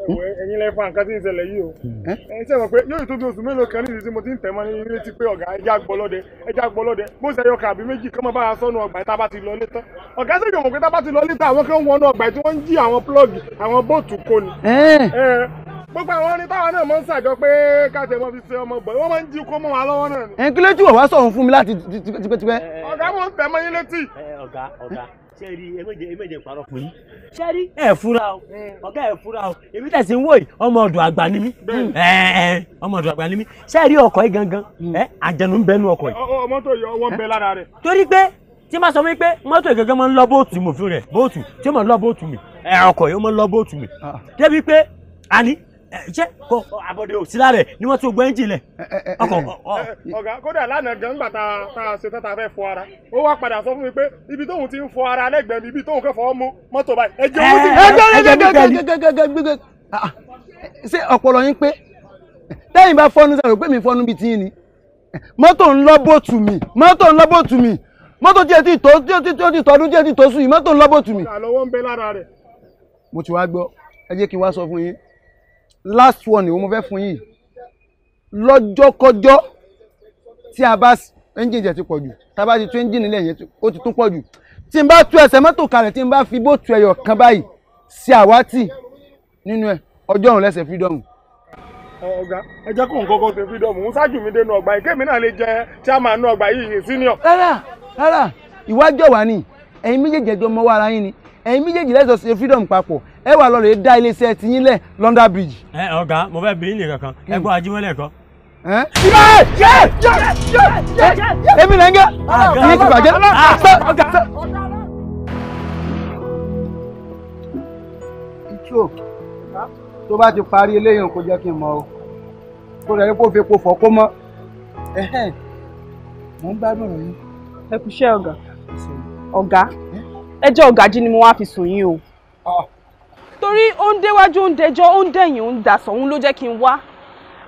ẹ̀yin lẹ fa nǹkan tí ń ṣẹlẹ̀ yìí o ẹ̀yin sẹ́wọ̀n pé yóò tó oṣù mélòó kan nídìí tí mo ti ń tẹ̀mọ́ ní ilé ti pé ọ̀gá ẹja gbọ́lọ́dẹ ẹja gbọ́lọ́dẹ bó ṣe yọ kàbí méjì kọ́ mọ́ bá a sọ́nu ọgbà tá bá ti lọ létán ọ̀gá sì yọ̀mọ̀ pé tá a bá ti lọ létán àwọn kan wọnú ọgbà tí wọ́n ń jí àwọn plọ́ọ̀gì àwọn bóòtù kò ní gbogbo àwọn orin táwọn náà máa ń ṣàjọ pé káàtẹ mọ fi ṣe ọmọ sẹ́ẹ̀rì ẹ̀mẹ́jẹ̀ ẹ̀mẹ́jẹ̀ parọ́ fún yín sẹ́ẹ̀rì ẹ̀ fura o ọ̀gá ẹ̀ fura o èmi tẹ̀sí ń wò yìí ọmọ ọ̀dọ̀ àgbà ni mí ọmọ ọ̀dọ̀ àgbà ni mí sẹ́ẹ̀rì ọkọ̀ yìí gangan hmm. àjẹnù ń bẹnu ọkọ̀ yìí. ọmọ tó yọ ọwọ́ bẹ lára rẹ̀. torí pé tí ma sọ mi pé mọ́tò gẹ́gẹ́ máa ń lọ bóòtù mòfin rẹ̀ bóòtù tí ó máa ń lọ bóòtù mi ọkọ̀ yìí ó máa ń lọ bóòtù mi ah. débi pé a ṣé kò àbọ̀dé ò sí lárẹ̀ ni wọ́n ti gbọ́ ẹ́ńjì lẹ̀ ọkọ̀ ọ̀gá kódà lánàá gan gbà tá a ṣe tán tá a fẹ́ fọ ara ó wá padà sọ fún mi pé ibi tóun ti ń fọ ara lẹ́gbẹ̀ẹ́ mi ibi tóun kẹ́ fọwọ́ mú mọ́tò báyìí ẹ̀jẹ̀ owó ti gẹ́gẹ́gẹ́gẹ́gẹ́gẹ́gẹ́ ṣé ọpọlọ yín pé tẹ́yìn bá fọ́nú sàrò pé mi fọ́nú bíi tiyín ni mọ́tò ń lọ bóòtù mi mọ́tò ń lọ bóòtù mi mọ́tò tí ẹ ti tó tí ó ti tọdún tí ẹ ti tó sùn yìí mọ́tò ń lọ bóòtù mi. àlọ́wọ́ ń bẹ lára rẹ̀. mo ti wá gbọ́ ẹ jẹ́ kí n wá sọ fún yín last one ni mo fẹ́ fún yín lọ́jọ́kọ́jọ́ tí a bá ẹ́ńjìn jẹ́ ti pọ̀ jù tá a bá ti tún ẹ́ńjìn nílẹ̀ yẹn ó ti tún pọ̀ jù tí n bá tú ẹsẹ̀ mọ́tò kalẹ̀ tí n bá fi bóòtù ẹyọ kan báyìí ṣe àwátì nínú ẹ ọjọ́ òun lẹ́sẹ̀ freedom. ọ̀gá ẹ jẹ́ kó n kọ́kọ́ ṣe freedom òun ṣáájú mi dénú ọgbà yìí kémi náà lè jẹ chairman ọgbà yìí senior. rárá rárá ìwájọ wà ní ẹ̀yin méjèèjì ẹjọ mọ́wọ́ ara yín ni ẹ̀yin méjèèjì lẹ́sọ̀ ṣe freedom papọ̀ ẹ wà lọ́rọ̀ dá iléeṣẹ́ tiyín lẹ̀ London Bridge. ẹ ọ̀gá mo fẹ́ bí ilé kankan ẹ gbọ́ ajímọ́lẹ̀ kan. èmi nà ń gẹ́ ní ti bàjẹ́ ìtú tó bá ti parí eléyìí kò jẹ́ kí n mọ̀ o kó rẹ̀ kó fi pofọ̀ kó mọ́ mò ń gbádùn yín. ẹ kú iṣẹ́ ọ̀gá ọ̀gá ẹjọ́ ọ̀gájí ni mo wá fi sùn yín o ah. torí ó ń déwájú ó ń dẹjọ́ ó ń dẹ̀yìn ó ń dàsọ̀ òun ló jẹ́ kí n wá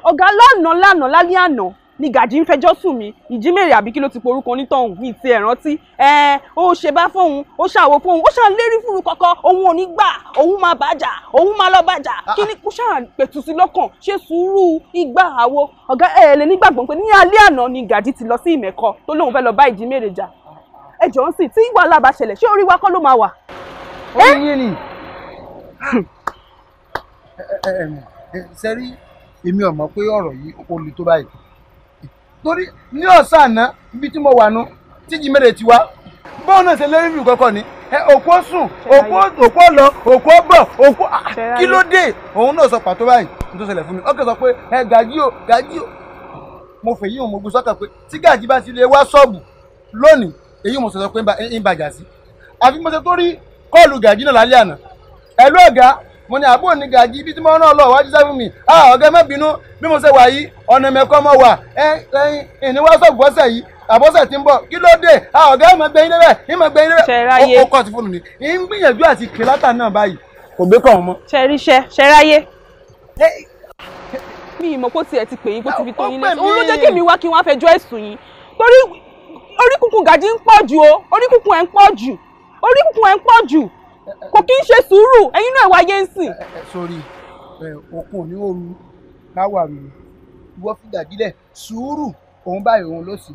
ọ̀gá lánàá lánàá lálẹ́ àná ni gàjí ń fẹjọ́ sùn mí ìjímèrè àbí kí ló ti porúkọ onítọ̀hún mi ti ẹ̀ rántí ẹ ó ṣe bá fóun ó ṣàwo fóun ó ṣàn lérí fúru kọ̀kọ́ òun ò ní gbà òun máa bàjà òun máa lọ bàjà ah. kí ni kó ṣàn pẹ̀tù sí lọ́kàn ṣe sùúrù ìgbà àwo ọ̀gá ẹ̀ lè nígbàgbọ́ pé ní alẹ́ àná ni gàjí ti lọ sí ìmẹ̀kọ tó lóun fẹ́ lọ bá ìjímèrè jà ẹ jọ ń sìn tí wàhálà bá ṣẹlẹ̀ ṣé orí wa kọ́ ló máa wà. ó ní yé ni sẹ́rí èmi ò mọ̀ pé ọ̀rọ̀ yìí ó le tó báyìí torí ní ọ̀sán àná ibi tí mo wà nú tíjì mẹ́rẹ̀ ti wá bọ́ọ̀ náà ṣe lérí ìlú kọ́kọ́ ni òkú ó sùn òkú ó lọ òkú ó bọ̀ òkú ah, kí ló dé òun náà sọ pàtó báyìí n tó ṣẹlẹ̀ fún mi ọkọ̀ sọ pé ẹ gàjí o gàjí o mo fèyí òun mo gbé sọ́kàn pé tí gàjí bá ti lè wá ṣọ́ọ̀bù lónìí èyí mo sọ̀rọ̀ pé ń bàjà sí àfi mo ṣe tó rí kọ́ọ̀lù gàjí náà lálẹ́ àná ẹ̀lú ọ̀gá mo ní àbúrò ní gàjí ibi tí mo lọ wájú sáfù mi ọ̀gá má bínú bí mo ṣe wà yìí ọ̀nà mẹ́kọ́ mọ́ wà ẹ̀yìn ìníwáṣọ̀ bọ́sẹ̀ yìí àbọ̀sẹ̀ tí ń bọ̀ kí ló dé ah, ọ̀gá ìmọ̀ gbẹ̀yìn débẹ̀ ìmọ̀ gbẹ̀yìn débẹ̀ ó kọ́ ti fóònù mi ń gbìyànjú àti kìlátà náà báyìí kò gbé kàn mọ́. ṣẹríṣẹ ṣẹráyé mi ìmọ̀ kó tiẹ̀ ti pè yín kó ti torí orí kunkun gàdí ń pọ̀ jù o orí kunkun ẹ̀ ń pọ̀ jù orí kunkun ẹ̀ ń pọ̀ jù kò kí ń ṣe sùúrù ẹ̀yin náà wáyé ń sìn. sori òkun ò ní ooru láwà mi ìwọ fi gàdílẹ̀ sùúrù òun báyìí òun ló sì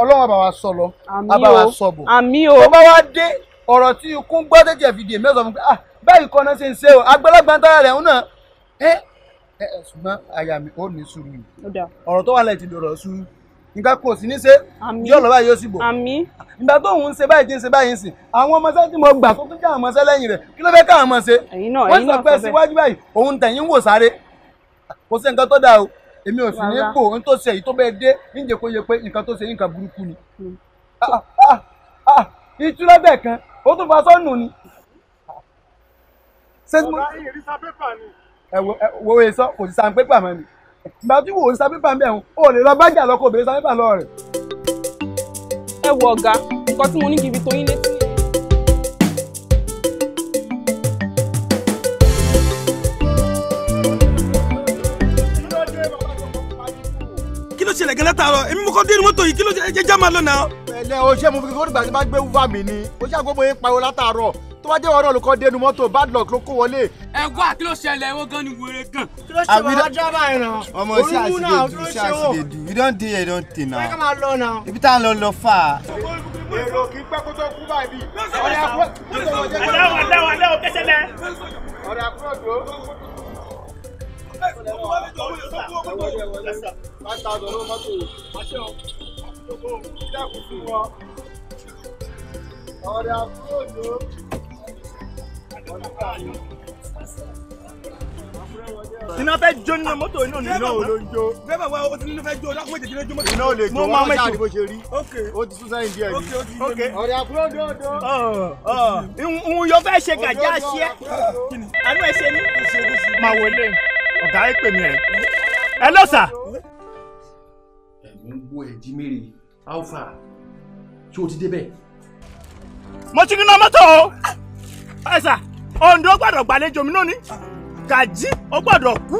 ọlọ́wọ́n bá wa sọ lọ a bá wa sọ bọ̀ o bá wa dé ọ̀rọ̀ tí ikú gbọ́ tẹ̀jẹ̀ fìdí èmi ọ̀sán fún mi ah, báyìí kọ́ náà ṣe ń ṣe o àgbàlagbà ń tọ́ra rẹ̀ ń nà ẹ́ ẹ̀ ṣùgbọ́n àyà mi ò ní sùúrù ọ̀rọ̀ tó wà lẹ́yìn ti lọ́rọ̀ sùúrù nǹkan kan ò sì ní ṣe yóò lọ báyìí yóò sì bò ìgbà tó òun ń ṣe báyìí ti ń ṣe báyìí ń sìn àwọn ọmọọṣẹ́ tí mo gbà tó tún jẹ́ àwọn ọmọọṣẹ́ lẹ́yìn rẹ̀ kí ló fẹ́ káwọn ọmọ ṣe wọ́n sọ pé síwájú báyìí òun tẹ̀yìn wò sáré kò sí nǹkan tó dáa o èmi ò sì ní bò ń tó ṣe èyí tó bẹ́ẹ̀ dé níjẹ́ kó yẹ pé nǹkan tó ṣe nǹkan ìgbà tí wò ó sa pépà mẹ́rin o lè lọ bájà lọ kó obìnrin sa pépà lọ rẹ̀. ẹ wo ọ̀gá nǹkan tí mo ní gidi tó yín létí. kí ló ṣẹlẹ̀ gẹ́lẹ́ tààrọ̀ èmi mo kọ́ dé inú mọ́tò yìí kí ló jẹ́ máa lọ náà. ẹ̀lẹ́ o ṣé mo fi kó dìgbà tí bá gbé wúfà mi ni o ṣe àgbo mo pariwo látàárọ̀ tó bá jẹ́ wọ́n náà ló dé inú mọ́tò bad luck ló kó wọlé. ẹ̀gbọ́n gan. Ah, ọmọ iṣẹ́ àṣìlẹ̀dù iṣẹ́ àṣìlẹ̀dù we don dey here don tey now ibi tá a lọ lọ fà. èrò kì í pẹ́ kó tó kú báyìí. ọ̀rẹ́ àpò ọ̀dẹ́wọ̀ ọ̀dẹ́wọ̀ ọ̀dẹ́wọ̀ kẹsẹ̀lẹ̀. ọ̀rẹ́ àpò ọ̀dọ́. ọ̀rẹ́ àpò ọ̀dọ́ iná fẹ́ jó nínú mọ́tò iná ní iná ò ló ń jó. bẹ́ẹ̀ wá o ti nínú fẹ́ jó o lákùnrin jẹjẹrẹ jó mọ́tò. iná ò lè jó wọn máa ṣáà ṣe rí o ti sún sẹ́yìn díẹ̀ ni. ọ̀rẹ́ àbúrò dòdò. ìhun yóò fẹ́ ṣe gàjá ṣíẹ́ àánú ẹ ṣe ní. máa wọlé ọ̀gá ẹ pè mí ẹ. ẹ lọ sà. ẹ̀mí ń gbọ́ ẹ̀jí mèrè alfa ṣé o ti débẹ̀. mo ti ní iná mọ́tò o ẹ sà Ondo gbàdọ̀ gbàlejò mi náà ni. Gàjí ó gbọ́dọ̀ kú.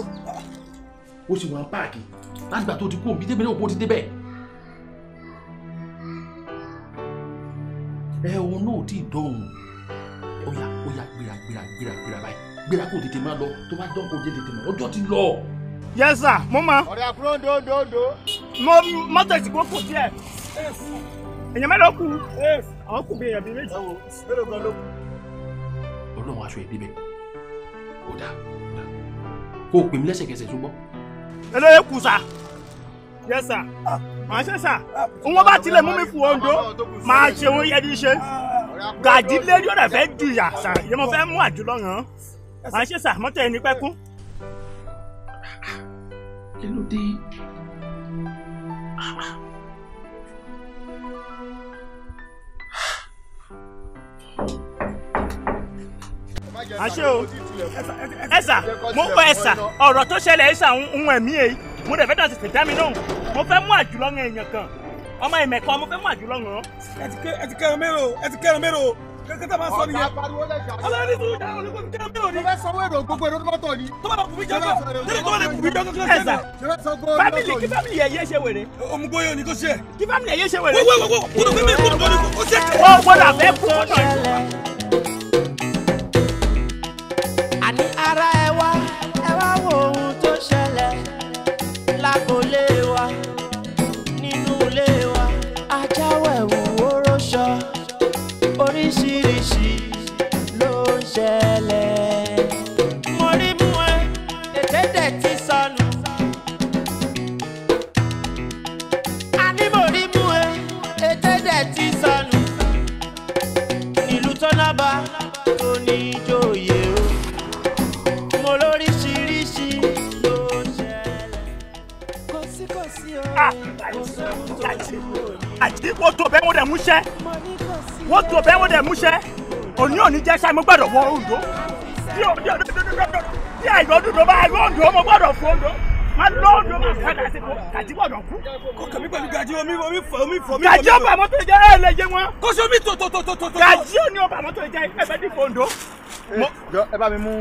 ó sì wọn páàkì láti gbà tó ti kú òbí débẹ̀ náà kó ti débẹ̀. ẹ òun náà ò tí ì dọ̀hùn ó yá ó yá gbéra gbéra gbéra gbéra báyìí gbéra kó tètè máa lọ tó bá dán kó jẹ tètè máa ọjọ́ ti lọ. yes sir mo máa. ọ̀rẹ́ àkúrò ńdòdòdò. mo mọ́tò ìsìnkú kù díẹ̀ èèyàn mẹ́lẹ̀ kù àwọn kù bí èèyàn bíi méjì. ọlọ́run aṣọ ẹ̀ débẹ̀ ó dà ó o pè mí lẹ́sẹ̀kẹsẹ̀ tó gbọ́. ẹlẹ́yẹ kù sà yẹ sà ah. màá ṣe sà òun ah. bá tilẹ̀ mú mi fún ondo ah, màá ṣe òun yẹ ní ṣe gàdí lérí ọ̀rẹ́ fẹ́ ju ìyà sà yẹ mo fẹ́ mú àjùlọ yàn án màá ṣe sà mọ́tẹ́ ẹni pẹ́ kí ló dé? àṣẹ o ẹ̀sà mo kọ ẹ̀sà ọ̀rọ̀ tó ṣẹlẹ̀ ẹ̀sà ń ẹ̀mí èyí mo dẹ̀ fẹ́ dàn tètè dá mi lóhùn mo fẹ́ mú àjùlọ yan èèyàn kan ọmọ ìmẹ̀kọ mo fẹ́ mú àjùlọ yan. ẹ ti kẹrin mẹ́rọ ẹ ti kẹrin mẹ́rọ kẹkẹ tá a bá sọ nìyẹn ọlọ́run tó dáa olùkọ́ ti kẹrin mẹ́rọ ni. tó bá sanwó èrò gbogbo èrò tó bá tọ̀ ni. tó bá kùbí jẹ́ kọ́ tó bá kùbí jẹ́ kọ́ ẹ̀sà fámìlì kí fámìlì ẹ̀yẹ ṣe wèrè. òmùgbóyò ni kò ṣe. kí fámìlì ẹ̀yẹ ṣe wèrè. wọ́n wọ́n wọ́n kúndùn mímí kúndùn mímí kò ṣe. ó gbọ́dọ̀ àfẹ́ kú ọ̀nà ẹ̀ múṣẹ́ òní òní jẹ́ ṣáà mo gbọ́dọ̀ wọ Oǹdó tí àìdọ́dún tó bá yọ Oǹdó mo gbọ́dọ̀ fọ Oǹdó má lọ Oǹdó má padà sí kó gàjí gbọ́dọ̀ kú. kọkàn mi pẹ̀lú gàjí omi omi fọ omi fọ mi. gàjí ọba àmọ́ tó jẹ́ ẹ̀ lè jẹ wọn. kó sọ mi tó tó tó tó. gàjí òní ọba àmọ́ tó jẹ́ ẹ bẹ́ẹ̀ ní fọ Oǹdó. Eh, ẹ bá mi mú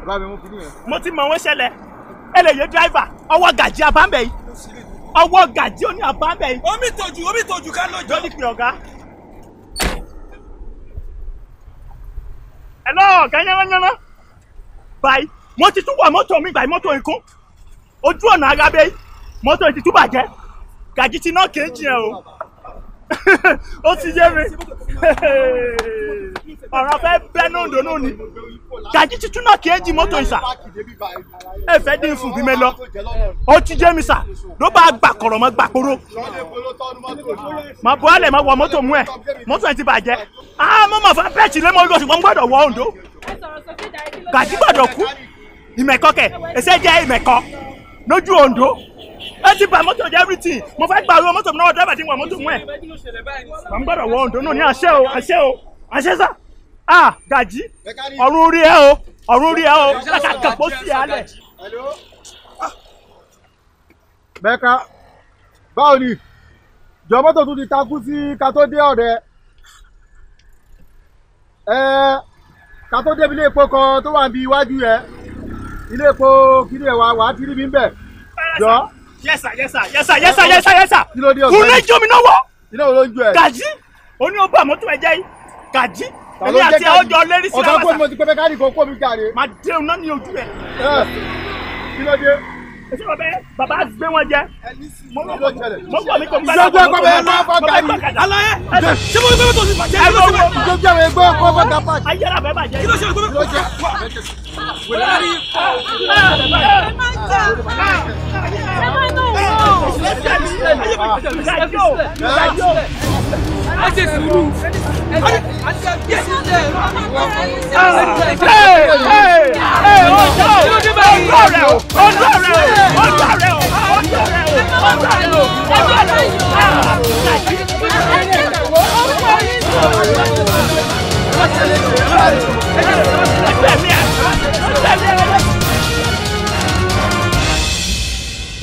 ẹ bá mi mú kíní yẹn. mo ti mọ wọn ṣẹlẹ̀ ẹ lè yé dráìvà ọwọ́ gàjí abámbẹ̀ yìí ọwọ́ gàjí òní abámbẹ̀ yìí. omi tòjú omi tòjú ká lójó. lórí pé ọ̀gá ọ̀gá yánnáyánná báyìí mo ti tún wà mọ́tò mi báyìí mọ́tò ikún ojú ọ̀nà arábẹ́ mọ́tò ti tún bàjẹ́ gàjí ti náà kéjì ẹ̀ o ó ti yé mi ọ̀rọ̀ fẹ́ bẹ́ náà dòdò ni gàjí titun náà kì í jí mọ́tò ìsà ẹ fẹ́ dín fún bí mi lọ ó ti yé mi sà ló bá gbà kọ̀rọ̀ mọ́ gbà kóró mà bọ́ àlẹ̀ mà wọ mọ́tò mú ẹ mọ́tò ẹ ti bàjẹ́ ah mo mà fẹ́ bẹ́ẹ̀tì lé mọ́ orí oṣù kan gbọ́dọ̀ wọ òǹdó gàjí gbọ́dọ̀ kú ìmẹ̀kọ́ kẹ̀ ẹsẹ̀ jẹ́ ìmẹ̀kọ́ lójú òǹdó ẹ ti bà mọ́tò jẹ́ everything mo fẹ́ gbàrú mọ́tò mi náà dẹ́bà tí wọ́n mọ́tò mú ẹ̀. màá gbọ́dọ̀ wọ òǹdó náà ní àṣẹ o àṣẹ o àṣẹ sà á gàjí ọ̀run orí ẹ o ọ̀run orí ẹ o kàkà kàpọ̀ sí alẹ̀. bẹ́ẹ̀ka ah. báwo ni jọ mọ́tò tún ti takú sí ká tó dé ọ̀rẹ́ ẹ ká tó débi ilé epo kan tó wà níbi iwájú yẹ ilé epo kiri ẹ wà wà á ti rí mi ń bẹ̀ jọ yes sir yes sir yes sir yes sir yes sir yes sir kùnlé jómi náà wọ. iná wo ló ń ju ẹ. gàjí oní ọba mọ́tò ẹ̀jẹ̀ yìí gàjí èmi àti ọjọ́ lérí sí làwọn sà. ọ̀gá kó mi ti pẹ́ pẹ́ káàdì kan kó mi jàre. màá dẹun náà ní ojú rẹ̀. kí ló dé èsì wọn bẹ baba gbé wọn jẹ mọ kọ mi kò gbẹ lọ kọ bẹ lọ kọ gari alaye ṣé mo gbẹ tó ti bàjẹ́ kí ló ṣe wẹ kí ló ṣe wẹ gbẹ kọ fẹ ká bàjẹ́ ayé ara bẹ bàjẹ́ kí ló ṣe wẹ gbẹ kọ fẹ ká bàjẹ́ wẹlẹ ni.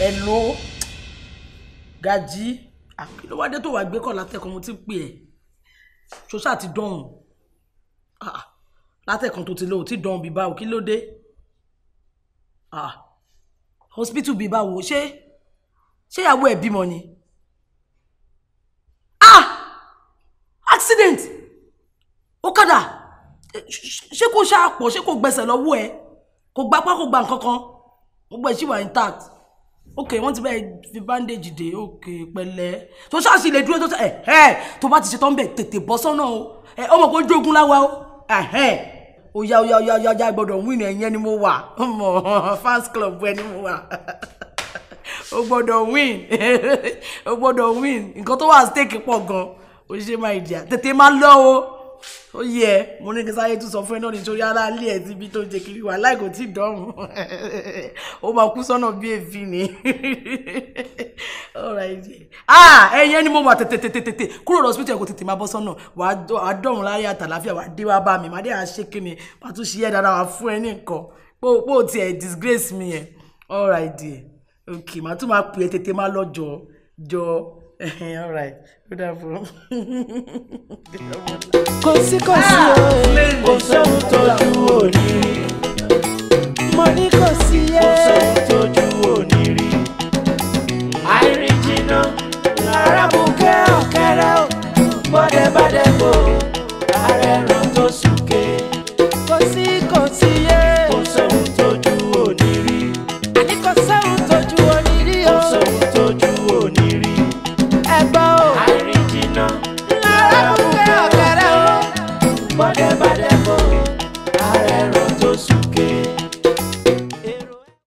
Hello. Gaji kí ló wá dé tó wàá gbé kọ́ látẹ̀kọ́ mo ti ń pè ẹ́ ṣoṣà ti dọ̀hùn látẹ̀kọ́ tó ti lọ ò ti dọ̀hùn bíbá ò kí ló dé hospital bíbá wò ṣé ṣé ìyàwó ẹ̀ bímọ ni ah accident ọ̀kadà ṣé kò ṣàpọ̀ ṣé kò gbẹ̀sẹ̀ lọ́wọ́ ẹ̀ kò gbapá kò gba nǹkan kan gbogbo ẹ̀ ṣì wà intact ok wọ́n ti bẹ́ẹ̀ fi bandage dé ok pẹ̀lẹ́ tó ṣáàṣì lè dúró tó ṣe eh, ẹ̀ eh, tó bá ti ṣe tán bẹ̀ tètè bọ́ sọ́nà o ẹ eh, ọmọ kò jogun láwa o oya oya oya oya oya gbọ́dọ̀ win ẹ̀yẹn ni mo wà ọmọ fans club ẹ ni mo wà o gbọ́dọ̀ win o gbọ́dọ̀ win nǹkan tó wà stake pọ̀ gan o ṣe máa jà tètè máa lọ o ó yẹ mo ní kí sáyé tún sọ fún ẹ náà nítorí aláàlẹ ẹ ti bí tó jẹ kiri wà láì kò tí ì dọrùn ó máa kú sọ́nà bí èéfì ni ah, ẹyẹ ni mo wà tètètètè kúrò lọ hospital kò tètè máa bọ́ sọ́nà wà á dọ̀run láyé àtàláfíà wà á dé wá bá mi màdé àṣekè mi wà á tún ṣiyẹ dáadáa wà á fún ẹ ní nǹkan pò tiẹ̀ disgrace mi yẹn all right dear ok màá tún máa pè é tètè má lọ jọ jọ. all right ó dà bọ̀. kò sí kò sí o ah! kò sóhun tójú òní rí mo ní kò sí